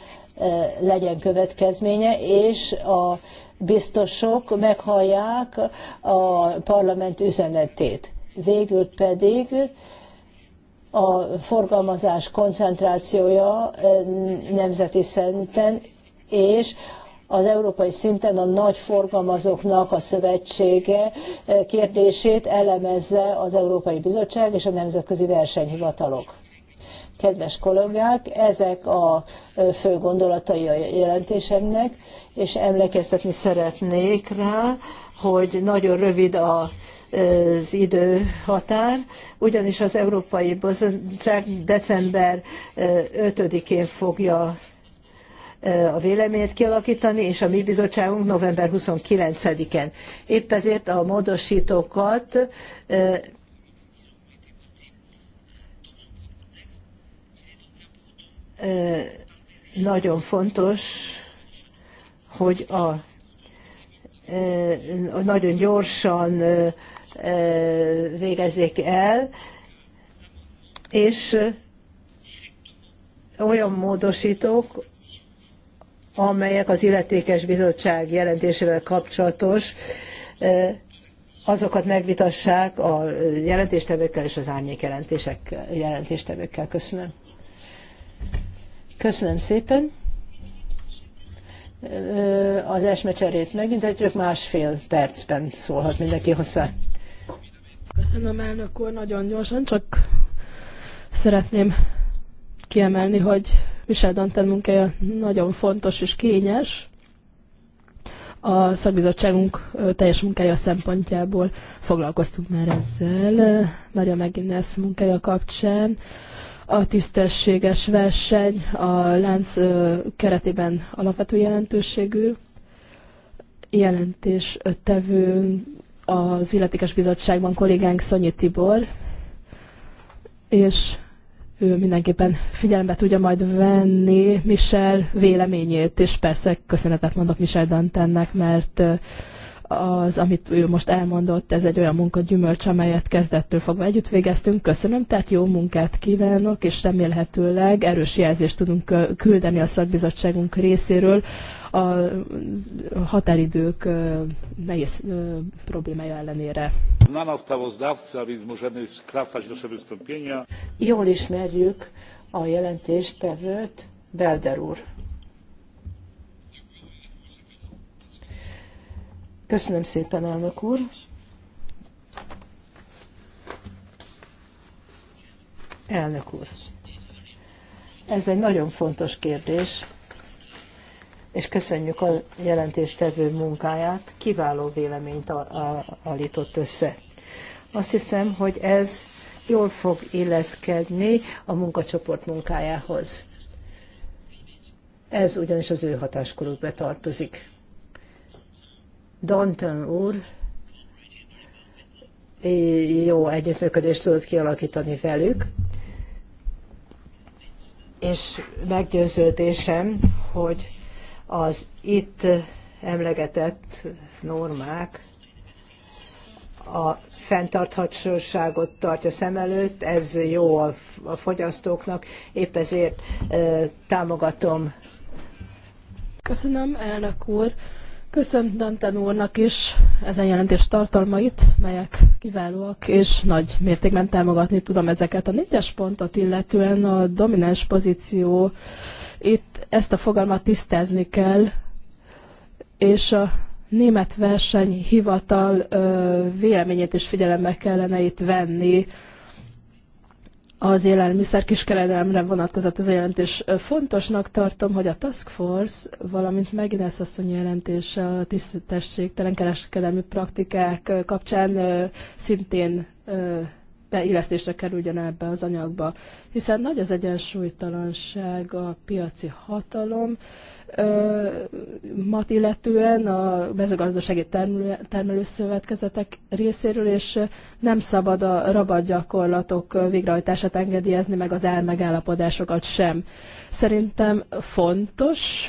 B: legyen következménye, és a biztosok meghallják a parlament üzenetét. Végül pedig a forgalmazás koncentrációja eh, nemzeti szinten, és az európai szinten a nagy forgalmazóknak a szövetsége eh, kérdését elemezze az Európai Bizottság és a Nemzetközi Versenyhivatalok. Kedves kollégák, ezek a eh, fő gondolatai a jelentésemnek, és emlékeztetni szeretnék rá, hogy nagyon rövid a az időhatár, ugyanis az Európai Bizottság december 5-én fogja a véleményét kialakítani, és a mi bizottságunk november 29-en. Épp ezért a módosítókat nagyon fontos, hogy a nagyon gyorsan végezzék el, és olyan módosítók, amelyek az illetékes bizottság jelentésével kapcsolatos, azokat megvitassák a jelentéstevőkkel és az árnyék jelentések, jelentéstevőkkel. Köszönöm. Köszönöm szépen. Az esmecserét megint egy másfél percben szólhat mindenki hozzá.
C: Köszönöm, elnök úr, nagyon gyorsan, csak
B: szeretném
C: kiemelni, hogy Michel Danten munkája nagyon fontos és kényes a szakbizottságunk teljes munkája szempontjából foglalkoztunk már ezzel, Maria McGuinness munkája kapcsán. A tisztességes verseny a lánc keretében alapvető jelentőségű jelentés tevő az illetékes bizottságban kollégánk Szonyi Tibor, és ő mindenképpen figyelembe tudja majd venni Michel véleményét, és persze köszönetet mondok Michel Dantennek, mert az, amit ő most elmondott, ez egy olyan munkagyümölcs, amelyet kezdettől fogva együtt végeztünk. Köszönöm, tehát jó munkát kívánok, és remélhetőleg erős jelzést tudunk küldeni a szakbizottságunk részéről a határidők nehéz problémája ellenére.
B: Jól ismerjük a jelentéstevőt, Belder úr. Köszönöm szépen, elnök úr. Elnök úr. Ez egy nagyon fontos kérdés, és köszönjük a jelentéstevő munkáját, kiváló véleményt állított össze. Azt hiszem, hogy ez jól fog illeszkedni a munkacsoport munkájához. Ez ugyanis az ő hatáskorukba tartozik. Danton úr jó együttműködést tudott kialakítani velük, és meggyőződésem, hogy az itt emlegetett normák a fenntarthatóságot tartja szem előtt, ez jó a, a fogyasztóknak, épp ezért e, támogatom. Köszönöm,
C: elnök úr. Köszönöm Danten úrnak is ezen jelentés tartalmait, melyek kiválóak, és nagy mértékben támogatni tudom ezeket. A négyes pontot illetően a domináns pozíció itt ezt a fogalmat tisztázni kell, és a német versenyhivatal véleményét is figyelembe kellene itt venni, az élelmiszer kiskeredelemre vonatkozott az a jelentés. Fontosnak tartom, hogy a Task Force, valamint megint Megines asszony jelentése a tisztességtelen kereskedelmi praktikák kapcsán szintén beillesztésre kerüljön ebbe az anyagba, hiszen nagy az egyensúlytalanság, a piaci hatalom, mat illetően a mezőgazdasági termelőszövetkezetek részéről, és nem szabad a rabat gyakorlatok végrehajtását engedélyezni, meg az ármegállapodásokat sem. Szerintem fontos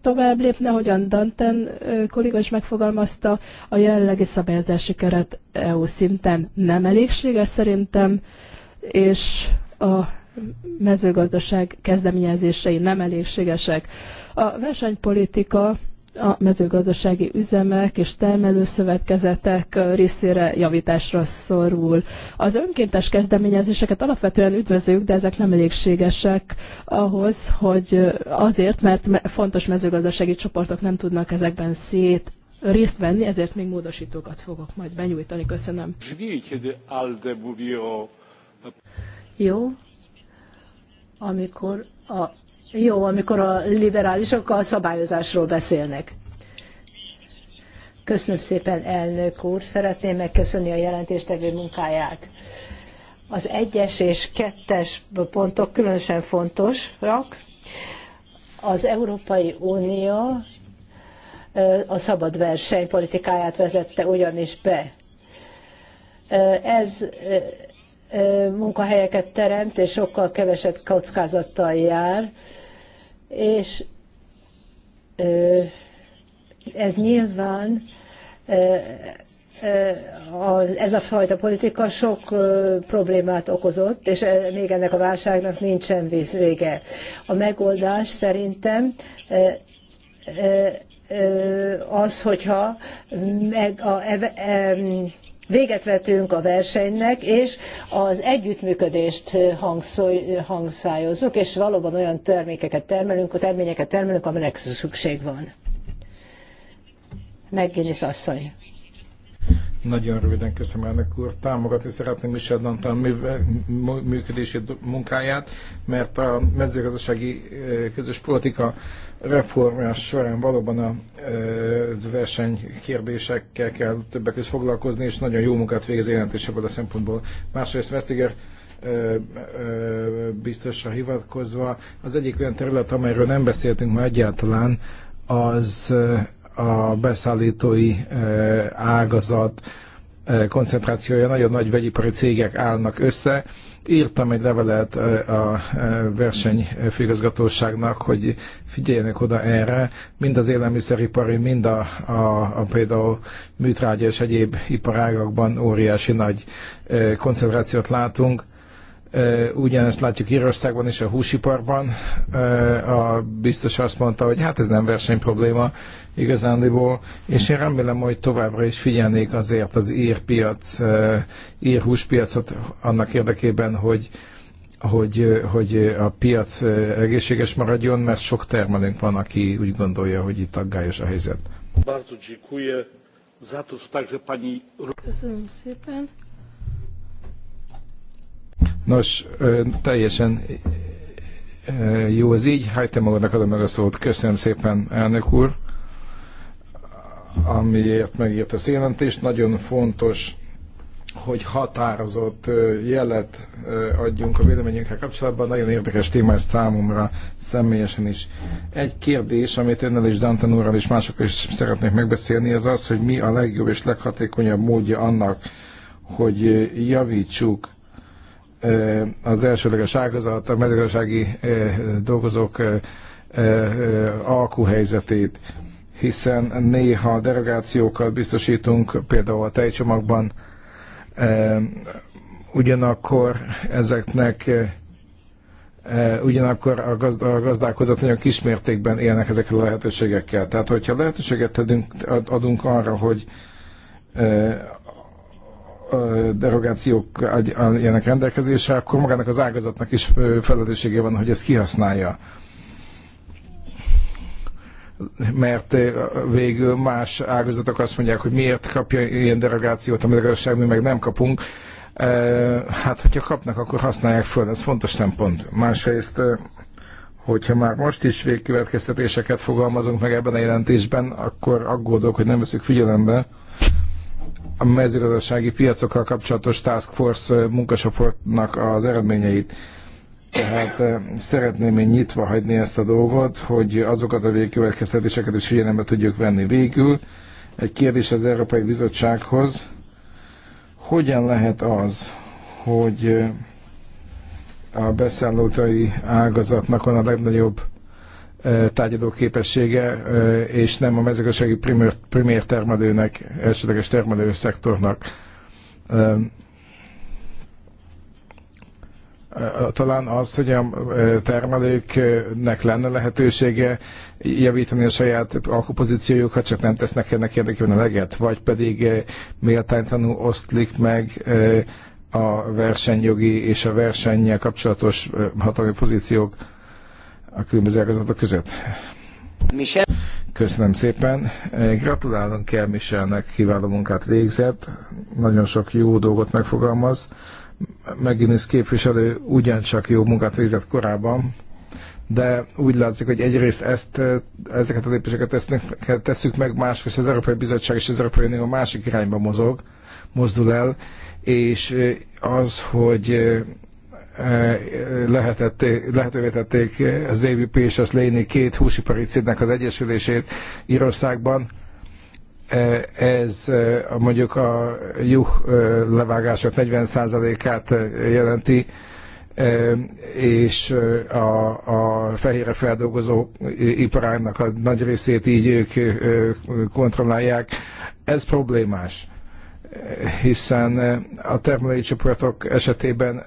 C: tovább lépne, hogyan Danten kolléga is megfogalmazta, a jelenlegi szabályozási keret EU szinten nem elégséges szerintem, és a mezőgazdaság kezdeményezései nem elégségesek. A versenypolitika a mezőgazdasági üzemek és termelőszövetkezetek részére javításra szorul. Az önkéntes kezdeményezéseket alapvetően üdvözlők, de ezek nem elégségesek ahhoz, hogy azért, mert fontos mezőgazdasági csoportok nem tudnak ezekben szét részt venni, ezért még módosítókat fogok majd benyújtani. Köszönöm.
B: Jó, amikor a, jó, amikor a liberálisok a szabályozásról beszélnek. Köszönöm szépen, elnök úr. Szeretném megköszönni a jelentéstevő munkáját. Az egyes és kettes pontok különösen fontosak. Az Európai Unió a szabad verseny politikáját vezette ugyanis be. Ez munkahelyeket teremt, és sokkal kevesebb kockázattal jár, és ez nyilván ez a fajta politika sok problémát okozott, és még ennek a válságnak nincsen vízvége. A megoldás szerintem az, hogyha meg a, e, e, Véget vetünk a versenynek, és az együttműködést hangszályozzuk, és valóban olyan termékeket termelünk, terményeket termelünk, aminek szükség van. Megginis asszony.
E: Nagyon röviden köszönöm elnök úr. Támogatni szeretném is a működési munkáját, mert a mezőgazdasági közös politika reformás során valóban a versenykérdésekkel kell többek között foglalkozni, és nagyon jó munkát végez volt a szempontból. Másrészt Vestiger biztosra hivatkozva, az egyik olyan terület, amelyről nem beszéltünk ma egyáltalán, az a beszállítói e, ágazat e, koncentrációja, nagyon nagy vegyipari cégek állnak össze. Írtam egy levelet e, a versenyfőgazgatóságnak, hogy figyeljenek oda erre, mind az élelmiszeripari, mind a, a, a például műtrágya és egyéb iparágakban óriási nagy koncentrációt látunk. Ugyanezt látjuk Írországban és a húsiparban. A biztos azt mondta, hogy hát ez nem versenyprobléma, igazándiból, és én remélem, hogy továbbra is figyelnék azért az írpiac, eh, húspiacot annak érdekében, hogy hogy, eh, hogy a piac eh, egészséges maradjon, mert sok termelőnk van, aki úgy gondolja, hogy itt aggályos a helyzet. Köszönöm szépen. Nos, teljesen jó az így. Hajtem magadnak adom meg a szót. Köszönöm szépen, elnök úr amiért megírt ezt jelentést. Nagyon fontos, hogy határozott jelet adjunk a véleményünkkel kapcsolatban. Nagyon érdekes téma ez számomra személyesen is. Egy kérdés, amit önnel és Dantan úrral és másokkal is szeretnék megbeszélni, az az, hogy mi a legjobb és leghatékonyabb módja annak, hogy javítsuk az elsődleges ágazat, a mezőgazdasági dolgozók alkuhelyzetét, hiszen néha derogációkat biztosítunk, például a tejcsomagban, ugyanakkor ezeknek ugyanakkor a, gazd- a gazdálkodók nagyon kismértékben élnek ezekkel a lehetőségekkel. Tehát, hogyha lehetőséget adunk, adunk arra, hogy derogációk álljanak rendelkezésre, akkor magának az ágazatnak is felelőssége van, hogy ezt kihasználja mert eh, végül más ágazatok azt mondják, hogy miért kapja ilyen derogációt a mezőgazdaság, mi meg nem kapunk. Eh, hát, hogyha kapnak, akkor használják föl, ez fontos szempont. Másrészt, eh, hogyha már most is végkövetkeztetéseket fogalmazunk meg ebben a jelentésben, akkor aggódok, hogy nem veszük figyelembe a mezőgazdasági piacokkal kapcsolatos Task Force munkasoportnak az eredményeit tehát szeretném én nyitva hagyni ezt a dolgot, hogy azokat a végkövetkeztetéseket is figyelembe tudjuk venni végül. Egy kérdés az Európai Bizottsághoz. Hogyan lehet az, hogy a beszállótai ágazatnak van a legnagyobb tárgyadó képessége, és nem a mezőgazdasági primér, primér termelőnek, elsődleges termelő szektornak talán az, hogy a termelőknek lenne lehetősége javítani a saját alkupozíciójukat, csak nem tesznek ennek érdekében eleget, vagy pedig méltánytanul osztlik meg a versenyjogi és a versennyel kapcsolatos hatalmi pozíciók a különböző ágazatok között. Michel. Köszönöm szépen. Gratulálunk kell Michelnek, kiváló munkát végzett. Nagyon sok jó dolgot megfogalmaz. McGuinness képviselő ugyancsak jó munkát végzett korábban, de úgy látszik, hogy egyrészt ezt, ezeket a lépéseket tesznek, tesszük meg, másrészt az Európai Bizottság és az Európai Unió másik irányba mozog, mozdul el, és az, hogy lehetett, lehetővé tették az AVP és az Léni két húsipari cégnek az egyesülését Írországban, ez mondjuk a juh levágások 40%-át jelenti, és a, a fehérre feldolgozó iparának a nagy részét így ők kontrollálják. Ez problémás, hiszen a termelői csoportok esetében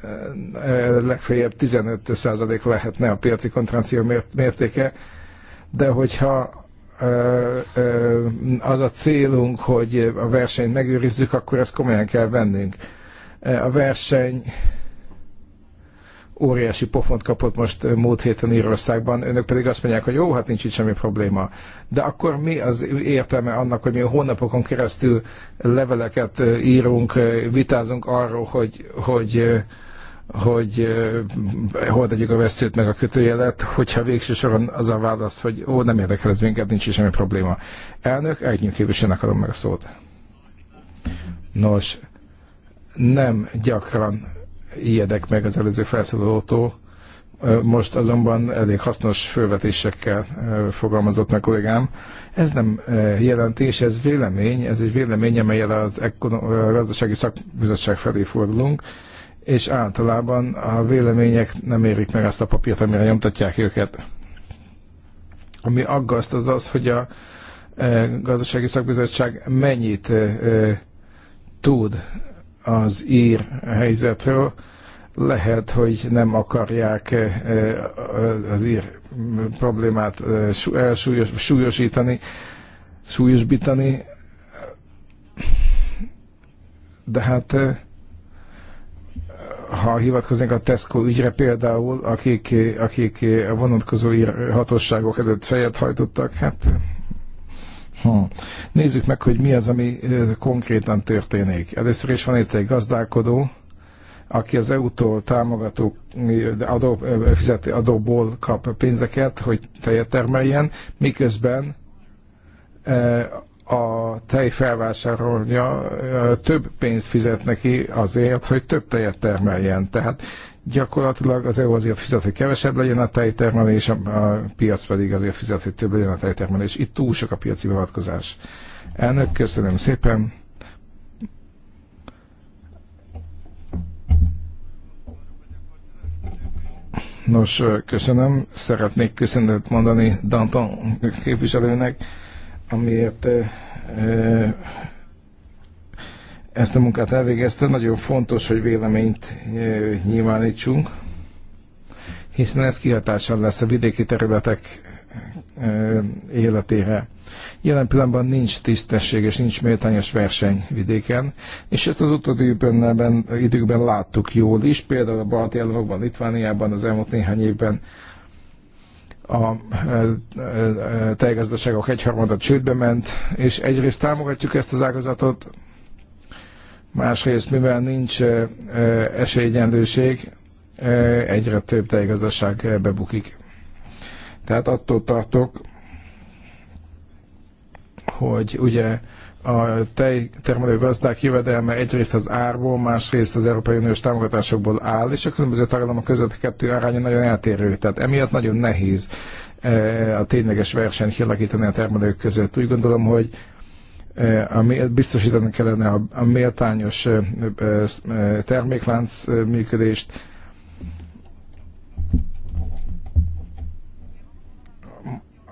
E: legfeljebb 15% lehetne a piaci kontranció mértéke, de hogyha az a célunk, hogy a versenyt megőrizzük, akkor ezt komolyan kell vennünk. A verseny óriási pofont kapott most múlt héten Írországban, önök pedig azt mondják, hogy jó, hát nincs itt semmi probléma. De akkor mi az értelme annak, hogy mi a hónapokon keresztül leveleket írunk, vitázunk arról, hogy, hogy hogy hol tegyük a vesztőt meg a kötőjelet, hogyha végső soron az a válasz, hogy ó, nem érdekel ez minket, nincs is semmi probléma. Elnök, elnyújt képviselőnek adom meg a szót. Nos, nem gyakran ijedek meg az előző felszólalótól, most azonban elég hasznos fölvetésekkel fogalmazott meg kollégám. Ez nem jelentés, ez vélemény, ez egy vélemény, amelyel az gazdasági szakbizottság felé fordulunk és általában a vélemények nem érik meg azt a papírt, amire nyomtatják őket. Ami aggaszt az az, hogy a e, gazdasági szakbizottság mennyit e, e, tud az ír helyzetről, lehet, hogy nem akarják az ír problémát elsúlyosítani, súlyosbítani, de hát ha hivatkoznék a Tesco ügyre például, akik, akik a vonatkozó hatóságok előtt fejet hajtottak, hát Hmm. Nézzük meg, hogy mi az, ami konkrétan történik. Először is van itt egy gazdálkodó, aki az EU-tól támogató adó, fizeti adóból kap pénzeket, hogy tejet termeljen, miközben a tej felvásárolja, több pénzt fizet neki azért, hogy több tejet termeljen. Tehát gyakorlatilag az EU azért fizet, hogy kevesebb legyen a tejtermelés, a piac pedig azért fizet, hogy több legyen a tejtermelés. Itt túl sok a piaci beavatkozás. Elnök, köszönöm szépen. Nos, köszönöm. Szeretnék köszönetet mondani Danton képviselőnek amiért eh, eh, ezt a munkát elvégezte. Nagyon fontos, hogy véleményt eh, nyilvánítsunk, hiszen ez kihatással lesz a vidéki területek életére. Jelen pillanatban nincs tisztesség és nincs méltányos verseny vidéken, és ezt az utóbbi időkben, láttuk jól is, például a balti államokban, Litvániában az elmúlt néhány évben a e, e, e, tejgazdaságok egyharmadat csődbe ment, és egyrészt támogatjuk ezt az ágazatot, másrészt mivel nincs esélyegyenlőség, egyre több tejgazdaság bebukik. Tehát attól tartok, hogy ugye a tejtermelő gazdák jövedelme egyrészt az árból, másrészt az Európai Uniós támogatásokból áll, és a különböző tagállamok között a kettő aránya nagyon eltérő. Tehát emiatt nagyon nehéz eh, a tényleges versenyt kialakítani a termelők között. Úgy gondolom, hogy eh, biztosítani kellene a méltányos eh, terméklánc működést,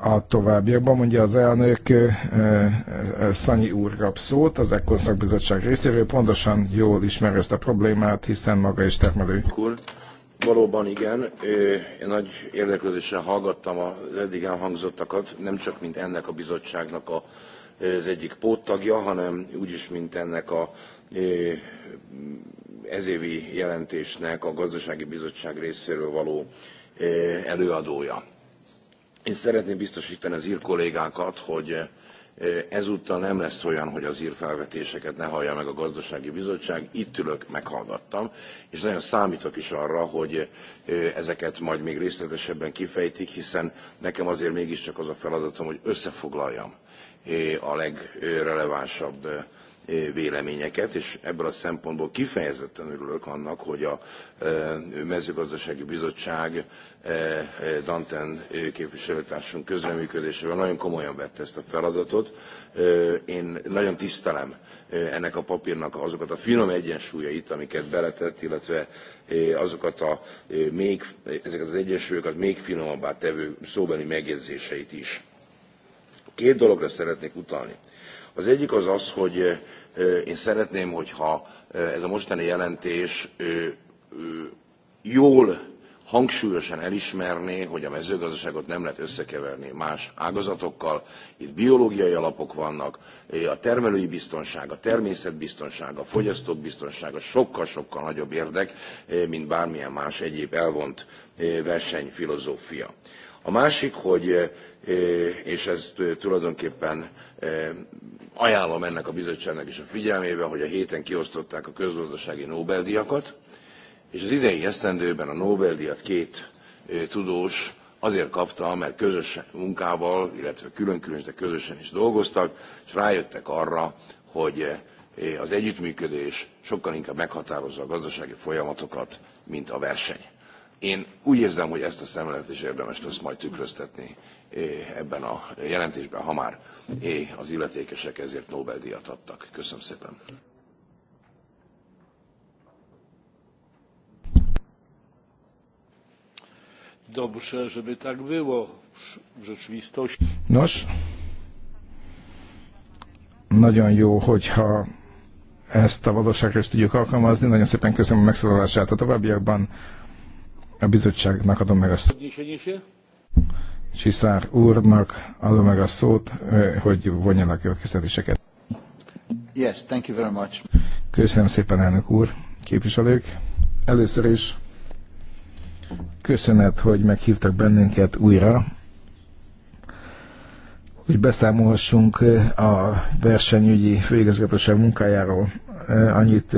E: a továbbiakban, mondja az elnök Szanyi úr kap szót, az Ekkor szakbizottság részéről pontosan jól ismeri ezt a problémát, hiszen maga is termelő.
A: Úr, valóban igen, én nagy érdeklődéssel hallgattam az eddig elhangzottakat, nem csak mint ennek a bizottságnak a, az egyik póttagja, hanem úgyis mint ennek a ezévi jelentésnek a gazdasági bizottság részéről való előadója én szeretném biztosítani az ír kollégákat, hogy eh, ezúttal nem lesz olyan, hogy az r felvetéseket ne hallja meg a gazdasági bizottság. Itt ülök, meghallgattam, és nagyon számítok is arra, hogy eh, ezeket majd még részletesebben kifejtik, hiszen nekem azért mégiscsak az a feladatom, hogy összefoglaljam eh, a legrelevánsabb véleményeket, és ebből a szempontból kifejezetten örülök annak, hogy a mezőgazdasági bizottság Danten képviselőtársunk közreműködésével nagyon komolyan vette ezt a feladatot. Én nagyon tisztelem ennek a papírnak azokat a finom egyensúlyait, amiket beletett, illetve azokat a még, ezeket az egyensúlyokat még finomabbá tevő szóbeli megjegyzéseit is. Két dologra szeretnék utalni. Az egyik az az, hogy én szeretném, hogyha ez a mostani jelentés jól hangsúlyosan elismerné, hogy a mezőgazdaságot nem lehet összekeverni más ágazatokkal. Itt biológiai alapok vannak, a termelői biztonság, a természetbiztonság, a fogyasztók biztonsága sokkal-sokkal nagyobb érdek, mint bármilyen más egyéb elvont versenyfilozófia. A másik, hogy, és ez tulajdonképpen ajánlom ennek a bizottságnak is a figyelmébe, hogy a héten kiosztották a közgazdasági Nobel-díjakat, és az idei esztendőben a Nobel-díjat két tudós azért kapta, mert közös munkával, illetve külön-külön, de közösen is dolgoztak, és rájöttek arra, hogy az együttműködés sokkal inkább meghatározza a gazdasági folyamatokat, mint a verseny. Én úgy érzem, hogy ezt a szemléletet is érdemes lesz majd tükröztetni ebben a jelentésben, ha már az illetékesek ezért Nobel-díjat adtak. Köszönöm szépen.
E: tak Nos, nagyon jó, hogyha ezt a valóságra is tudjuk alkalmazni. Nagyon szépen köszönöm a megszólalását a továbbiakban. A bizottságnak adom meg a szót. Sisár úrnak adom meg a szót, hogy vonjanak a következtetéseket.
D: Yes, thank you very much.
E: Köszönöm szépen, elnök úr, képviselők. Először is köszönet, hogy meghívtak bennünket újra, hogy beszámolhassunk a versenyügyi főigazgatóság munkájáról annyit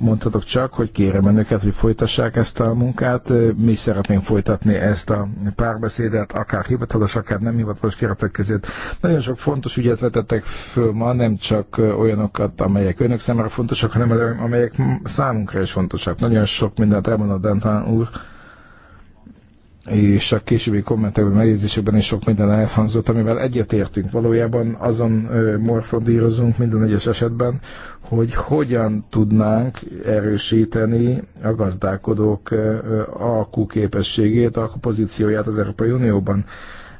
E: mondhatok csak, hogy kérem önöket, hogy folytassák ezt a munkát. Mi szeretnénk folytatni ezt a párbeszédet, akár hivatalos, akár nem hivatalos keretek között. Nagyon sok fontos ügyet vetettek föl ma, nem csak olyanokat, amelyek önök számára fontosak, hanem amelyek számunkra is fontosak. Nagyon sok mindent elmondott Dantán úr és a későbbi kommentekben, megjegyzésekben is sok minden elhangzott, amivel egyetértünk. Valójában azon morfondírozunk minden egyes esetben, hogy hogyan tudnánk erősíteni a gazdálkodók alkú pozícióját az Európai Unióban.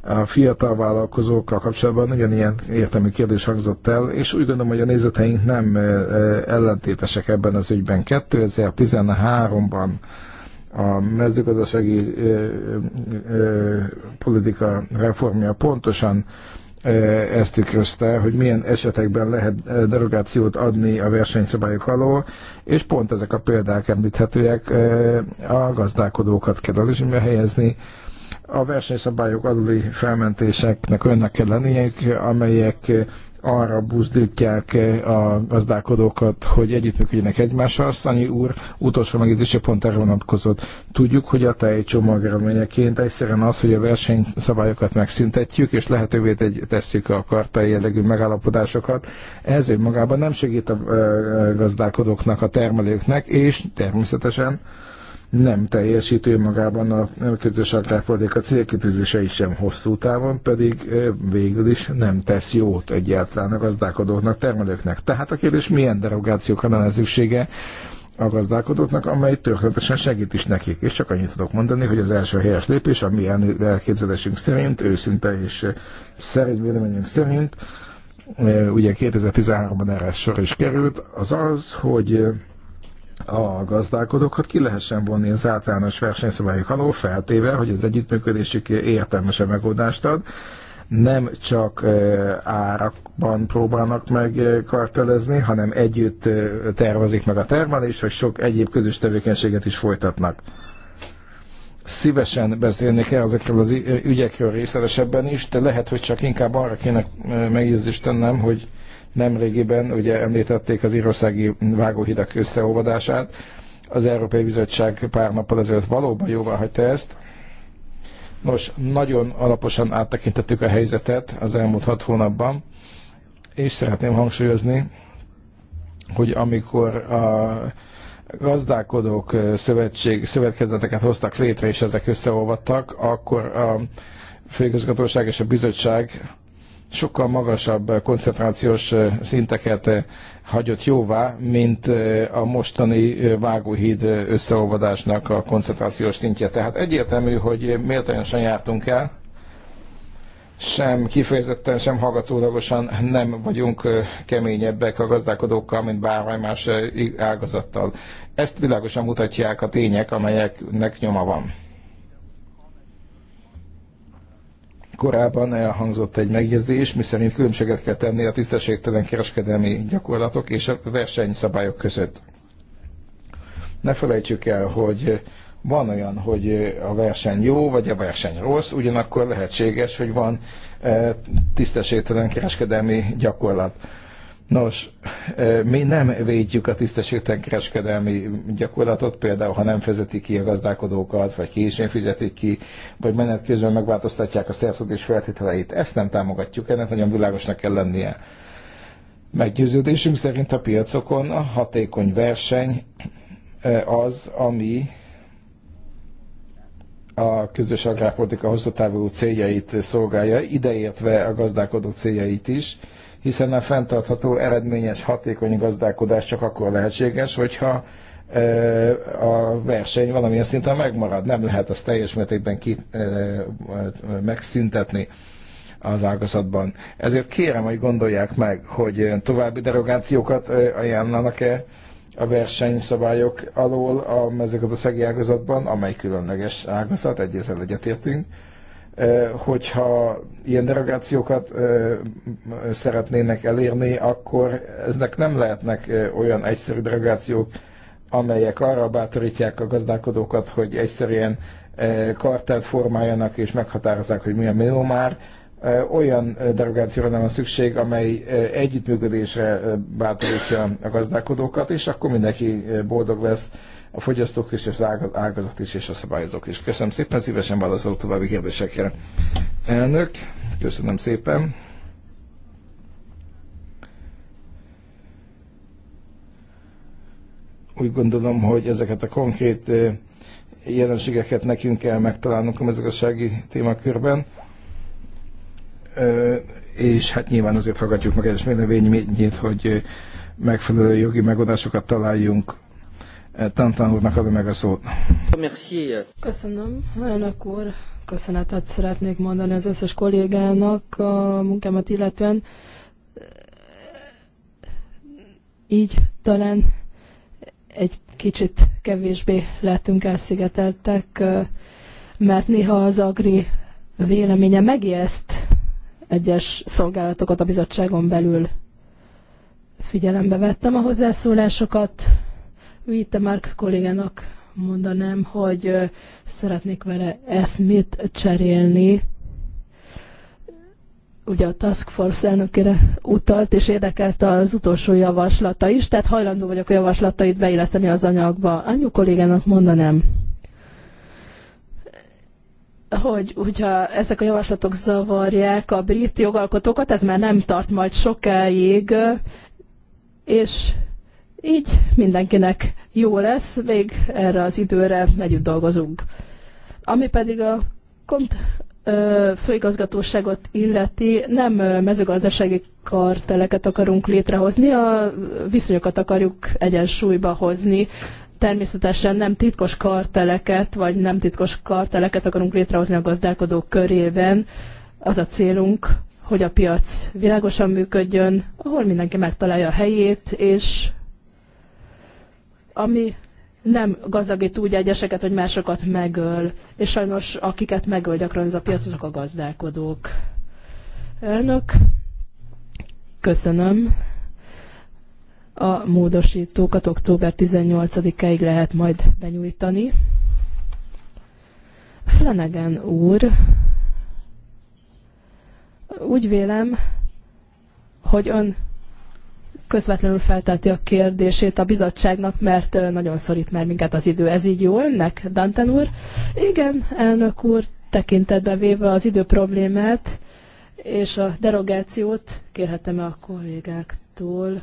E: A fiatal vállalkozókkal kapcsolatban ugyanilyen értelmű kérdés hangzott el, és úgy gondolom, hogy a nézeteink nem ellentétesek ebben az ügyben. 2013-ban a mezőgazdasági ö, ö, politika reformja pontosan ö, ezt tükrözte, hogy milyen esetekben lehet derogációt adni a versenyszabályok alól, és pont ezek a példák említhetőek, ö, a gazdálkodókat kell előzsönybe helyezni, a versenyszabályok adói felmentéseknek önnek kell lenniek, amelyek arra buzdítják eh, a gazdálkodókat, hogy együttműködjenek egymással. Szanyi úr utolsó megjegyzése pont erre vonatkozott. Tudjuk, hogy a tejcsomag reményeként egyszerűen az, hogy a versenyszabályokat megszüntetjük, és lehetővé tesszük a kartai jellegű megállapodásokat. Ez önmagában nem segít a eh, gazdálkodóknak, a termelőknek, és természetesen nem teljesítő magában a közös agrárpolitika célkitűzéseit sem hosszú távon, pedig végül is nem tesz jót egyáltalán a gazdálkodóknak, termelőknek. Tehát a kérdés, milyen derogációkra lenne szüksége a gazdálkodóknak, amely történetesen segít is nekik. És csak annyit tudok mondani, hogy az első helyes lépés, a elképzelésünk szerint, őszinte és szerint véleményünk szerint, ugye 2013-ban erre sor is került, az az, hogy a gazdálkodókat ki lehessen vonni az általános versenyszabályok alól, feltéve, hogy az együttműködésük értelmesen megoldást ad. Nem csak e, árakban próbálnak meg e, kartelezni, hanem együtt e, tervezik meg a termelés, vagy sok egyéb közös tevékenységet is folytatnak szívesen beszélnék el ezekről az ügyekről részletesebben is, de lehet, hogy csak inkább arra kéne megjegyzést tennem, hogy Nemrégiben ugye említették az írországi vágóhidak összeolvadását. Az Európai Bizottság pár nappal ezelőtt valóban jóvá hagyta ezt. Nos, nagyon alaposan áttekintettük a helyzetet az elmúlt hat hónapban, és szeretném hangsúlyozni, hogy amikor a gazdálkodók szövetség, szövetkezeteket hoztak létre, és ezek összeolvadtak, akkor a főigazgatóság és a bizottság sokkal magasabb eh, koncentrációs eh, szinteket eh, hagyott jóvá, mint a mostani vágóhíd összeolvadásnak a koncentrációs szintje. Tehát egyértelmű, hogy méltányosan jártunk el, sem kifejezetten, sem hallgatólagosan nem vagyunk keményebbek a gazdálkodókkal, mint bármely más ágazattal. Ezt világosan mutatják a tények, amelyeknek nyoma van. Korábban elhangzott egy megjegyzés, miszerint különbséget kell tenni a tisztességtelen kereskedelmi gyakorlatok és a versenyszabályok között. Ne felejtsük el, hogy van olyan, hogy a verseny jó, vagy a verseny rossz, ugyanakkor lehetséges, hogy van eh, tisztességtelen kereskedelmi gyakorlat Nos, mi nem védjük a tisztességtelen kereskedelmi gyakorlatot, például ha nem fizetik ki a gazdálkodókat, vagy későn fizetik ki, vagy menet közben megváltoztatják a szerződés feltételeit. Ezt nem támogatjuk, ennek nagyon világosnak kell lennie. Meggyőződésünk szerint a piacokon a hatékony verseny az, ami a közös agrárpolitika hosszú távú céljait szolgálja, ideértve a gazdálkodók céljait is, hiszen a fenntartható, eredményes, hatékony gazdálkodás csak akkor lehetséges, hogyha e, a verseny valamilyen szinten megmarad. Nem lehet azt teljes mértékben ki, e, megszüntetni az ágazatban. Ezért kérem, hogy gondolják meg, hogy további derogációkat e, ajánlanak-e a versenyszabályok alól a mezőgazdasági ágazatban, amely különleges ágazat, egyezzel egyetértünk, hogyha ilyen derogációkat szeretnének elérni, akkor eznek nem lehetnek olyan egyszerű derogációk, amelyek arra bátorítják a gazdálkodókat, hogy egyszerűen kartát formáljanak és meghatározzák, hogy milyen minimum már, olyan derogációra nem van szükség, amely együttműködésre bátorítja a gazdálkodókat, és akkor mindenki boldog lesz, a fogyasztók is, az ágazat is, és a szabályozók is. Köszönöm szépen, szívesen válaszolok további kérdésekre. Elnök, köszönöm szépen. Úgy gondolom, hogy ezeket a konkrét eh, jelenségeket nekünk kell megtalálnunk a mezőgazdasági témakörben eh, és hát nyilván azért hallgatjuk meg ezt véleményét, hogy eh, megfelelő jogi megoldásokat találjunk Eh, Tantan úrnak adom meg a szót.
C: Köszönöm, elnök úr. Köszönetet szeretnék mondani az összes kollégának a munkámat illetően. Így talán egy kicsit kevésbé lettünk elszigeteltek, mert néha az agri véleménye megijeszt egyes szolgálatokat a bizottságon belül. Figyelembe vettem a hozzászólásokat, Vita Mark kollégának mondanám, hogy szeretnék vele eszmét cserélni. Ugye a Task Force elnökére utalt, és érdekelt az utolsó javaslata is, tehát hajlandó vagyok a javaslatait beilleszteni az anyagba. Anyu kollégának mondanám, hogy hogyha ezek a javaslatok zavarják a brit jogalkotókat, ez már nem tart majd sokáig, és így mindenkinek jó lesz, még erre az időre együtt dolgozunk. Ami pedig a kont főigazgatóságot illeti, nem mezőgazdasági karteleket akarunk létrehozni, a viszonyokat akarjuk egyensúlyba hozni, természetesen nem titkos karteleket, vagy nem titkos karteleket akarunk létrehozni a gazdálkodók körében. Az a célunk, hogy a piac világosan működjön, ahol mindenki megtalálja a helyét, és ami nem gazdagít úgy egyeseket, hogy másokat megöl. És sajnos akiket megöl gyakran ez a piac, azok a gazdálkodók. Elnök, köszönöm. A módosítókat október 18-ig lehet majd benyújtani. Flanagan úr, úgy vélem, hogy ön közvetlenül felteti a kérdését a bizottságnak, mert nagyon szorít már minket az idő. Ez így jó önnek, Danten úr? Igen, elnök úr, tekintetbe véve az idő problémát és a derogációt kérhetem-e a kollégáktól,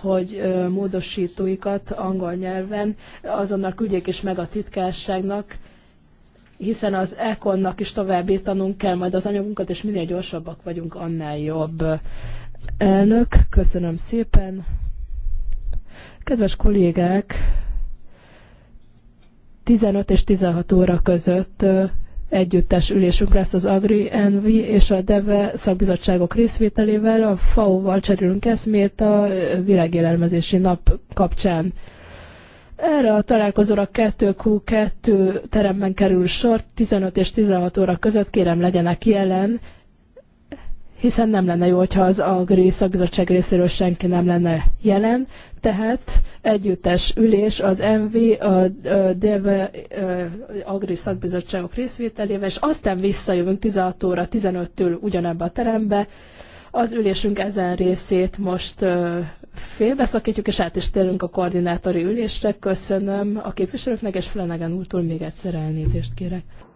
C: hogy módosítóikat angol nyelven azonnal küldjék is meg a titkárságnak, hiszen az ekonnak is továbbítanunk kell majd az anyagunkat, és minél gyorsabbak vagyunk, annál jobb. Elnök, köszönöm szépen. Kedves kollégák, 15 és 16 óra között együttes ülésünk lesz az Agri, NV és a DEVE szakbizottságok részvételével. A FAO-val cserélünk eszmét a világélelmezési nap kapcsán. Erre a találkozóra 2Q2 teremben kerül sor, 15 és 16 óra között kérem legyenek jelen, hiszen nem lenne jó, hogyha az Agri szakbizottság részéről senki nem lenne jelen, tehát együttes ülés az MV, a, a DEVE, Agri szakbizottságok részvételével, és aztán visszajövünk 16 óra 15-től ugyanebbe a terembe. Az ülésünk ezen részét most félbeszakítjuk, és át is térünk a koordinátori ülésre. Köszönöm a képviselőknek, és Flanagan úrtól még egyszer elnézést kérek.